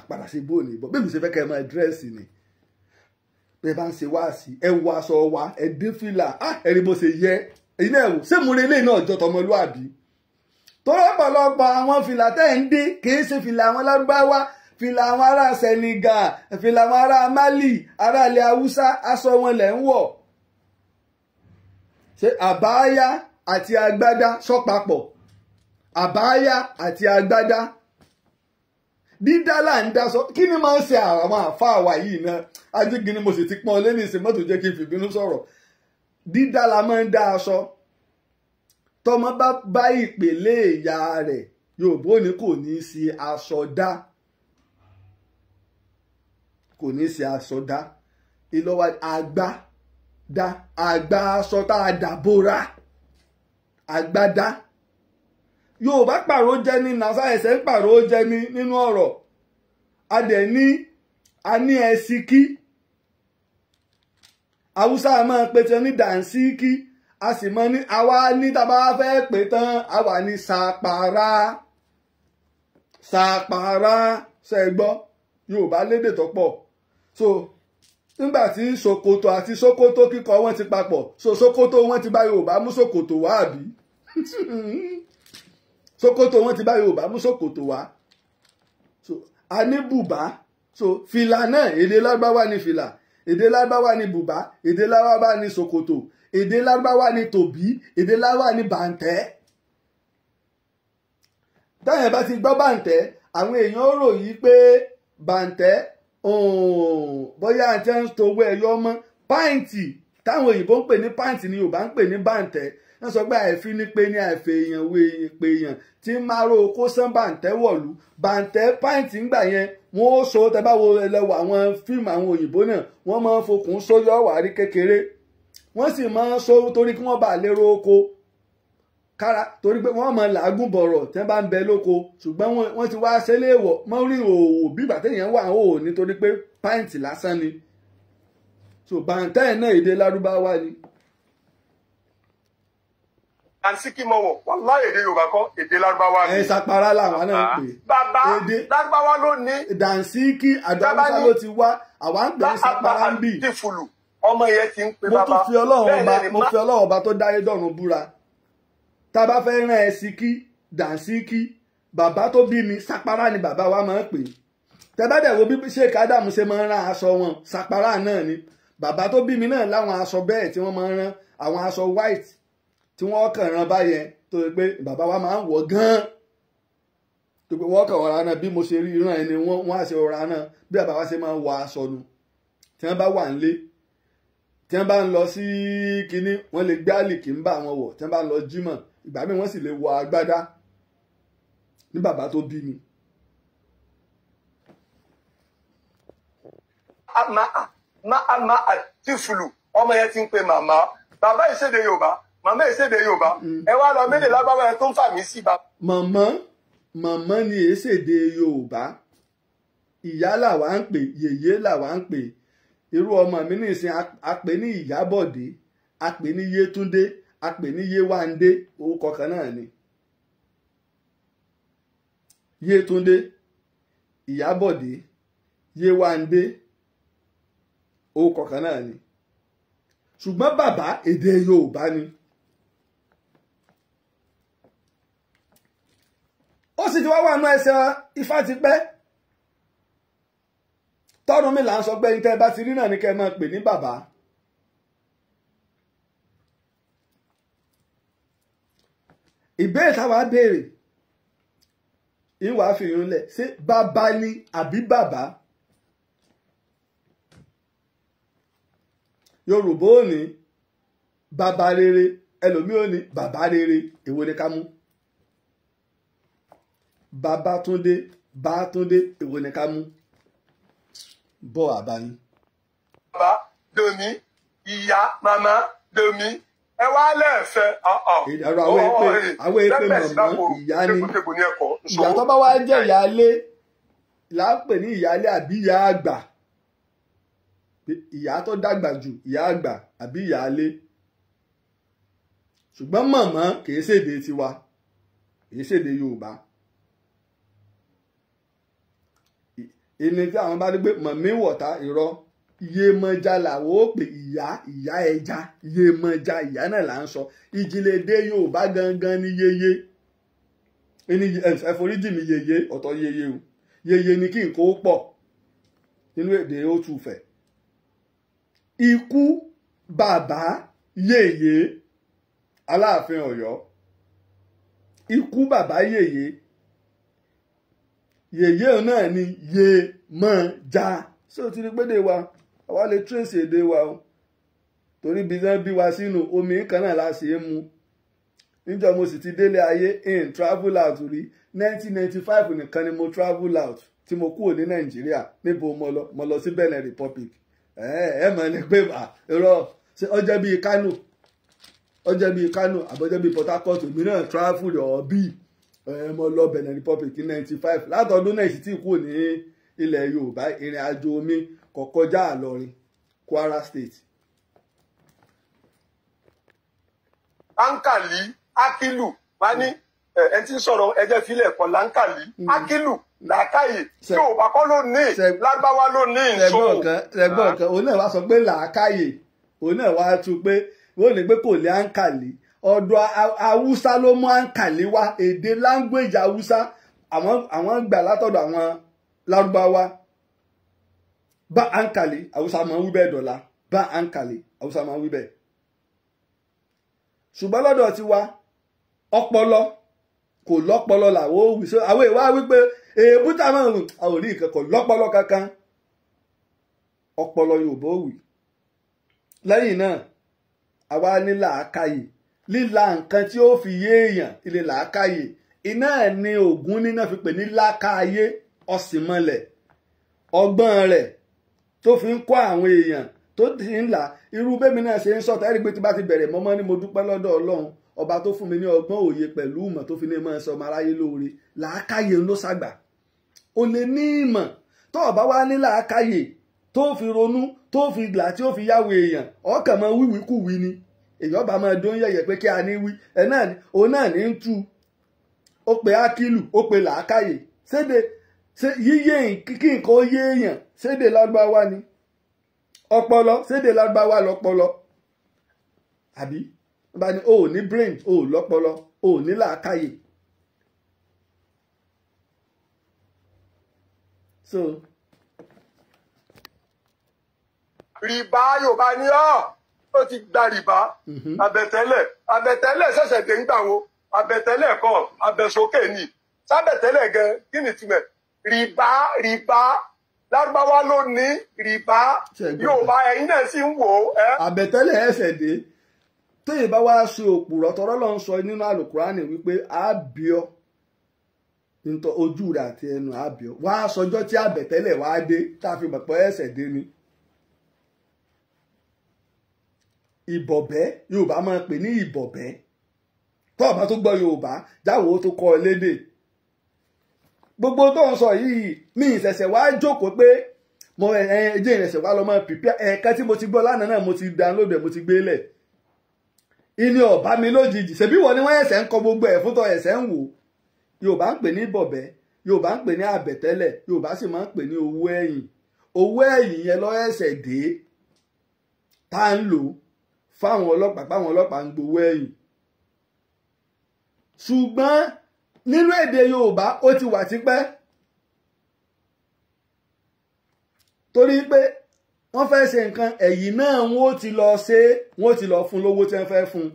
àpadà sí ibú òní bọ̀ bẹ́ẹ̀ mi ṣe fẹ́ kẹ́ ẹ máa dírẹ́sì ni bẹ́ẹ̀ bá ń ṣe wáàsí ẹ wọ aṣọ wa ẹ dín fìlà á ah, ẹ̀rí bó ṣe yẹ èyí náà wò ṣé mo rí eléyìí náà jọ tọmọlúàbí torí ọ̀pọ̀lọpọ̀ àwọn fìlà tẹ́ ń dín kì í ṣe fìlà àwọn lárúbáwá fìlà àwọn ará Senegal fìlà àwọn ará Mali ará ilẹ̀ Haúsá aṣọ wọn lẹ̀ ń wọ̀ ṣe àbáyá àti agbádá sọ àbáyá àti agbádá dídá là ń dá sọ kí ni máa ń ṣe àwọn àfáà wa yìí náà ajígi ni mo sì ti pọn ọ lẹ́nu ìsìn mọ́tò jẹ́ kí n fìbínú sọ̀rọ̀ dídá máa ń dá aṣọ tọmọ bá bá ìpèlè ìyá rẹ̀ Yorùbá ni kò ní í ṣe aṣọ dá kò ní í ṣe aṣọ dá ìlọ́wà àgbá dá àgbá aṣọ tá a dà bóra àgbá dá yorùbá pàrọ̀ jẹ ní nasa ẹsẹ̀ ń pàrọ̀ jẹ ní nínú ọ̀rọ̀ a dẹ̀ ní a ní ẹsíkí haúsá máa pe tiwọn ní dànsíkí a sì mọ ní àwa ní tá a bá fẹ́ pè tán a wà ní sàpàrà sàpàrà sẹ́gbọ́ yorùbá lédè tó pọ̀ so nígbà tí sokoto àti sokoto kíkọ wọn ti papọ̀ so sokoto wọn ti bá yorùbá mú sokoto wá àbí [LAUGHS] ṣòkòtò wọn ti bá yorùbá mú ṣòkòtò wá so a ní bùbá so fìlà náà èdè lárúbáwá ni fìlà èdè lárúbáwá ni bùbá èdè lárúbáwá ni ṣòkòtò èdè lárúbáwá ni tòbí èdè lárúbáwá ni bàǹtẹ́ táyà bá ti gbọ́ bàǹtẹ́ àwọn èèyàn ròyìn pé bàǹtẹ́ bóyá àti ẹ̀ ń towó ẹ̀yọ́ mọ́ pàǹtì táwọn òyìnbó ń pè ní pàǹtì ni yorùbá ń pè ní bàǹtẹ́ wọ́n sọ pé àìfi ní pé ní àìfẹ́ èèyàn wo èèyàn pé èèyàn tí ń máa ro okó sán bàǹtẹ́ wọ̀lú bàǹtẹ́ pàǹtì ńgbà yẹn wọ́n ó so tẹ́ bá wo ẹlẹ́wọ̀ àwọn fíìmù àwọn òyìnbó náà wọ́n máa ń fokùn sóyọ́ wàrí kékeré wọ́n sì máa ń so torí kí wọ́n bá lè ro oko kára torí pé wọ́n mọ làágùn bọ̀rọ̀ tẹ́ bá ń bẹ lóko ṣùgbọ́n wọ́n ti wá sẹ́lẹ̀ wọ̀ mọ́ rí òwò bí ìgbà téèyàn wà ó nítorí pé pàǹtì lásán ni so bàǹtẹ́ náà èdè lárúbáwá ni àǹsíkìmọ̀wọ̀ wàláhì èdè yorùbá kọ́ èdè lárúbáwá ni. ẹ sàpàrà làwọn náà ń ah. pè. bàbá lárúbáwá ló ní. dànsíkì àdàmúsá ló ti wá àwa ń pè sàpàrà ń bì. ọmọ yẹn ti ń pe bàbá. mo tún fi ọlọ́run mo fi ọlọ́run ọba tó dáyé dọ̀run búra tá a bá fẹ́ rán ẹ síkí dànsíkì bàbá tó bí mi sàpàrà ni bàbá wa máa ń pè é tẹ́bẹ́dẹ̀ wo bí Sheikh Adamu ṣe máa ń rán aṣọ wọn sàpàrà náà ni bàbá tó bí mi náà láwọn aṣọ bẹ́ẹ̀ tí wọ́n máa ń rán àwọn aṣọ white tí wọ́n kàn ran báyẹn tó pé bàbá wa máa ń wọ̀ gan-an tó pé wọ́n kàn rọra náà bí mo ṣe rí ìran ẹni wọ́n á ṣe rọra náà bí bàbá wa ṣe máa ń wọ aṣọ nu tí wọ́n bá wà nílé tí wọ́n bá ń lọ sí kínní wọ́n lè gbé àlìkì ń bá wọn wọ̀ tí wọ́n bá ń lọ jímọ̀ ìgbà míì wọ́n sì lè wọ agbádá ní bàbá tó bí mi. máa máa ti fulu ọmọ yẹn ti ń pe màmá bàbá ìṣèdè yorùbá màmá èsèdè yorùbá mm. ẹ wá lọ mélòó mm. lágbàbọ ẹ tó ń fà mí sí ba. màmá màmá ni èsèdè yorùbá ìyá làwa ń pè yèyé làwa ń pè irú ọmọ mi nìsín apè ní ìyábọ̀dé apè ní yétúndé apè ní yéwándé orúkọ kan náà ni yétúndé ìyábọ̀dé yéwándé orúkọ kan náà ni ṣùgbọ́n bàbá èdè yorùbá ni. ó sì ti wá wà nú ẹsẹ̀ ifá ti pe tọ́run mi là ń sọ pé ní tẹ́ bá ti rí náà ní kẹ́ máa pè ní bàbá ìbéèrè táwa béèrè ìwà ṣé bàbá ni àbí bàbá Yorùbá ò ní bàbá rere ẹlòmíì ò ní bàbá rere èwo ni ká mú. Babátúndé Bátúndé èwo ni ká mú bọ́ àbá yín. bàbá domi ìyá màmá domi ẹ wá lẹ́ẹ̀fẹ́ ọ̀ọ́ àwọn èpè màmá ìyá ni ìyá tó bá wá jẹ́ ìyáálé là ń pè ní ìyáálé àbí ìyá àgbà ìyá tó dàgbà jù ìyá àgbà àbí ìyáálé ṣùgbọ́n màmá kì í ṣèdè tiwa kì í ṣèdè Yorùbá. èmi tí àwọn bá rí pé mọ̀mí wọ̀tá irọ́ Yemọja làwọn ó pè ìyá ìyá ẹja Yemọja ìyá náà là ń sọ ìjìnlẹ̀dẹ Yorùbá gangan ni yeye ẹforíjì mi yeye ọ̀tọ̀ yeye o yeye ni kí n kó pọ̀ nínú èdè ó tù fẹ̀ ikú bàbá yeye Aláàfin Ọ̀yọ́ ikú bàbá yeye yèyé náà ni yé mọ já ṣé o ti rí pédè wa àwa lè trace èdè wa o torí bí wọ́n bí wa sínú omi kan náà la ṣe é mu níjọ́ mo sì ti délé ayé in travel out rí nineteen ninety five nìkan ni mo travel out tí mo kúrò ní nàìjíríà níbo mo lọ lọ sí benin republic ẹ mọ̀ ní pé irọ́ ọjọ́ bíi kano ọjọ́ bíi kano àbọ̀jọ́ bíi port harcourt òmíràn travel ọ̀ bíi. Eh, mo lọ Benin Republic ninety five látọdún náà sì ti kú ní ilẹ̀ Yorùbá ìrìn àjò omi kò Kwara State. ankali akilu ma ní eh, ẹ ti ń sọ̀rọ̀ ẹjẹ́ la lankali mm. akilu làákàyè tí ò ló ní lágbáwá ló ní ìṣó. kan òun náà wá sọ pé làákàyè òun náà wá pé ọ̀dọ̀ haúsá ló mú àǹkàlẹ́ wá èdè language haúsá àwọn gbà látọ̀dọ̀ àwọn lárúbáwá bá àǹkàlẹ́ haúsá máa ń wí bẹ́ẹ̀ dọ̀la bá àǹkàlẹ́ haúsá máa ń wí bẹ́ẹ̀ ṣùgbọ́n lọ́dọ̀ tiwa ọpọlọ kò lọ́pọlọ làwọn ò wí so àwọn ìwà wípé èébú tá a máa ń rùn àwọn ò rí nǹkan kò lọ́pọlọ kankan ọpọlọ Yorùbá ò wí lẹ́yìn náà àwa ní làákàyè líla nǹkan tí ó fi yé èèyàn ilé làákàyè iná ẹ̀ ni ògún níná fi pè ní lákàáyé ọ̀sìnmọlẹ̀ ọgbọ́n rẹ̀ tó fi ń kọ́ àwọn èèyàn tó ti ń là irú bẹ́mi náà ṣe ń sọ̀tà ẹ̀rí pé tí bá ti bẹ̀rẹ̀ mọ́mọ́ ni mo dúpẹ́ lọ́dọ̀ ọlọ́run ọba tó fún mi ní ọgbọ́n òye pẹ̀lú ìmọ̀ tó fi ní mọ́ ẹsẹ̀ ọmọ aráyé lóore làákàyè ló ṣàgbà o lè ní ìmọ̀ tó o wá ní làákàyè tó fi ronú tó fi gbà tí ó fi yáwó èèyàn ọkàn mọ wíwíkúwí ni èyàn bá máa dún yẹ̀yẹ̀ pé kí a ní wí ẹ náà ni òun náà ní ń tu ó pe ákìlù ó pe làákàyè séde yíyé kí nǹkan ó yé èèyàn séde lágbáwá ni ọpọlọ séde lágbáwá lọpọlọ àbí bá ní o ò ní brain o ò lọpọlọ o ò ní làákàyè. so. rí báyò bá ní ọ́ ó ti gba rìbá mhm. àbẹ̀tẹ́lẹ̀ àbẹ̀tẹ́lẹ̀ ṣẹ̀ṣẹ̀ dé ńgbà wo àbẹ̀tẹ́lẹ̀ kọ́ àbẹ̀sókè ni sábẹ̀tẹ́lẹ̀ gan kí ni tìmẹ̀ rìbá rìbá lárúbáwá ló ní rìbá yorùbá ẹ̀yin náà sì ń wò ó. àbẹ̀tẹ́lẹ̀ ẹ̀ṣẹ̀ dé téèyàn bá wá ṣe òpùrọ̀ tọ́rọ́ ló ń sọ nínú àlùkùránì wípé àbíọ́ ojú rẹ̀ àti ẹnu àbíọ́ wàá sọjọ́ tí àbẹ̀tẹ́lẹ̀ wàá dé tá a fi mọ̀ pé dé ni. ìbọ̀bẹ́ yorùbá máa ń pè ní ìbọ̀bẹ́ tó o bá tó gbọ́ yorùbá jáwọ́ tó kọ́ lédè gbogbo tó ń sọ yìí mi ìṣẹ̀ṣẹ̀ wá jókòó pé mo ẹjẹ́ ìrẹsẹ̀ wá lọ mọ́ pípẹ́ ẹ̀ẹ̀kan tí mo ti gbọ́ lánàá náà mo ti download ẹ̀ mo ti gbélẹ̀ e ìní ọ̀bá mi lójijì ṣèbí wọ́n ni wọ́n ẹ̀sẹ̀ ń kọ gbogbo ẹ̀ fún tọ́ ẹ̀sẹ̀ ń wò yorùbá ń pè ní bọ̀bẹ́ yorùbá ń pè ní àbẹ̀tẹ́lẹ̀ yorùbá sì máa ń pè ní owó ẹ̀yìn owó ẹ̀yìn yẹn lọ́ ẹ̀sẹ̀ dé tá à ń lò ó fáwọn ọlọ́pàá páwọn ọlọ́pàá ń gbowó ẹ̀yìn ṣùgbọ́n nínú èdè Yorùbá ó ti wà tipẹ́ torí pé wọ́n fẹ́ ṣe nǹkan ẹ̀yìn náà wọ́n ti lọ ṣe wọ́n ti lọ fún lówó tí wọ́n fẹ́ fún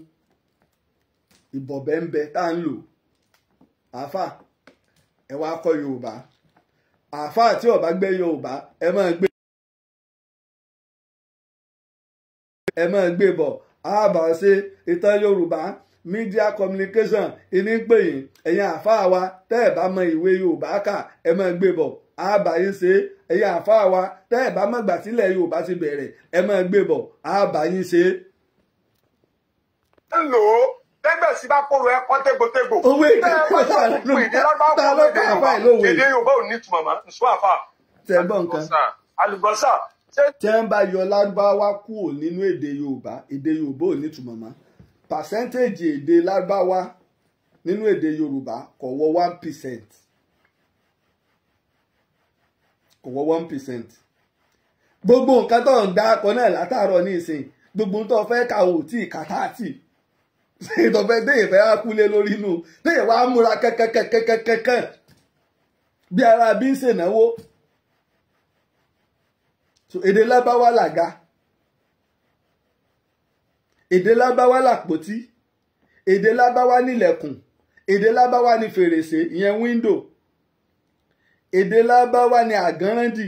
ìbọ̀bẹ̀ ń bẹ tá à ń lò àáfà ẹ wá kọ́ Yorùbá àáfà tí ó bá gbé Yorùbá ẹ máa gbé. ẹ máa gbé bọ̀ àbá ṣe ìtàn yorùbá media communication ìní pè yín ẹ̀yin àfáà wa tẹ́ ẹ̀ bá mọ ìwé yorùbá kà ẹ máa gbé bọ̀ àbá yín ṣe ẹ̀yin àfáà wa tẹ́ ẹ̀ bá mọ̀gbà sílẹ̀ yorùbá ti bẹ̀rẹ̀ ẹ máa gbé bọ̀ àbá yín ṣe. ẹ lò ó bẹ́gbẹ̀ sí bá kóró ẹ kọ́ tégbòtégbò. owó èdè tá ló bá àfa ìlówó yìí. èdè yorùbá ò ní tùmọ̀ mọ́ nsú àfa. tẹ̀ gbọ́ nǹkan. àlùbọ́sà tẹ́ ń bá yọ lárúbáwá kúrò nínú èdè yorùbá èdè yorùbá ò nítumọ̀ mọ́ pàṣẹ́ntéèjì èdè lárúbáwá nínú èdè yorùbá kò wọ one percent kò wọ one percent gbogbo nǹkan tó ń dá akọ náà látàárọ̀ ní ìsìn gbogbo tó fẹ́ kà ó tí kàtá tì ìtọ̀fẹ́ déyìn fẹ́ wá kúlé lórí inú déyìn wá múra kẹ́kẹ́kẹ́kẹ́kẹ́kẹ́ bí ara bí ń ṣènáwó so èdè lábáwá làga èdè lábáwá làpótí èdè lábáwá nílẹ̀kùn èdè lábáwá ní fèrèsé ìyẹn wíńdò èdè lábáwá ní àgánrándì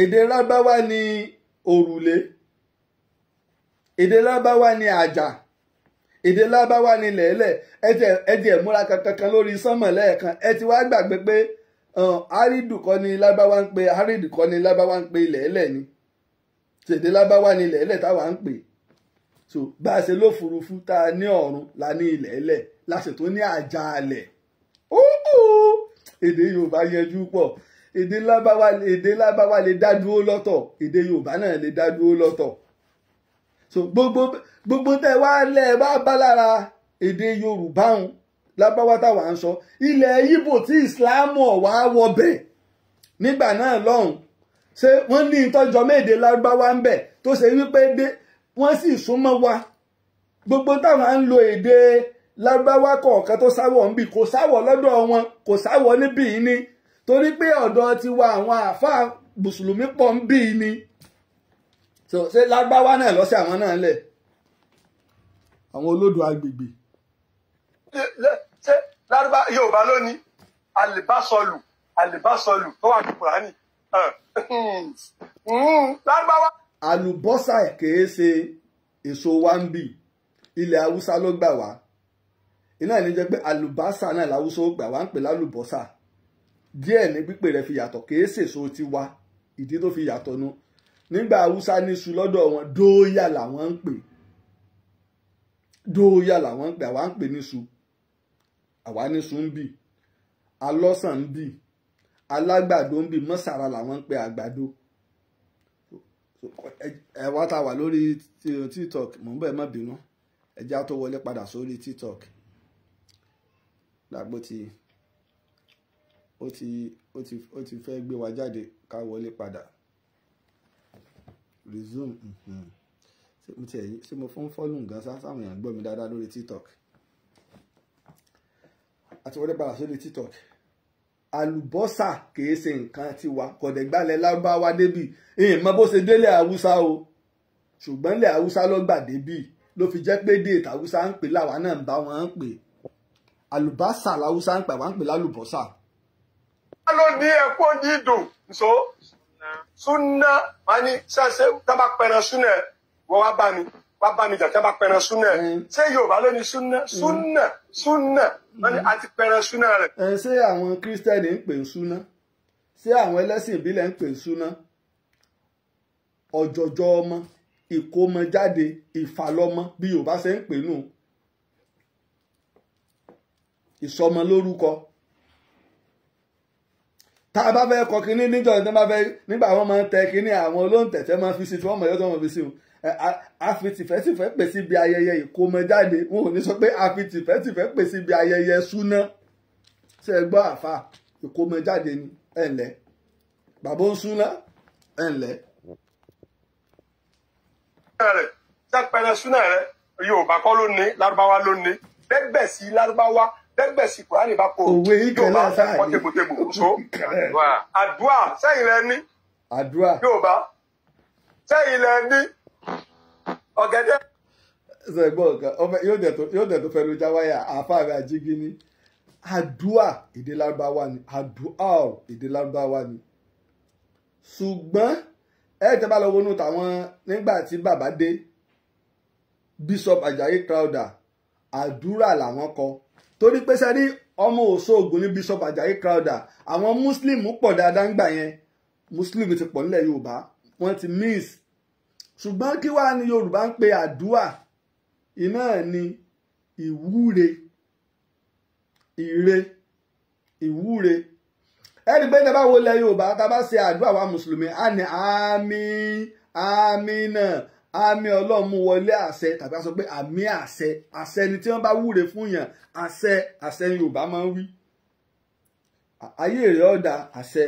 èdè lábáwá ní òrùlé èdè lábáwá ní àjà èdè lábáwá ní lẹ̀ẹ́lẹ̀ ẹ ti ẹ̀ múra kankan lórí sánmọ̀ lẹ́ẹ̀kan ẹ ti wá gbàgbé pé árídù kọ́ ni lábáwá ń pe árídù kọ́ ni lábáwá ń pe ilẹ̀ ẹlẹ̀ ni tèdè lábáwá ni ilẹ̀ ẹlẹ̀ táwa ń pè so bá a ṣe lófurufú tá a ní ọ̀run la ní ilẹ̀ ẹlẹ̀ la sì tún ní àjàalẹ̀ èdè Yorùbá yẹjú pọ̀ èdè lábáwá èdè lábáwá lè dá dúró lọ́tọ̀ èdè Yorùbá náà lè dá dúró lọ́tọ̀ so gbogbo gbogbo tẹ wá lẹ wá bá lára èdè Yorùbá hùn lábáwá táwa ń sọ ilẹ̀ ibo tí ìsìláàmù ọ̀wá wọbẹ̀ nígbà náà lọ́hùn ṣé wọ́n ní ìtọ́jọ́ méje lábáwá ń bẹ̀ tó ṣe wípé wọ́n sì súnmọ́ wa gbogbo táwa ń lo èdè lábáwá kọ̀ọ̀kan tó sáwọ̀ ń bì kò sáwọ̀ lọ́dọ̀ wọn kò sáwọ̀ níbí ni torí pé ọ̀dọ̀ tiwa àwọn àáfàá mùsùlùmí pọ̀ ń bì ni ṣé lágbáwá náà lọ́sẹ̀ àwọn náà lẹ̀ àwọn olódò agbègbè ṣé lárúbá yorùbá lónìí àlìbásọlù àlìbásọlù tó wà ní kùránì lárúbáwá. àlùbọ́sà kìí ṣe èso wa ń bì ilẹ̀ haúsá ló gbà wá iná ìní jẹ́ pé àlùbọ́sà náà làwùsá ó gbà wá ń pè lálùbọ́sà díẹ̀ ní pípè rẹ̀ fi yàtọ̀ kìí ṣèso tiwa ìdí tó fi yàtọ̀ nu nígbà haúsá níṣu lọ́dọ̀ wọn dóòyà làwọn ń pè dóòyà làwọn ń pè àwa ń pè níṣu àwa níṣu ń bì alọ́sàn ń bì alágbàdo ń bì mọ́sàrà làwọn ń pe àgbàdo ẹ wá tá a wà lórí tiktok mò ń bẹ̀ mọ́ bínú ẹja tó wọlé padà sórí tiktok dàgbò ti ó ti ó ti ó ti fẹ́ gbé wa jáde ká wọlé padà resume mhm. ṣé mo fún fọ́lù nǹkan sáwọn èèyàn gbọ́ mi dáadáa lórí tiktok àti wọlé padà sórí tiktok àlùbọ́sà kìí ṣe nǹkan tiwa kọ̀dẹ̀gbálẹ̀ lárúbáwá débì ìyẹn mọ bó ṣe délẹ̀ haúsá o ṣùgbọ́n ilẹ̀ haúsá ló gbà débì ló fi jẹ́ pé déètà haúsá ń pè láwa náà ń bá wọn ń pè àlùbọ́sà làwùsá ń pè wá ń pè lálùbọ́sà. wọ́n ló ní ẹ̀kọ́ yìí dùn so sunna wọn ni ṣàṣẹ tábà pẹ̀rẹ̀ sunna wọ́n wá bá mi bàbá mi jàkẹ́ bá pẹran súnà ṣé yorùbá ló ní súnà mm. súnà súnà wọn ni a ti pẹran súnà rẹ. ẹ ṣé àwọn kírísítẹ́nì ń pè ń súnà ṣé àwọn ẹlẹ́sìn ìbílẹ̀ ń pè ń súnà ọ̀jọ̀jọ̀ ọmọ ìkómọjáde ìfàlọ́mọ bí yorùbá ṣe ń pè nù ìsọmọ lórúkọ tá a bá fẹ́ kọ kínní níjọ́ ìjọba fẹ́ nígbà wọn máa ń tẹ kínní àwọn olóńtẹ̀tẹ̀ máa fi sí tí wọ́n mọ̀ yọ́tọ̀ wọn fi sí wọn àfitìfẹ́tìfẹ́ pè síbi ayẹyẹ ìkómọjáde wọn ò ní sọ pé àfitìfẹ́tìfẹ́ pè síbi ayẹyẹ súná ṣe gbọ́ àfa ìkómọjáde ni ẹ̀ǹlẹ́ bàbá ń súná ẹ̀ǹlẹ́. rẹ̀ sápẹ́rẹ́ súná rẹ̀ Yorùbá kọ́ ló ní Lárúbáwá ló ní bẹ́gbẹ̀ sí Lárúbáwá bẹ́gbẹ̀ sí Kùránì bá kó Yorùbá wọ́n tẹ̀gbọ̀tẹ̀gbọ̀ so àdúrà sẹ́yìn lẹ́ni àdúrà Yorùbá sẹ́yìn lẹ́ni ọ̀gẹ̀dẹ̀. ṣe gbọ́ nǹkan ọmọ yóò dẹ̀ tó fẹ́ ló já wáyà àáfàá rẹ̀ àjígí ní àdúà èdè lárúbáwá ni àdúà èdè lárúbáwá ni ṣùgbọ́n ẹ tẹ́ bá lọ wọnú tàwọn nígbà tí bàbá dé Bishop Ajayi Crowther àdúrà làwọn kọ torí pé sẹ́ni ọmọ òṣoògùn ní Bishop Ajayi Crowther àwọn Muslim pọ̀ dáadáa ń gbà yẹn Muslim ti pọ̀ nílẹ̀ Yorùbá wọ́n ti miss ṣùgbọ́n kí wàá ní Yorùbá ń pe àdúà iná ni ìwúre ire ìwúre ẹni pé nígbà wo lẹ Yorùbá tá a bá ṣe àdúà wa mùsùlùmí á ní àmì àmì náà àmì ọlọ́mú wọlé àṣẹ tàbí a sọ pé àmì àṣẹ àṣẹ ni tí wọ́n bá wúre fún yàn àṣẹ àṣẹ Yorùbá máa ń wí ayé rẹ̀ ọ̀dà àṣẹ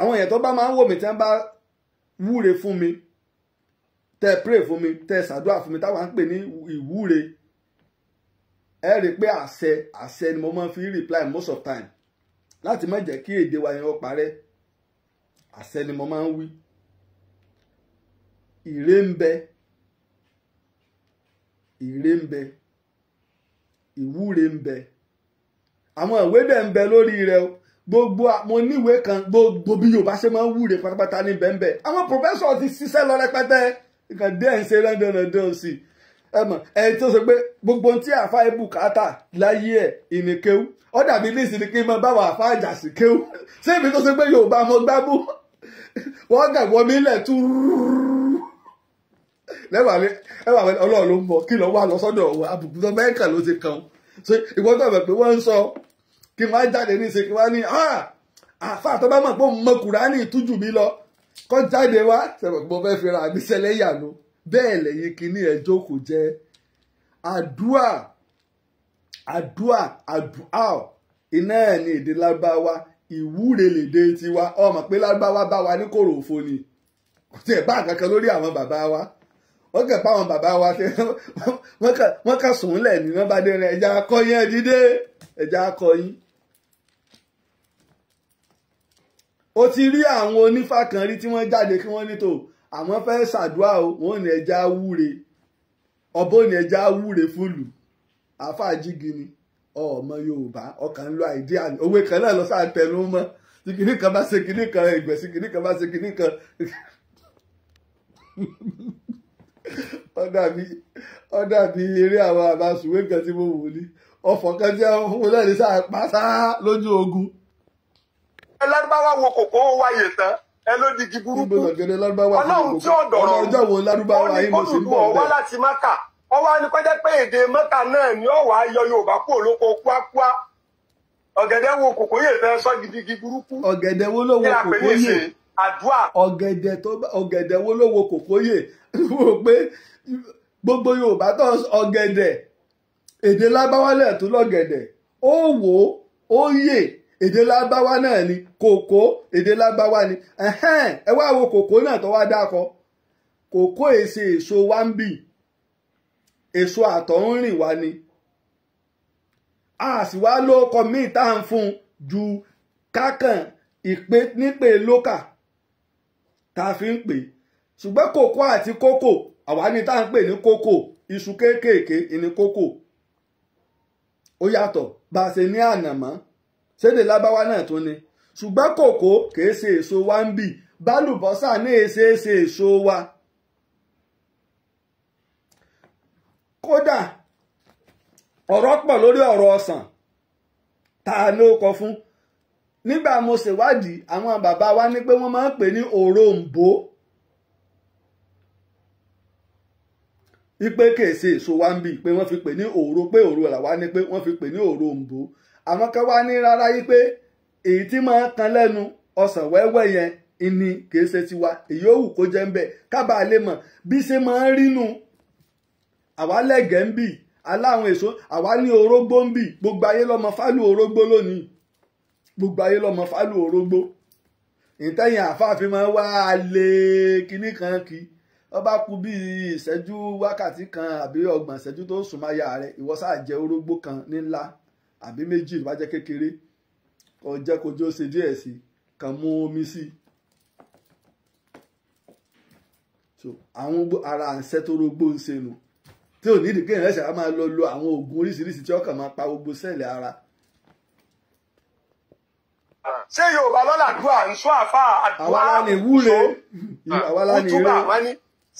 àwọn èèyàn tó bá máa ń wò mí tí wọ́n bá wúre fún mi tẹ́ pray fún mi tẹ́ ẹ ṣàdúrà fún mi táwa ń pè ní ìwúre ẹ rí i pé àṣẹ àṣẹ ni mo máa fi reply most of time láti má jẹ́ kí èdè wa yẹn ó parẹ́ àṣẹ ni mo máa ń wí ire ń bẹ ire ń bẹ ìwúre ń bẹ àwọn ìwé dẹ̀ ń bẹ lórí rẹ o gbogbo mo níwèé kan gbogbo bí yorùbá ṣe máa ń wúre pátápátá ní bẹ́ẹ̀nbẹ́ẹ̀ àwọn pòfẹ́sọ̀ ti ṣiṣẹ́ lọ rẹpẹtẹ nǹkan díẹ̀ ń ṣe rẹ́ndọ̀nàdàn sí i ẹ mọ̀ ẹni tó sọ pé gbogbo ohun tí àfa ibù káàtà láyé ẹ̀ ìníkéwú ó dàbí nísìnyí kí n máa báwọn àfa àjàsí kéwú ṣé èmi tó sọ pé yorùbá mo gbábú wọ́n gàgbọ́ mi lẹ̀ túrúrú lẹ́wàá ọlọ́run ló ń bọ̀ kí lọ́ wà lọ́sọ́dọ̀ àbùkù tó mẹ́kà ló ti kàn so ìwọ́n tó àbẹ̀ pé wọ́n ń sọ kí n wá jáde ní ìsìnkú wá ní ah, àfa àtọ́bá mọ̀ pé òun mọ kùránì ìtújù mi lọ kọ́ jáde wá mo fẹ́ fi ra àgbésẹ́ lẹ́yà nu bẹ́ẹ̀ lẹ́yìn kínní ẹ̀ jókòó jẹ́ àdúà àdúà àdúà iná ẹ̀ ní èdè lágbáwá ìwúre lèdè tiwa ọmọ pé lágbáwá bá wa ní kòrò ni kò tiẹ̀ bá kankan lórí àwọn bàbá wa wọ́n kàn bá àwọn bàbá wa wọ́n kàn sùn lẹ̀ ní wọ́n bá dé rẹ̀ ẹja akọyin ẹ̀ dídé ẹja akọyin. ó ti rí àwọn onífá kan rí tí wọ́n jáde kí wọ́n ní tó àwọn fẹ́ ṣàdúrà o wọn ò ní ẹja wúre ọbọ ò ní ẹja wúre fúlù àfàjìgì ni ọmọ yorùbá ọkàn ń lo àìdíà òwe kan náà lọ sáà tẹnu mọ́ kìnní kan bá ṣe kìnní kan ìgbẹ̀sí kìnní kan bá ṣe kìnní kan ó dàbí eré àwọn àbáṣùwé kan tí mo wò ní ọ̀fọ̀ kan jẹ́ òun náà ní sáà pàṣá lójú ogun ẹ lárúbáwá wo kòkó wa yè tán ẹ ló di igi burúkú ọlọ́run tí ọ̀dọ̀rọ̀ ó ní olùdó ọ̀wá láti máka ọwọ́ á ní kọjá pé èdè mẹ́ta náà ni ọ̀wá ayọ yorùbá kú olóko kúákúá ọ̀gẹ̀dẹ̀ wo kòkó yè tán sọ gidi igi burúkú ọ̀gẹ̀dẹ̀ wo ló wo kòkó yè àdúà ọ̀gẹ̀dẹ̀ wo ló wo kòkó yè wò [LAUGHS] pé gbogbo yorùbá tó ọ̀gẹ̀dẹ̀ èdè lábáwálẹ̀ tó lọ̀gẹ̀dẹ̀ ó wò ó yè èdè lágbáwá náà ni kòkó èdè lágbáwá ni ẹ wá wo kòkó náà tó wá dákọ kòkó èsè èso wá ń bì èso àtọ̀húnrìn wá ni a sì wá lóko míì tá à ń fún ju kákàn ìpè nípè lókà tá a fi ń pè ṣùgbọ́n kòkó àti kókò àwa ni tá à ń pè ní kókò iṣu kéékèèké ìní kókò ó yàtọ̀ bá a ṣe ní ànàmọ́ sédè lábáwá náà tún ni ṣùgbọ́n kòkó kìí ṣe èso wa ń bì bálùbọ́sà ní èsè èsè èso wa. kódà ọ̀rọ̀ pọ̀ lórí ọ̀rọ̀ ọsàn tá a ní ó kọ fún nígbà mo ṣèwádìí àwọn bàbá wa ní pé wọ́n máa ń pè ní òroǹbó ipe kèsè èso wa ń bì pé wọ́n fi pè ní òro pé òro làwa ní pé wọ́n fi pè ní òroǹbó àwọn kan wá ní rárá yí pé èyí tí máa kan lẹ́nu ọsàn wẹ́wẹ́ yẹn ìní kìí ṣe tiwa èyí ó wù kó jẹ́ ń bẹ̀ kábàá lè mọ̀ bí ṣe máa ń rínú àwa lẹ́gẹ̀ẹ́ ń bì aláwọn èso àwa ní orógbó ń bì gbogbo ayé lọ́mọ fálù orógbó lónìí gbogbo ayé lọ́mọ fálù orógbó ìtẹ̀yìn àfáàfin máa wá lé kinní kan kí ó bá kú bí ìṣẹ́jú wákàtí kan àbí ọgbọ̀n ìṣẹ́jú tó sùn máa yà rẹ̀ ìwọ jẹ́ orógbó kan ní àbí méjì tó bá jẹ́ kékeré ọjẹ kojú ó ṣe díẹ̀ sí kàn mú omi sí so àwọn ara àǹsẹ tó rogbó ń ṣe nù tí ò ní ìdí kéèyàn ẹsẹ̀ á máa lọ lo àwọn oògùn oríṣiríṣi tí ọkàn máa pa gbogbo sẹ́ẹ̀lì ara. ṣé yorùbá lọ́làdúrà ń sún àfa àdúrà àwàlá ni wúre àwàlá ni eré wútúbà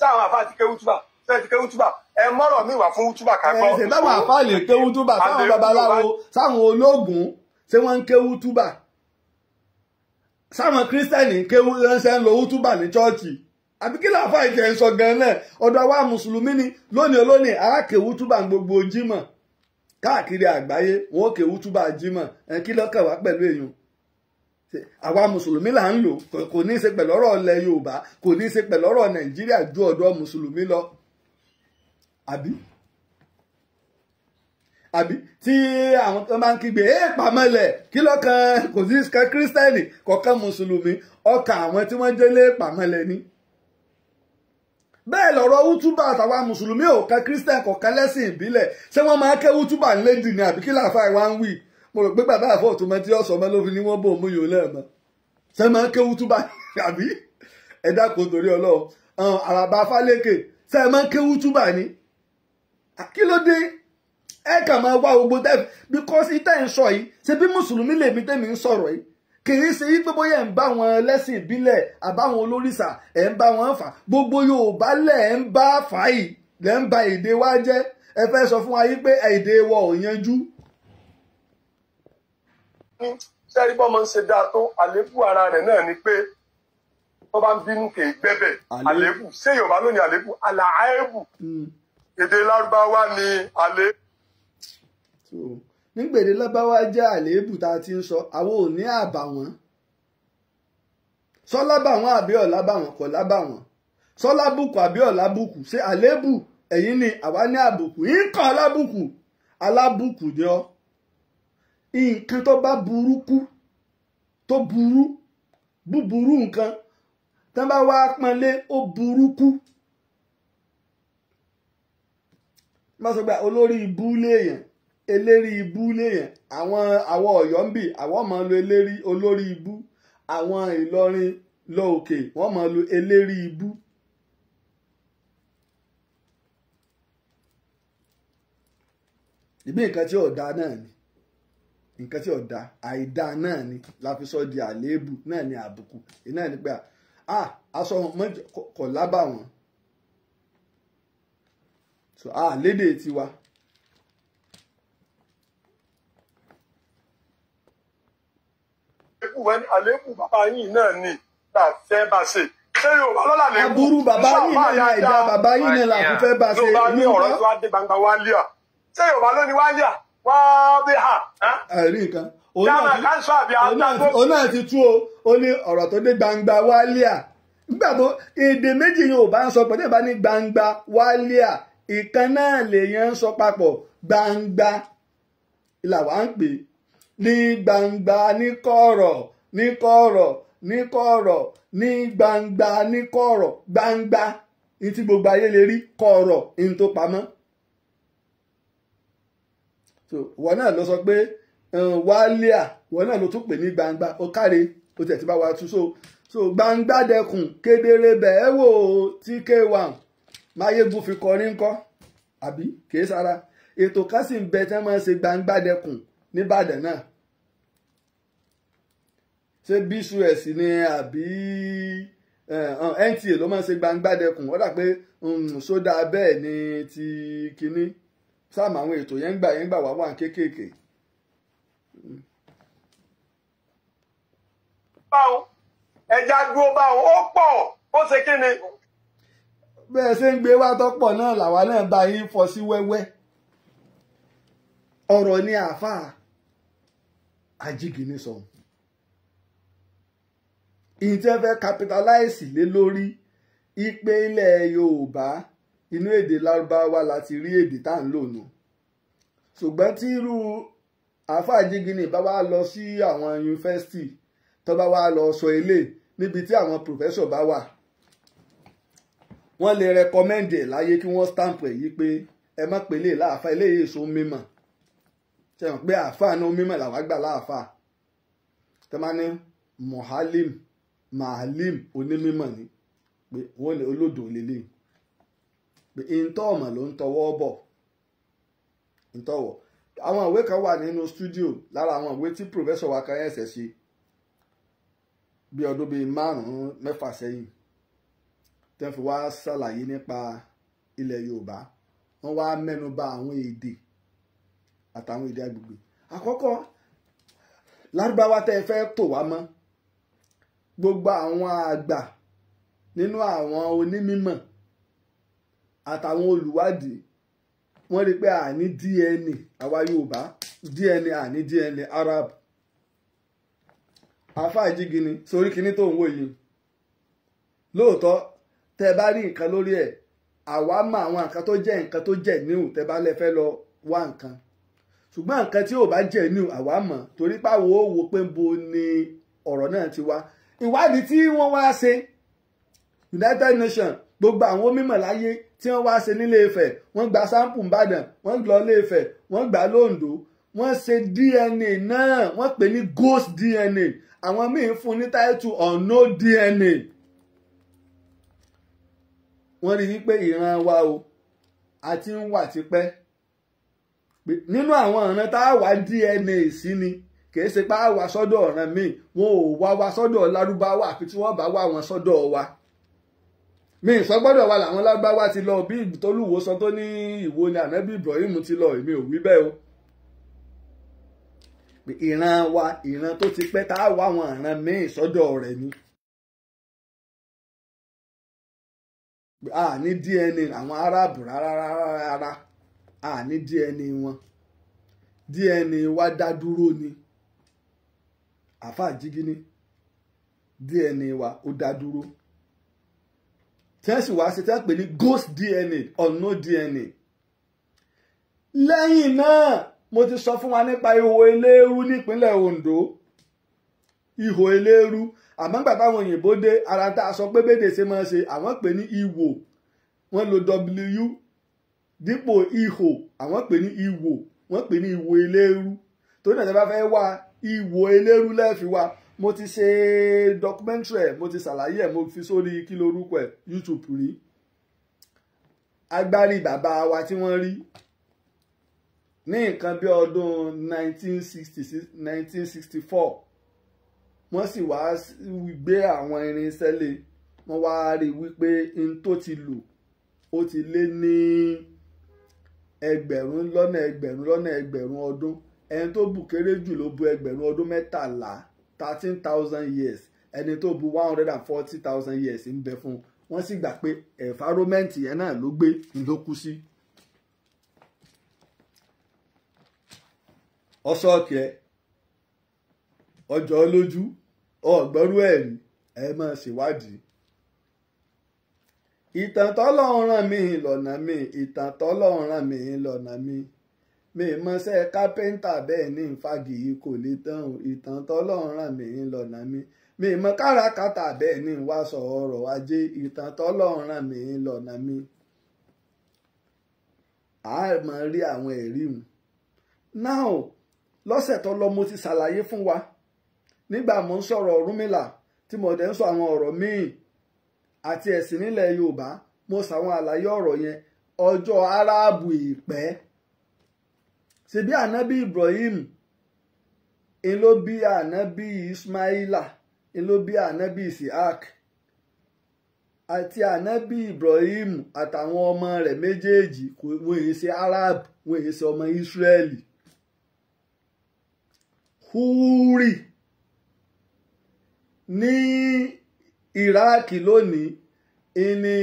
wọn àfa ti ké wútúbà fẹ́ẹ́ ti e mọrọ mi wà fún wútúbà ká gbọ́. ẹsẹ̀ táwọn àfáàlì ké wútúbà táwọn babaláwo sáwọn ológun ṣé wọ́n ń ké wútúbà sáwọn kírísítẹ́nì ké ránṣẹ́ ń lo wútúbà ní chọ́ọ̀chì àbí kí láàfáà ìjẹ́ gan náà ọ̀dọ̀ mùsùlùmí ni lónìí olónìí gbogbo ju ọ̀dọ̀ mùsùlùmí àbí àbí tí àwọn tó máa ń kígbe ẹ pàmọ́lẹ̀ kí lọ́kàn kò sí kan kírísítẹ́nì kọ̀ọ̀kan mùsùlùmí ọkàn àwọn tí wọ́n jẹ́lé pàmọ́lẹ̀ ni. bẹ́ẹ̀ lọ̀rọ̀ wútúbà àtàwọn mùsùlùmí ò kan kírísítẹ́nì kọ̀ọ̀kan lẹ́sìn ìbílẹ̀ ṣé wọ́n máa ké wútúbà ńlẹ́dì ni àbí kí làáfà wá ń wí mo rò pé bàbá àfọ̀ tó mọ tí ọ̀sọ̀ mọ́ ló fi ní wọ́n bò mú yòó lẹ́ẹ̀mọ́ ṣé máa ké wútúbà [LAUGHS] àbí ẹ̀dá kò torí ni àkílódé ẹ kàn máa wá ogbó tẹ́ because itẹ́ ń sọ yìí ṣe bí mùsùlùmí lèmi tẹ́mi ń sọ̀rọ̀ yìí kìí ṣe yí pé bóyá ẹ̀ ń bá wọn lẹ́sìn ìbílẹ̀ àbáwọn olórìṣà ẹ̀ ń bá wọn fà gbogbo Yorùbá lẹ̀ ń bá fà yìí lẹ̀ ń ba èdè wa jẹ́ ẹ fẹ́ sọ fún wa yí pé èdè wa ò yanjú. sẹ́rí bọ́mọ ń ṣe dáa tó àléébù ara rẹ̀ náà ni pé tó bá ń bínú kì í gbẹ́bẹ̀ àléébù ṣé Yorùbá ló ní àléébù àlàáébù hmm èdè lárúbáwá ni àlè. nígbèdè lárúbáwá jẹ́ àléébù tá a ti ń sọ àwọn ò ní àbàwọ́n sọ́lábàwọ́n àbí ọ̀làbàwọ́n kò lábàwọ́n sọ́lábùkù àbí ọ̀làbùkù ṣé àléébù ẹ̀yìn ni àwa ní àbùkù nǹkan alábùkù alábùkù jọ nǹkan tó bá burúkú tó burú búburú nǹkan tán bá wá pọnlé ó burúkú. má sọ pé olórí ibú léèyàn eléri ibú léèyàn àwọn àwọn Ọ̀yọ́ ń bì àwọn máa lo eléri olórí ibú àwọn Ìlọrin lọ òkè wọ́n máa lo eléri ibú. ìbí nǹkan tí ọ̀dà náà ni nǹkan tí ọ̀dà àìdá náà ni la fi sọ di àléébù náà ni àbùkù náà ni pé à ah, aṣọ kò lábàwọ́n so a ah, lédè tiwa. bàbá yín na ni là fẹ́ ṣe ṣé yorùbá lọ́la lè kú. aburú bàbá yín náà la baba bàbá yín la kú fẹ́ bá ṣe. yorùbá ní ọ̀rọ̀ wá lé à ṣé yorùbá ti tú o to dé gbangba èdè méjì ìkan náà lèèyàn sọ papọ̀ gbangba làwa ń pè ní gbangba ní kọ̀rọ̀ ní kọ̀rọ̀ ní kọ̀rọ̀ ní gbangba ní kọ̀rọ̀ gbangba ní tí gbogbo ayé lè rí kọ̀rọ̀ ní tó pamọ́ wọn náà ló sọ pé wálíà wọn náà ló tún pè ní gbangba ó káre ó tẹ̀ tí bá wa tú so so gbangba dẹkùn kedere bẹ́ẹ̀ wò ó tí one máyégún fi kọrin ńkọ́ àbí kìí sara ètò kan sì ń bẹ tí wọ́n máa ń ṣe gbangba dẹkùn nìbàdàn náà ṣé bcs ni àbí nta ló máa ń ṣe gbangba dẹkùn ó dà pé um, sódà bẹ́ẹ̀ ni ti kínní sáàmù àwọn ètò yẹn ń gbà yẹn ń gbà wá wà kéékèèké. báwo ẹja dúró báwo ó pọ̀ ó ṣe kí ni bẹ́ẹ̀ ṣe ń gbé wá tọ́pọ̀ náà làwa náà bá yín fọ́ sí wẹ́wẹ́ ọ̀rọ̀ ni àáfàá ajígini sọ ìyí tí wọ́n fẹ́ capitalize lé lórí ìpè ilẹ̀ Yorùbá inú èdè Lárúbáwá láti rí èdè tá à ń lò nù ṣùgbọ́n tí irú àáfàá ni bá wá lọ sí àwọn yunifásitì tó bá wá lọ sọ ilé níbi tí àwọn pòfẹ́sọ̀ bá wà wọ́n lè recommend ẹ̀ láyé kí wọ́n stamp ẹ̀ yí pé ẹ má pè lè láàfà eléyìí èso mímọ̀ ṣe hàn pé àáfà náà mímọ̀ làwọn gbà láàfà tẹ́mání mohalim mahalim onímímọ̀ ni pé wọ́n lè olódò lélẹ̀ pé ìntọ́ ọ̀mọ̀ ló ń tọwọ́ bọ̀ ìntọ́ wọ̀ àwọn ìwé kan wà nínú studio lára àwọn ìwé tí professor wa kan ẹ̀sẹ̀ ṣe bí ọdún bíi márùn-ún mẹ́fà sẹ́yìn tẹ́ fi wá ṣàlàyé nípa ilẹ̀ yorùbá wọ́n wá mẹ́nu bà àwọn èdè àtàwọn èdè agbègbè àkọ́kọ́ lárúbáwá tẹ́ ẹ fẹ́ tò wá mọ́ gbogbo àwọn àgbà nínú àwọn onímọ̀ àtàwọn olùwádìí wọ́n rí pé àní DNA àwa yorùbá DNA àní DNA Arab afáàjì gini sórí kinní tó ń wò yìí lóòótọ́ tẹ́ bá rí nǹkan lórí ẹ̀ àwa mọ àwọn nǹkan tó jẹ́ nǹkan tó jẹ́ níhùn tẹ́ bá lẹ fẹ́ lọ wá nǹkan ṣùgbọ́n nǹkan tí ò bá jẹ́ níhùn àwa mọ̀ torí páwo ó wo pé bo ni ọ̀rọ̀ náà ti wá ìwádìí tí wọ́n wá ṣe United Nations gbogbo àwọn mímọ̀ láyé tí wọ́n wá ṣe nílé Ifẹ̀ wọ́n gba sample Ìbàdàn wọ́n lọ lé Ifẹ̀ wọ́n gbà lóǹdó wọ́n ṣe DNA náà wọ́n pè ní ghost DNA àwọn míì fún ní title unknown DNA wọ́n rí wípé ìran wa o a ti ń wà tipẹ́ nínú àwọn ìran tá a wá DNA sí ni kìí ṣe pé a wá sọ́dọ̀ ọ̀ràn míì wọn ò wá wá sọ́dọ̀ lárúbáwá àfi tí wọ́n bá wá wọn sọ́dọ̀ wa mi sọ gbọ́dọ̀ wa làwọn lárúbáwá ti lọ bí tolúwo sọ tó ní ìwo ni ànábì Ibrahim ti lọ èmi ò wí bẹ́ẹ̀ o ìran wa ìran tó ti pẹ́ tá a wá wọn ìran míì sọ́dọ̀ rẹ̀ ni. a ní DNA àwọn aráàbù rárá rárá a ní DNA wọn DNA wa dá dúró ni àfáà jígínní DNA wa ó dá dúró tẹ́sí wá sí tẹ́ pè ní ghost DNA or no DNA lẹ́yìn náà mo ti sọ fún wa nípa ihò eléérú nípínlẹ̀ Ondo ihò eléérú àmọ́ gbà táwọn òyìnbó dé ara tá a sọ pé bédè ṣe máa ṣe àwọn pè ní ìwò wọ́n lo w dípò ihò àwọn pè ní ìwò wọ́n pè ní ìwò eléru torí náà tí a bá fẹ́ wá ìwò eléru lẹ́ẹ̀fi wá mo ti ṣe documentary ẹ̀ mo ti ṣàlàyé ẹ̀ mo fi sórí kí lorúkọ ẹ̀ YouTube rí agbárí bàbá wa tí wọ́n rí ní nǹkan bí ọdún 1964 wọ́n sì wá gbé àwọn irinṣẹ́ lé wọ́n wá rí wípé n tó ti lò ó ti lé ní ẹgbẹ̀rún lọ́nà ẹgbẹ̀rún lọ́nà ẹgbẹ̀rún ọdún ẹni tó bù kéré jù ló bu ẹgbẹ̀rún ọdún mẹ́tàlá thirteen thousand years ẹni tó bu one hundred and forty thousand years ń bẹ fún wọ́n sì gbà pé environment yẹn náà ló gbé ló kú sí. ọ̀ṣọ́ọ̀kì ẹ̀ ọjọ́ lójú ọ̀gbọ́rú ẹ̀rí ẹ máa ṣèwádìí. ìtàn tọ́lọ́run ràn mí lọ́nà mi ìtàn tọ́lọ́run ràn mí lọ́nà mi mi mọṣẹ́ kápẹ́ńtà bẹ́ẹ̀ ní ìfàgì yìí kò lè tán o ìtàn tọ́lọ́run ràn mí lọ́nà mi mi mọ káràkátà bẹ́ẹ̀ ní ìwàsọ̀ ọrọ̀ ajé ìtàn tọ́lọ́run ràn mí lọ́nà mi. a máa rí àwọn ẹ̀rí mu. now lọ́sẹ̀ tó lọ mo ti ṣàlàyé fún wa Nigba mo ń sọ̀rọ̀ Ọ̀rúnmìlà tí mo dẹ̀ ń sọ àwọn ọ̀rọ̀ míì àti ẹ̀sìn nílẹ̀ Yorùbá mo sàwọn àlàyé ọ̀rọ̀ yẹn ọjọ́ aráàbù ìpẹ́ ṣebí ànábì Ibrahim ń ló bí ànábì Ismaila ń ànábì Isiaq àti ànábì Ibrahim àtàwọn ọmọ rẹ̀ méjèèjì wọ́n yìí ṣe Arab wọ́n yìí ṣe ọmọ Israeli ní Iraki lónìí ìní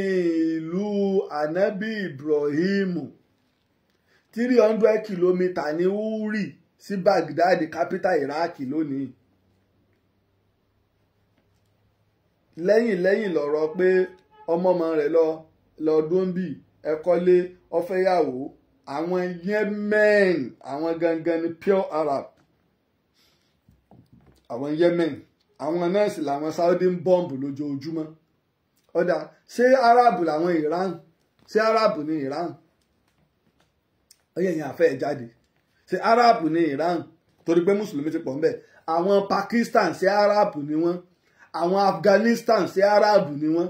ìlú Anabi Ibrahim three hundred kilometre ní Uri sí Baghdad capital Iraki lónìí. lẹ́yìn lẹ́yìn lọ̀rọ̀ pé ọmọ ọmọ rẹ̀ lọ lọ dóńbì ẹ̀kọ́lé ọ̀fẹ́yàwó àwọn Yemen àwọn gangan ni pure Arab àwọn Yemen àwọn nọ́ọ̀sì làwọn Saudi ń bọ́ǹbù lójoojúmọ́ ọ̀dà ṣé Arab làwọn Iran ṣé Arab ni Iran ọyẹ̀yìn àfẹ́ jáde ṣé Arab ni Iran torí pé mùsùlùmí ti pọ̀ ń bẹ̀ àwọn Pakistan ṣé Arab ni wọ́n àwọn Afghanistan ṣé Arab ni wọ́n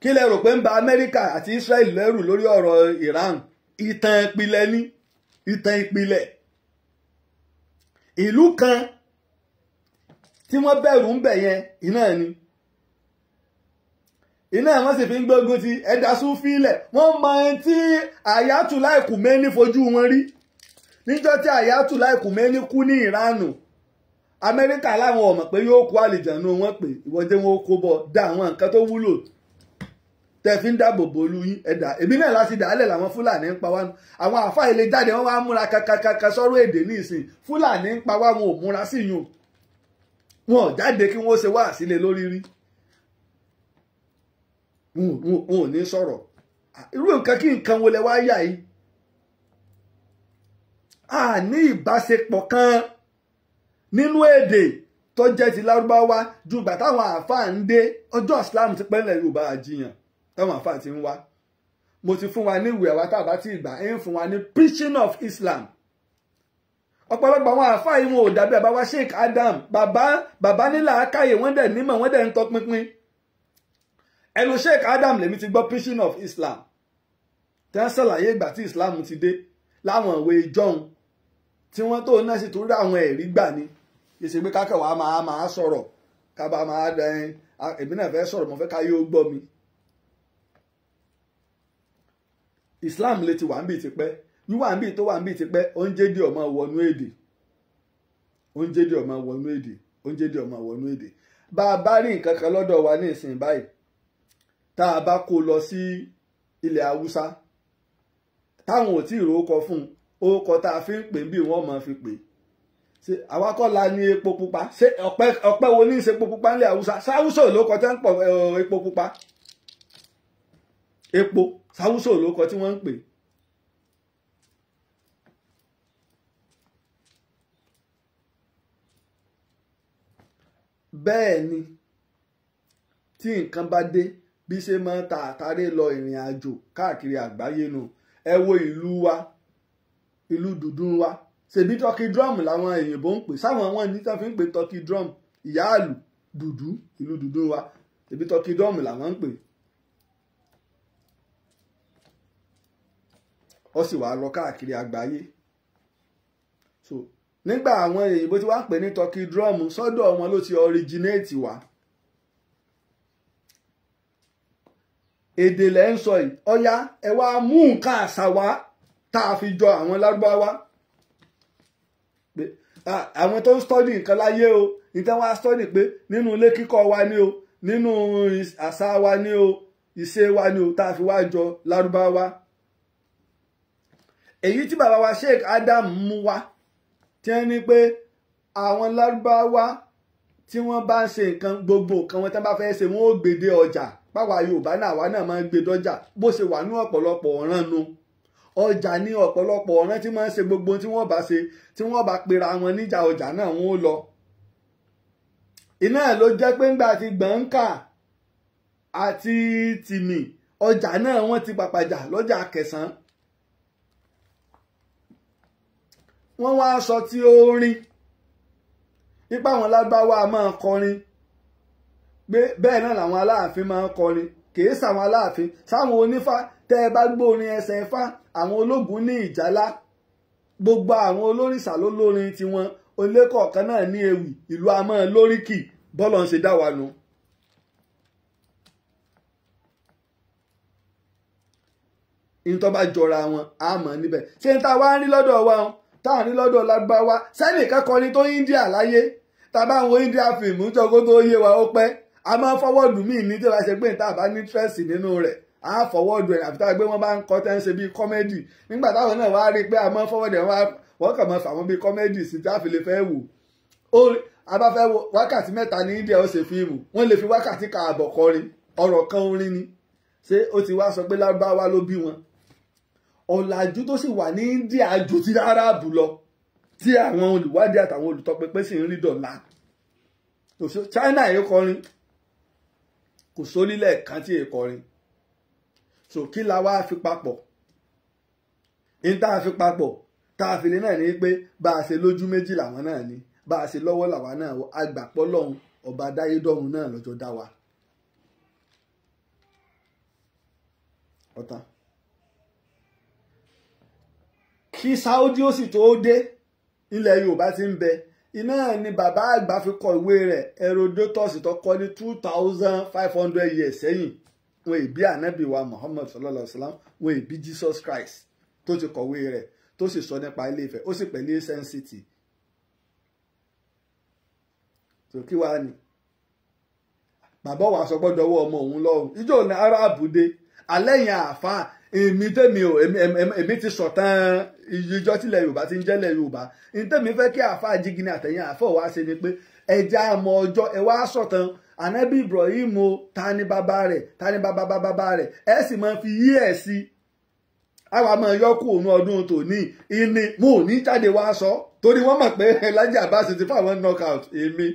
kí lẹ rò pé ń ba Amẹ́ríkà àti Israel lẹ́rù lórí ọ̀rọ̀ Iran ìtàn ìpìlẹ̀ ni ìtàn ìpìlẹ̀ ìlú kan tí wọ́n bẹ̀rù ń bẹ̀ yẹn iná ni iná wọn sì fi ń gbógun ti ẹ̀dá súnfílẹ̀ wọ́n mọ ẹni tí àyàtù láìkù mẹ́ni fojú wọn rí níjọ́ tí àyàtù láìkù mẹ́ni kú ní ìránù amẹ́ríkà láwọn ọ̀mọ̀ pé yóò kó àlìjànú wọn pé ìwọ́dé wọn ó kó bọ̀ dá àwọn nǹkan tó wúlò tẹ́ fi ń dáàbò bo olú yín ẹ̀dá èmi náà láti dàálẹ̀ làwọn fúlàní ń pa wá nù àwọn àfáà ilé jáde wọn wá múra kankankan sọ̀rọ̀ èdè ní ìsìn fúlàní ń pa wá wọn ò múra sí yùn wọn ò jáde kí wọ́n ṣe wá sílé lórí rí wọn ò ní sọ̀rọ̀ irú nǹkan kí nǹkan wo lẹ wá yà yìí a ní ìbáṣepọ̀ kan nínú èdè tó jẹ́ ti lárúbáwá ju ìgbà táwọn àáfàá ń dé ọjọ́ islam ti pẹ́ nílẹ̀ yorùbá àjiyàn táwọn àáfàá ti ń wá mo ti fún wa ní ìwé àwa tá a bá ti gbà ń fún wa ní preaching of islam ọ̀pọ̀lọpọ̀ àwọn àáfàá yìí wọn ò dàbí àbáwá Sheikh Adam bàbá bàbá nílà akáyè wọ́n dẹ̀ nímọ̀ wọ́n dẹ̀ ń tọpinpin ẹnu Sheikh Adam lèmi ti gbọ́ preaching of Islam tí wọ́n ṣàlàyé ìgbà tí Islam ti dé láwọn ìwé John, tí wọ́n tó náà sì tún rí àwọn ẹ̀rí gbà ni èsì pé kákẹ́wàá máa máa sọ̀rọ̀ kábà máa dẹ́n èmi náà fẹ́ sọ̀rọ̀ mo fẹ́ ká yóò gbọ́ mi Islam lè ti wà ń bì tipẹ́ wíwà ń bì tó wà ń bì ti pẹ́ oúnjẹ di ọmọ wọnú èdè oúnjẹ di ọmọ wọnú èdè oúnjẹ di ọmọ wọnú èdè bá a bá rí nǹkan kan lọ́dọ̀ wa ní ìsìn báyìí tá a bá kó lọ sí ilẹ̀ haúsá táwọn ò tí ì rókọ fún un orúkọ tá a fi ń pè bí wọ́n máa fi pè ṣe àwa kọ́ la ní epo pupa ṣé ọ̀pẹ ọ̀pẹ wo ní í ṣe epo pupa ńlẹ̀ haúsá sáwúsọ̀ ló kọjá ń pọ̀ epo pupa epo sáwúsọ̀ ló kọ tí wọ́n ń pè é bẹ́ẹ̀ ni tí nǹkan bá dé bí ṣe máa ń ta àtàrí lọ ìrìn àjò káàkiri àgbáyé nu ẹ wo ìlú wa ìlú dùdún wa ṣèbí turkey drum làwọn òyìnbó ń pè sáwọn wọn ní tá fi ń pè turkey drum ìyáàlú dùdú ìlú dùdún wa ṣèbí turkey drum làwọn ń pè. ó sì wá lọ káàkiri àgbáyé so nígbà àwọn èyìnbó tí wá ń pè ní turkey drum sọ́dọ̀ wọn ló ti originate wá. èdè lẹ́ ń sọ yìí ọ̀yá ẹ wá mú nǹkan àṣà wá tá a fi jọ àwọn lárúbáwá àwọn tó ń study nǹkan láyé o nǹkan wá study pé nínú ilé kíkọ́ wa ni o nínú àṣà wa ni o ìṣe wa ni o tá a fi wá jọ lárúbáwá èyí tí bàbá wa Sheikh Adam mú wá tí wọ́n ní pé àwọn lárúbáwá tí wọ́n bá ń ṣe nǹkan gbogbo kan wọn tí wọ́n bá fẹ́ ṣe wọ́n ó gbèdé ọjà páwa yorùbá náà àwa náà máa ń gbé dọ́jà bó ṣe wà ní ọ̀pọ̀lọpọ̀ ọ̀ràn nu ọjà ní ọ̀pọ̀lọpọ̀ ọ̀ràn tí máa ṣe gbogbo tí wọ́n bá ṣe tí wọ́n bá pera wọn níjà ọjà náà wọ́n ó lọ. iná ẹ̀ ló jẹ́ pé ńgbà tí gbọ̀ǹkà àti tìmì ọjà náà wọ́n ti pàpàjà lọ́jà kẹsàn-án wọ́n wá sọ tí orin nípa àwọn lágbáwá máa kọrin pé bẹ́ẹ̀ náà làwọn aláàfin máa kọrin kìí sàwọn aláàfin sáwọn onífá tẹ́ ẹ bá gbórin ẹsẹ̀ ifá àwọn ológun ní ìjálá gbogbo àwọn olórìṣà ló lórin tiwọn olékọ̀ọ̀kan náà ní ewì ìlú amọ́ lóríkì bọ́lọ̀ ń ṣe dá wa nu. ìtọ́ bá jọra wọn àmọ́ níbẹ̀ ṣé n ta wá ń rí lọ́dọ̀ wa wọn tá à ní lọ́dọ̀ lágbáwá sẹ́nìkan kọrin tó India láyé tàbá àwọn India fíìmù jọgó tó yé wa ó pẹ́ a máa fọwọ́dù míì ní tí wàá ṣe pé níta àbá ní tírẹ́sì nínú rẹ̀ a fọwọ́dù ẹ̀ àfi táwọn gbé wọn bá ń kọ́ tẹ́ ń ṣe bíi kọ́mẹ́dì nígbà táwọn náà wàá rí i pé a máa fọwọ́dù ẹ̀ wọ́n kàn máa fà wọ́n kọ́mẹ́dì sí tí a fi lè fẹ́ wò abáfẹ́ wákàtí mẹ́ta ní India ó ṣe fíìmù wọ́n lè fi wákàtí kààbọ̀ kọrin ọ̀rọ̀ kan orin ni ṣé ó ti wá sọ pé lárúbáwá ló bí wọn ọ̀làjú tó sì wà ní India ju ti aráàbù lọ tí àwọn olùwádìí àtàwọn olùtọpinpin sì ń rí dọ̀la China yìí kọrin kò sólílẹ̀ kan tí èè kọrin so kí la wá fi papọ̀ ní tá a fi papọ̀ tá a fi lé náà ní pé bá a ṣe lójú méjì làwọn náà ní bá a ṣe lọ́wọ́ làwa náà agbàpọ̀ lọ́hùn ọba adáyédọ́run náà lọ́jọ́ dá wa. ọ̀tàn kí Saudi ó sì tó dé ilẹ̀ Yorùbá ti ń bẹ iná ni bàbá àgbà fi kọ ìwé rẹ̀ Herodotus tó kọ ní two thousand five hundred years sẹ́yìn wọn ìbí ànábì wa Muhammad sallallahu alayhi wa sallam wọn ìbí Jesus Christ tó ti kọ̀wé rẹ̀ tó sì sọ nípa Ilé Ifẹ̀ ó sì pẹ̀lú Ancient City tó kí wàá ní bàbá wa sọ gbọ́dọ̀ ọwọ́ ọmọ òun lọ́rùn ìjọ ní aráàbù dé alẹ́ yẹn àáfàá èmi tèmi o èmi ti sọ̀tàn ìjọ tilẹ̀ yorùbá ti ń jẹ́lẹ̀ yorùbá ntẹ́mi fẹ́ kí àfa jígini àtẹ̀yìn àfọ̀ wá ṣe ni pé ẹja àmọ́ ọjọ́ ẹ wá sọ̀tàn anabi ibrahim o ta ni bàbá rẹ̀ ta ni bàbá bàbá rẹ̀ ẹ sì máa fi yí ẹ̀ sí àwa máa yọ kú òun ọdún tòní ìní mo ò ní jáde wá sọ torí wọ́n mọ̀ pé Laji [LAUGHS] Abbas ti fáwọn knockout èmi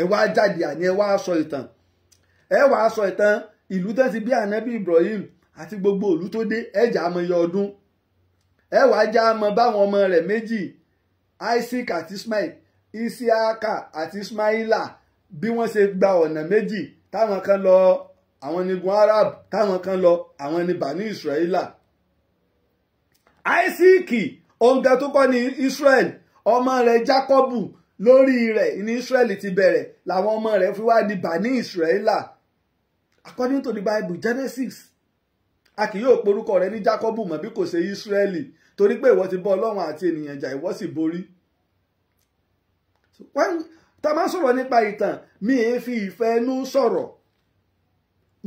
ẹ wá jáde àní ẹ wá sọ ìtàn ẹ wá sọ ìtàn ìlú tán bí anabi ibrahim àti gbogbo ìlú tó dé ẹ̀jà àmọ́ iye ọdún ẹ wàá já báwọn ọmọ rẹ̀ méjì Isaac àti Ismail Isiaka àti Ismaila bí wọ́n ṣe gba ọ̀nà méjì táwọn kan lọ àwọn ni Arab táwọn kan lọ àwọn ni Bani Israela Isaac òǹkà tó kọ́ ni Israel ọmọ rẹ̀ Jacobu lórí rẹ̀ ní Israel ti bẹ̀rẹ̀ làwọn ọmọ rẹ̀ fi wá di Bani Israela according to the Bible Genesis a kì yóò porúkọ rẹ ní Jákọ́bù mọ́ bí kò ṣe Ísírẹ́lì torí pé ìwọ ti bọ́ Ọlọ́run àti ènìyàn jà ìwọ sì borí tá a máa sọ̀rọ̀ nípa ìtàn mi ì fi ìfẹ́ inú sọ̀rọ̀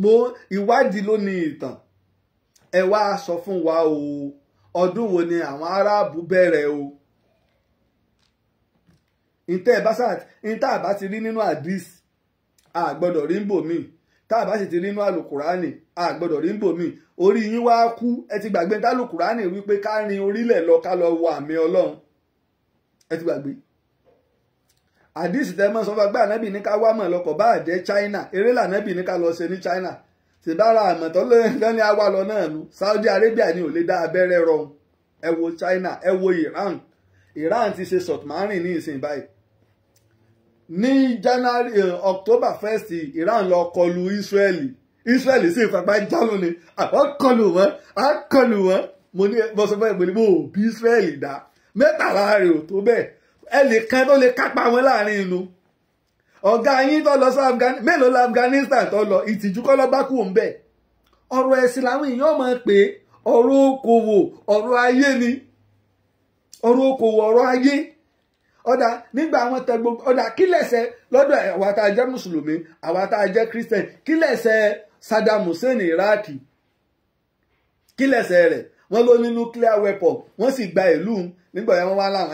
mo ìwádìí ló ní ìtàn ẹ wá sọ fún wa o ọdún wo ni àwọn aráàbù bẹ̀rẹ̀ o ìtẹ́ ìbáṣà ìtẹ́ àbá ti rí nínú àdìs àgbọ́dọ̀ rí ń bò míì tá a bá sì ti rí inú a gbọ́dọ̀ rí bòmí orí yín wá kú ẹ ti gbàgbé tálùkùránì wípé ká rin wo àmì ọlọ́run ẹ ti gbàgbé àdìsí tẹ́ mọ́ sọ́fà gbà ní ká wá mọ̀ lọkọ̀ bá àjẹ́ China eré lànábì ní ká lọ ṣe ní China tìbára àmọ̀tọ́ lẹ́ni awa lọ náà Saudi Arabia ni ò lè dá abẹ́rẹ́ rọrùn ẹ wo China ẹ wo Iran Iran ti ṣe sọ̀tmárìn ní ìsìn ní january eh, october first iran lọ kọlu israeli israeli sì fapá jálù ni àwọn kọlù wọn á kọlù wọn mo ní mo sọ bí israeli dá mẹ́tàlá rẹ̀ ò tó bẹ́ẹ̀ tó lè kápá wọn láàrin inú ọ̀gá yín tó lọ afghanistan mélòó lọ ìtìjú kọ́ lọ bá ọ̀rọ̀ ẹ̀sìn làwọn èèyàn ni ọ̀dà nígbà àwọn tẹ gbogbo ọ̀dà kí lẹ̀ṣẹ̀ lọ́dọ̀ àwa tá a jẹ́ mùsùlùmí àwa tá a jẹ́ christian kí lẹ̀ṣẹ̀ Saddam Hussein iraki kí lẹ̀ṣẹ̀ rẹ̀ wọ́n ló ní nuclear weapon wọ́n sì gba ìlú nígbà yẹn wọ́n wá láwọn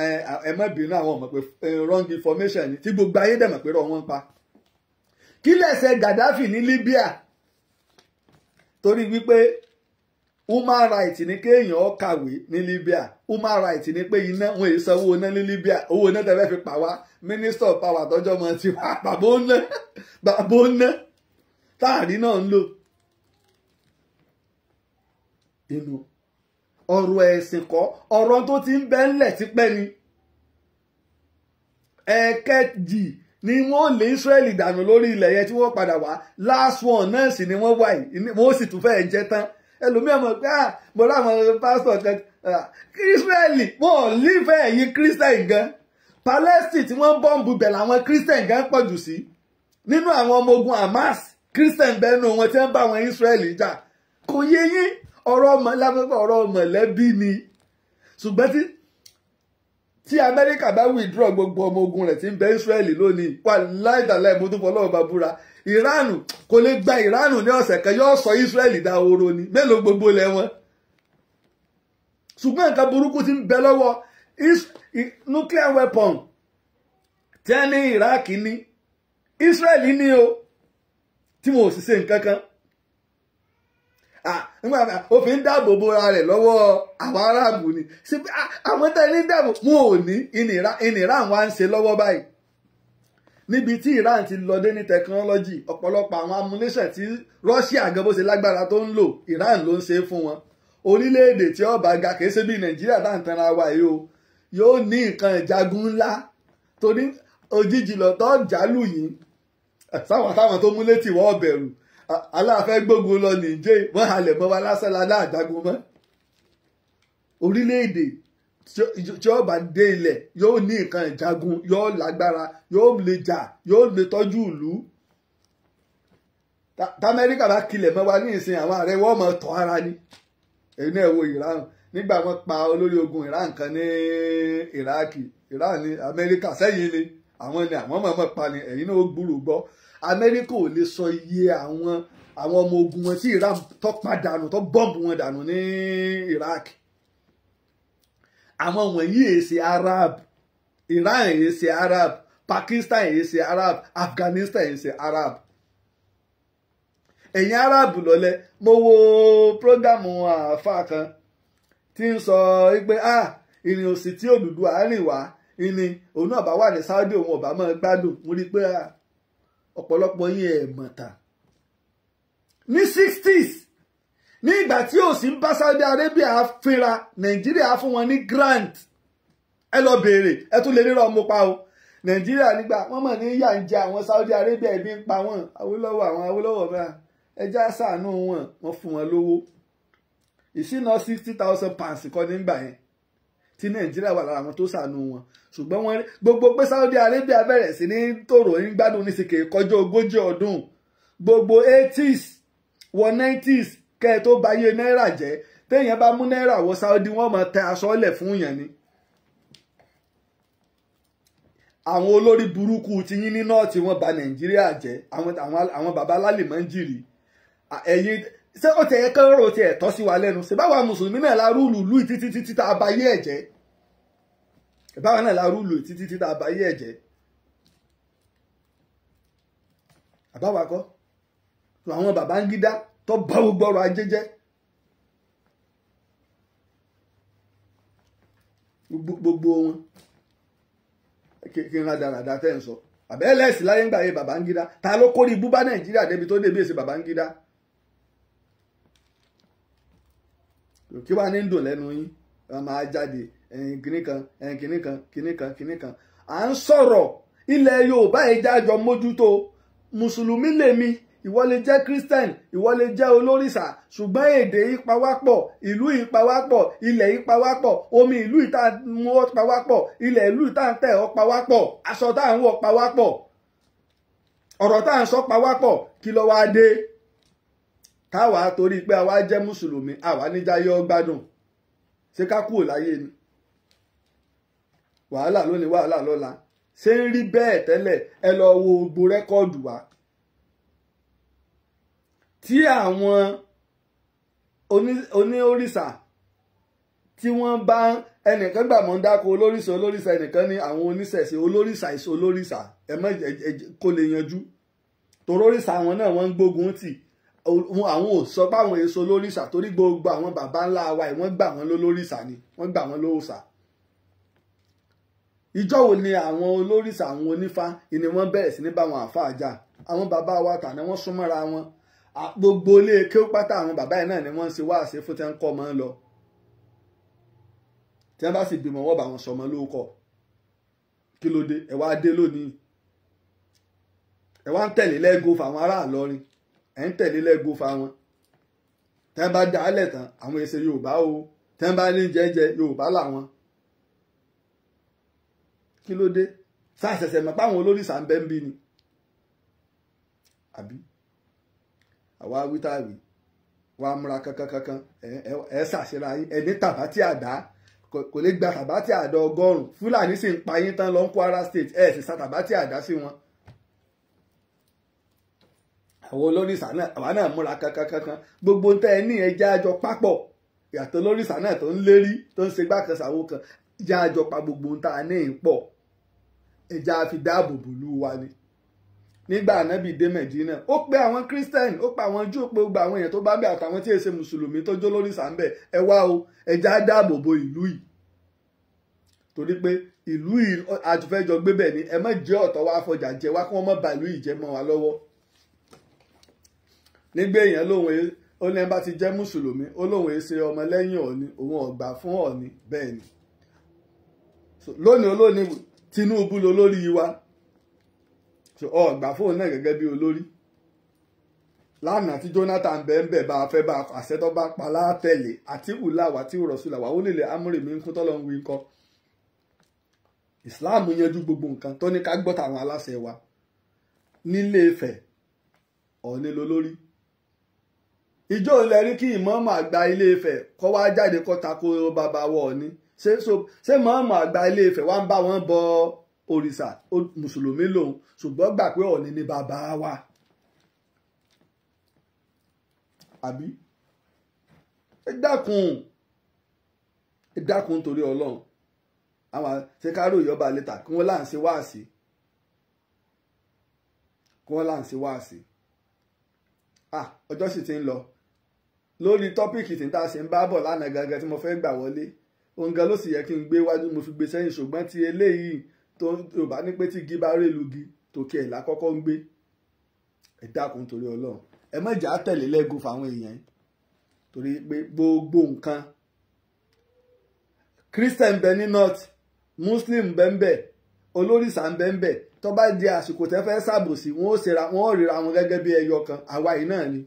ẹ má bínú àwọn ọmọ pé wrong information ni tí gbogbo ayé dẹ̀ mọ̀ pé rọ wọ́n pa kí lẹ̀ṣẹ̀ Gaddafi ní Libya torí wípé human right ni kéèyàn kàwé ní Libya human right ni pé iná wọn èyí sanwó iná ní Libya owó iná tẹ́lẹ̀ fi pa wá minister of power tọ́jọ́ mọ ti wá [LAUGHS] bàbá ó ná bàbá ó ná táàrí náà ń lò inú ọ̀rọ̀ ẹ̀sìn kọ́ ọ̀rọ̀ tó ti ń bẹ ńlẹ̀ tipẹ́ ni ẹ̀ẹ̀kejì ni wọ́n lé Israeli dànù lórí ilẹ̀ yẹn tí wọ́n padà wá last one náà sì ni wọ́n wà yìí wọ́n sì tún fẹ́ẹ̀ jẹ́ tán ẹlòmíì ọmọ pé ah mo láwọn pásítọ̀ kan kírísítẹ́lì ah, wọn ò lífẹ̀ẹ́ yín kírísítẹ́lì gan palẹ́sì tí wọ́n bọ́ǹbù bẹ̀ làwọn kírísítẹ́lì gan pọ̀jù sí nínú àwọn ọmọ ogun hamas kírísítẹ́lì bẹ́ẹ̀ nù wọn tí wọ́n bá àwọn ìsírẹ́lì jà kò yé yín ọ̀rọ̀ lábẹ́pẹ́ ọ̀rọ̀ mọ̀lẹ́bí ni ṣùgbọ́n tí tí amẹ́ríkà bá withdraw gbogbo ọmọ ogun rẹ̀ tí ń bẹ ìsírẹ́lì lónìí wà láìdàlẹ́ ìmúdúnfọ́ iranu kò lè gba iranu ní ọ̀sẹ̀ kan yóò sọ Ísírẹ́lì dahoro ni mélòó gbogbo lẹ wọn. ṣùgbọ́n nǹkan burúkú ti ń bẹ lọ́wọ́ nuclear weapon tí a ní Iraq ní Ísírẹ́lì ní o tí wọn ò sì ṣe nǹkan kan. òfin ń dáàbò bo ara rẹ̀ lọ́wọ́ àwọn aráàbù ni àwọn tẹ̀lé ń dáàbò wọn ò ní ìnira ìnira àwọn à ń ṣe lọ́wọ́ báyìí. níbi tí Iran ti lọ dé ní tẹkinọ́lọ́jì ọ̀pọ̀lọpọ̀ àwọn amúníṣẹ̀ tí Russia gan bó ṣe lágbára tó ń lò Iran ló ń ṣe fún wọn orílẹ̀-èdè tí ọba ga kìí ṣe bí Nàìjíríà tá à ń wa yìí o yóò ní nǹkan ìjagun ńlá torí òjijì lọ́tọ́ jálù yìí sáwọn táwọn tó mú létí wọ́n bẹ̀rù aláàfẹ́ gbógun lọ nìjẹ́ wọ́n halẹ̀ mọ́ wa lásán lálẹ́ àjagun mọ́ orílẹ̀ tí ó bá dé ilẹ̀ yóò ní nǹkan ìjagun yóò lágbára yóò lè jà yóò lè tọ́jú ìlú tamẹ́ríkà bá kilẹ̀ mọ́ wa ní ìsìn àwọn ààrẹ wọ́n mọ̀ tọ́ ara ni èyí náà wo ìran nígbà wọ́n pa olórí ogun ìran kan ní iraki ìran ní amẹ́ríkà sẹ́yìn ni àwọn ni àwọn mọ̀ọ́mọ̀ pa ni èyí náà ó gbúrò gbọ́ amẹ́ríkà ò lè sọ iye àwọn àwọn ọmọ ogun wọn tí ìran tó pa dànù tó bọ́ǹbù wọn dànù ní iraki àwọn wọ̀nyí èsì arab iran èsì arab pakistan èsì arab afghanistan èsì arab ẹ̀yin arab lọ́lẹ̀ mo wo prógámù àfa kan tí ń sọ pé ah ìrìn òsì tí Odùduwà rìn wá ìní òun náà bá wà ní Saudi òun ọ̀bá máa gbádùn mo rí i pé ah, ọ̀pọ̀lọpọ̀ yín ẹ̀ mọ̀ta ní sixties ní ìgbà tí òsì ń bá Saudi Arabia fínra Nàìjíríà fún wọn ní grant ẹ lọ béèrè ẹ tún lè ríra ọmọ pa o Nàìjíríà nígbà wọ́n mọ̀ ní yà ń jẹ àwọn Saudi Arabia ibi ń pa wọ́n Awólọ́wọ̀ àwọn Awólọ́wọ̀ bá ẹja ṣàánú wọn wọ́n fún wọn lówó ìṣínà sixty thousand pounds kọ́ nígbà yẹn tí nàìjíríà wà lára àwọn tó sànù wọn ṣùgbọ́n wọn gbogbo pé saudi arabia bẹ̀rẹ̀ sí ní tòrò ń gbádùn ní sìkè kọjá ogójì ọdún gbogbo eighties wọ nineties kẹ́ ẹ tó ba iye náírà jẹ́ téèyàn bá mú náírà wọ Saudi wọ́n máa tẹ aṣọ lẹ̀ fún yẹn ni. àwọn olórí burúkú ti yín ní nọ́ọ̀tì wọn ba Nàìjíríà jẹ́ àwọn baba lálẹ́ máa ń jìrì ẹ̀yin ṣé ó tiẹ̀ kẹ́ ọ̀rọ̀ tiẹ̀ tọ́ sí wa lẹ́nu ṣe báwa mùsùlùmí náà la rúùlù lù títí títí tá a ba yé ẹ̀jẹ̀ báwa náà la rúùlù títí títí tá a ba yé ẹ̀jẹ̀ àbáwa kọ́ àwọn baba ń gídá tó bá gbogbo ọrọ̀ ajé jẹ́ gbogbo wọn kí n ra dáradá tẹ́ ń sọ àbẹ́lẹ́sì láyé ń gbà yé Babangida ta ló kórìí bú Nàìjíríà débi tó débi èsì Babangida. kí wàá ní dùn lẹ́nu yín ẹ máa jáde ẹ̀yìn kìnnì kan ẹ̀yìn kìnnì kan kìnnì kan kìnnì kan à ń sọ̀rọ̀ ilẹ̀ Yorùbá ìjájọ mójútó mùsùlùmí lèmi ìwọ lè jẹ́ christian ìwọ lè jẹ́ olórìṣà ṣùgbọ́n èdè yìí pawápọ̀ ìlú yìí pawápọ̀ ilẹ̀ yìí pawápọ̀ omi ìlú yìí tá a mú ọ pawápọ̀ ilẹ̀ ìlú yìí tá a tẹ̀ ọ pawápọ̀ aṣọ tá a ń wọ pawápọ̀ ọ̀rọ̀ tá a ń sọ pawápọ̀ kí ló wáá dé táwa torí pé àwa jẹ́ mùsùlùmí àwa níjà yọ gbádùn ṣé ká kúrò láyé ni wàhálà lónìí wàhálà lọ́la ṣé ń rí bẹ́ẹ̀ tẹ́lẹ̀ ẹ lọ wo gbogbo rẹ́kọ́ọ̀dù wa tí àwọn oníòrìṣà tí wọ́n bá ẹnìkan gbà mọ́ ń dáko olórìṣà olórìṣà ẹnìkan ní àwọn oníṣẹ̀ṣe olórìṣà ìṣe olórìṣà ẹ mọ́ kó lè yanjú torórìṣà àwọn náà wọ́n ń gbógun tì àwọn ò sọ pé àwọn èso olórìṣà torí gbogbo àwọn baba ńlá wa yìí wọ́n gbà wọ́n lólórìṣà ni wọ́n gbà wọ́n lóòṣà ìjọ wo ni àwọn olórìṣà àwọn onífá ni wọ́n bẹ̀rẹ̀ sí ní bá wọn àfa àjà àwọn baba wa tàná wọ́n súnmọ́ra wọn gbogbo ilé kéwú pátá àwọn bàbá yẹn náà ni wọ́n ń ṣe wáàsí fún tí wọ́n ń kọ́ ọmọ ń lọ tí wọ́n bá sì bímọ wọ́n bá wọn sọmọ lóko kí ló dé ẹ wá dé lónìí ẹ wá ń tẹ̀lé lẹ́gùn fáwọn ará àlọ́rin ẹ̀ ń tẹ̀lé lẹ́gùn fáwọn tẹ́ ń bá dá alẹ̀ tán àwọn èsè Yorùbá o tẹ́ ń bá ní jẹ́jẹ́ Yorùbá làwọn kí ló dé sáà ṣẹ̀ṣẹ̀ mọ̀ páwọn olórìṣà ń bẹ́ ń bí ni àbí àwa wítàwí wa múra kankankankan ẹ ṣàṣírà yín ẹni tàbá tí a dá kò lè gba tàbá tí a dá ọgọ́rùn fúlàní sì ń pa yín tán lọ ń Kwara state ẹ sì sa tàbá tí a dá sí wọn. àwọn olórìṣà náà àwa náà múra kankankankan gbogbo tẹ ẹ ní ẹ já àjọ papọ̀ yàtọ̀ olórìṣà náà tó ń lérí tó ń ṣe gbàkanṣàwò kan já àjọ pa gbogbo tá a ní ìpọ̀ ẹja fi dáàbò bòlú wa ni nígbà ànábì dé mẹ̀dínà ó pe àwọn christian ó pa àwọn júù pé gbogbo àwọn èèyàn tó bá bẹ̀ àtàwọn tí èsè mùsùlùmí tó jó lórí sàmbẹ̀ ẹ wá o ẹja dáàbò bo ìlú yìí torí pé ìlú yìí àtúfẹ́jọ gbébẹ̀ ni ẹ má jẹ́ ọ̀tọ̀ wá fọjà jẹ wá kí wọ́n má ba ìlú yìí jẹ́ mọ́ wa lọ́wọ́ nígbà èèyàn lóhun ó ní ẹ bá ti jẹ́ mùsùlùmí ó lóhun èsè ọmọ lẹ́yìn ọ̀ni òun ọ̀gbà fún ọ̀ni bẹ́ẹ̀ ni lónìí olónìí Tinubu lolórí wa ọgbà fóun náà gẹ́gẹ́ bí olórí lánàá tí Jonathan bẹ́ẹ̀ bá a fẹ́ bá àṣẹ tó bá pa látẹ̀lé àtìwù làwà àtìwù rọ̀ṣù làwà ó nílẹ̀ amúrè mi ń kún tọ́lọ́ ń wí kọ́ Islam yanjú gbogbo nǹkan tó ní ká gbọ́ tàwọn aláṣẹ wa nílé Ifẹ̀ Ọọ̀ni ìjọ ilẹ̀ rí kí ìmọ̀ọ́mọ̀ àgbà ilé kọ́ wá jáde kọ́ tako bàbá wọ̀ ṣé mọ̀ọ́mọ̀ àgbà ilé wá ń bá wọn bọ́ ọ òrìṣà mùsùlùmí lòun ṣùgbọ́n gbà pé ọ̀ọ́ni ni bàbá wa àbí ẹ dákun ẹ dákun torí ọlọ́run àwọn àṣekárò ìyọba lẹ́tà kí wọ́n láǹṣe wáàsí kí wọ́n láǹṣe wáàsí ah ọjọ́ sì ti ń lọ lórí tọ́pìkì tí n ta ṣe ń bá bọ̀ lánàá gangan tí mo fẹ́ gbà wọlé òun gan ló sì yẹ kí n gbé wájú mo fi gbé sẹ́yìn ṣùgbọ́n ti eléyìí tó yorùbá ní pé tí igi bá rè lugi tòkè ẹ̀ lákọ́kọ́ ń gbé ẹ dákun torí ọlọ́run ẹ má jà á tẹ̀lé lẹ́gùn fáwọn èèyàn torí pé gbogbo nǹkan christian bẹ ní north muslim bẹ ń bẹ olórìṣà ń bẹ ń bẹ tó bá di àsìkò tẹ́ fẹ́ ṣàbòsí wọn ó ṣera wọn ó ríra wọn gẹ́gẹ́ bí ẹyọ kan àwa yìí náà ni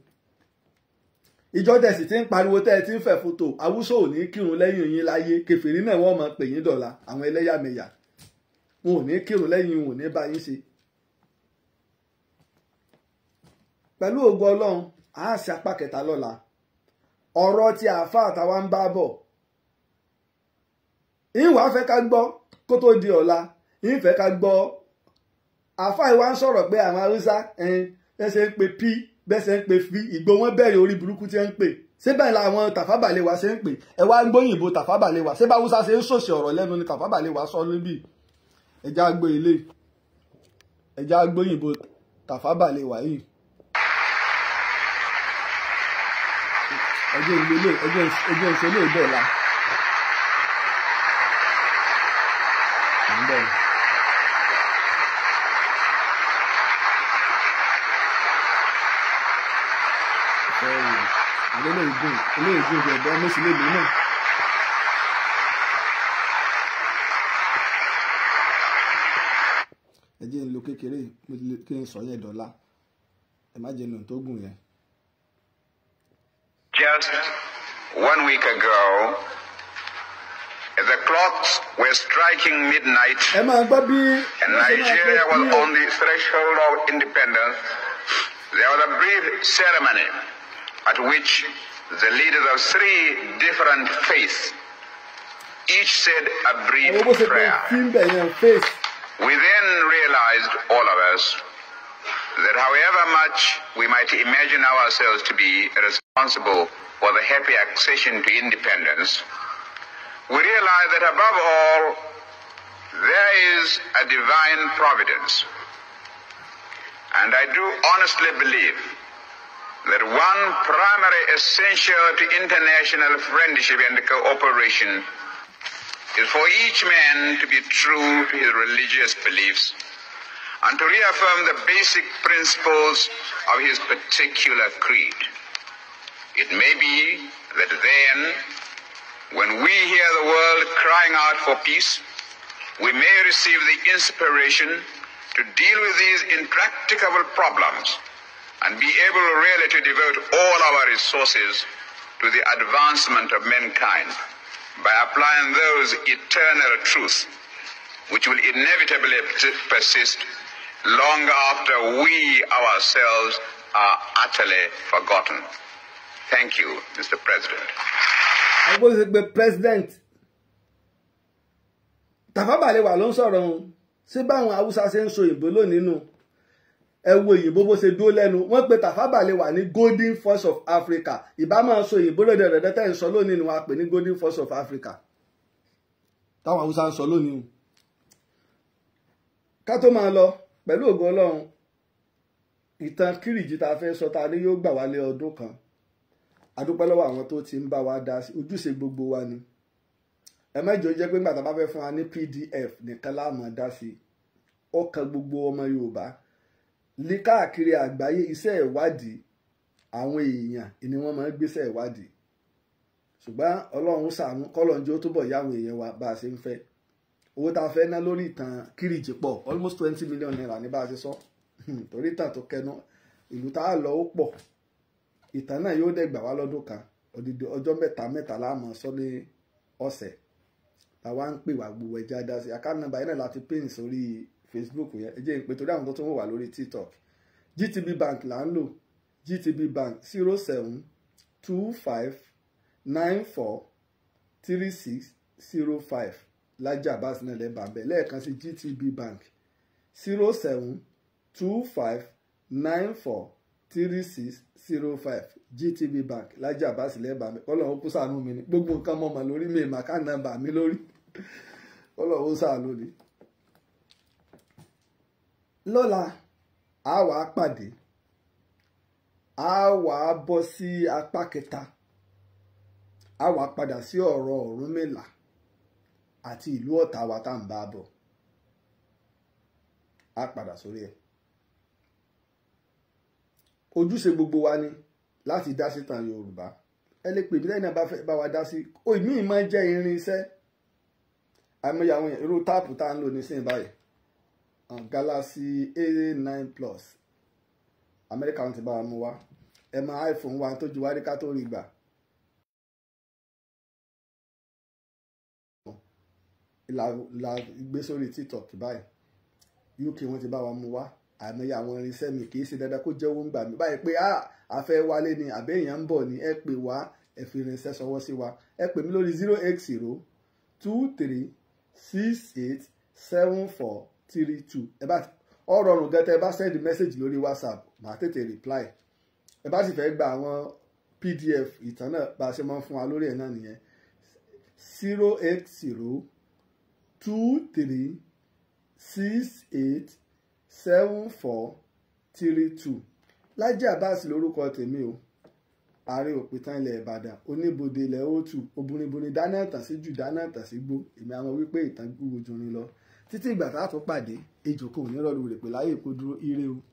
ìjọ tẹ̀sí ti ń pariwo tẹ́ ẹ ti ń fẹ̀ fòtò awúsọ ò ní kírun lẹ́yìn yín láyé kẹfìrí náà wọ́n mọ̀ pè yín dọ̀la àwọn ẹlẹ́yàmẹ̀yà wọn ò ní kírun lẹ́yìn wọn ò ní bá yín ṣe. pẹ̀lú ògo ọlọ́run a ṣe apá kẹta lọ́la ọ̀rọ̀ tí àáfàá àtàwa ń bá bọ̀ ìwà fẹ́ ká gbọ́ kó tó di ọ̀la ìfẹ́ ká gbọ́ àáfàá ìwà ń sọ̀rọ̀ pé àwọn haúsá ẹsẹ̀ ń pe p bẹ́sẹ̀ ń pe f ìgbó wọn bẹ̀rẹ̀ orí burúkú tí ẹ ń pè síbẹ̀ làwọn tàfábàlẹ̀ wa ṣe ń pè ẹ wá ń gbóyìnbó tàfábàlẹ̀ wa ṣé báwúsá ṣe ń ṣòṣì ọ̀rọ̀ lẹ́nu ni tàfábàlẹ̀ wa sọ níbí ẹjá gbé ilé ẹjá gbóyìnbó tàfábàlẹ̀ wàyí ẹjẹ ìgbélé Ilé ìgbìn, ìgbìn ìgbìn lo kékeré kí n sọ yẹn dọ́là ẹ má jẹ́ nù tó gùn yẹn. Just one week ago, the clocks were striking midnight, and Nigeria was on the threshold of independence. There was a brief ceremony at which the leaders of three different faiths each said a brief prayer. We then realized, all of us, that however much we might imagine ourselves to be responsible for the happy accession to independence, we realize that above all, there is a divine providence. And I do honestly believe that one primary essential to international friendship and cooperation is for each man to be true to his religious beliefs and to reaffirm the basic principles of his particular creed. It may be that then, when we hear the world crying out for peace, we may receive the inspiration to deal with these intractable problems and be able really to devote all our resources to the advancement of mankind. by applying those eternal truths which will inevitably persist long after we ourselves are utterly forgotten. Thank you, Mr. President. I was the president. Tafabalẹ̀ wà ló ń sọ̀rọ̀ òun. Ṣé báwọn Haúsá ṣe ń so ìbò lónìí ẹ wo òyìnbó bó ṣe dúró lẹ́nu wọ́n pe Tafawa Balewa ní golden force of Africa ìbá máa sọ òyìnbó rẹ̀ dẹ̀rẹ̀dẹ̀ tẹ́ ń sọ lónìí ni wọ́n pè ní golden force of Africa táwọn Haúsá ń sọ lónìí o ká tó máa lọ pẹ̀lú ògo ọlọrun ìtàn Kírìjí tá a fẹ́ sọ ta ni yóò gbà wálé ọdún kan adúpẹ́ lọ́wọ́ àwọn tó ti ń bá wa dá sí ojúṣe gbogbo wa ni ẹ mẹ́jọ jẹ́ pé ńgbà tá a bá fẹ́ fún wa ní pdf nìkan láàmú dá sí ọkàn gbogbo ọmọ Yorùbá ní káàkiri àgbáyé iṣẹ́ ìwádìí àwọn èèyàn ni wọ́n máa ń gbéṣẹ́ ìwádìí ṣùgbọ́n ọlọ́run ṣàánú kọ́lọ́njọ́ tó bọ̀ yá àwọn èèyàn wa bá a ṣe ń fẹ́ owó tá a fẹ́ ná lórí ìtàn Kírìjì pọ̀ almost twenty million naira ní bá a ṣe sọ hmm, torí ìtàn tó kẹnu ìlú tá a lọ ó pọ̀ ìtàn náà yóò dẹ̀ gbà wá lọ́dún kan odidi ọjọ́ mẹ́ta mẹ́ta láàmú sọ ní ọ̀sẹ̀ làwa ń pè wá gbogbo ẹja dá sí àkáǹtì nàbà náà láti pín sórí facebook yẹn ẹ jẹ́ ìpè torí àwọn kan tó ń wà lórí tiktok gtb bank là ń lò gtb bank zero seven two five nine four three six zero five lájà bá sinú ilẹ̀ bàbẹ̀ lẹ́ẹ̀kan sí gtb bank zero seven two five nine four three six zero five gtb bank lájà bá sinú ilẹ̀ bàbẹ̀ ọlọ́run kó ṣàánú mi ni gbogbo nǹkan mọ̀mọ́ lórí mi ìmọ̀ ká nàbà lórí [LAUGHS] ọlọ́run ó ṣàánú ni lọ́la a wà á pàdé a wà á bọ́ sí apá kẹta a wà á padà sí ọ̀rọ̀ Ọ̀rúnmìlà àti ìlú Ọ̀tà wa tá à ń bá bọ̀ a padà sórí ẹ̀ ojúṣe gbogbo wa ni láti dá síta Yorùbá ẹ lè pè mí lẹ́yìn náà bá fẹ́ bá wa dá sí òyìnbí máa ń jẹ́ irinṣẹ́ àìmọye àwọn èrò táàpù tá à ń lò nísìnyí báyìí Galaxy A9 Plus Amẹ́ríkà wọn ti bá wa mú wa ẹ máa iPhone wa tó ju wáríkà tó rí gbà. la gbé sórí TikTok báyìí UK wọn ti bá wa mú wa àmọye àwọn irinṣẹ́ mi kì í ṣe dandan kó jẹ́wọ́ ń gbà mí báyìí pé ah, a fẹ́ wálé ni àbẹ́ èèyàn ń bọ̀ ni ẹ pè wá ẹ fi irinṣẹ́ ṣọwọ́ sí wa ẹ pè mí lórí zero eight zero two three six eight seven four three two ẹ bá ọ rọrùn gẹ́tẹ́ ẹ bá send message lórí whatsapp màá tètè reply ẹ bá sì fẹ́ gba àwọn pdf ìtàn náà bá a ṣe máa ń fún wa lórí ẹ̀ náà nìyẹn zero eight zero two three six eight seven four three two Lájí Abbas lórúkọ tèmi o ààrẹ òpìtàn ilẹ̀ Ìbàdàn oníbodè ilẹ̀ òtù obìnrin dáná ìtàn sí jù dáná ìtàn sí gbó èmi àwọn wípé ìtàn gbúgbó jùnrin lọ títí ìgbà tá a tún pàdé ejò kò ní rọlùwèrè pé láyé kó dúró ire o.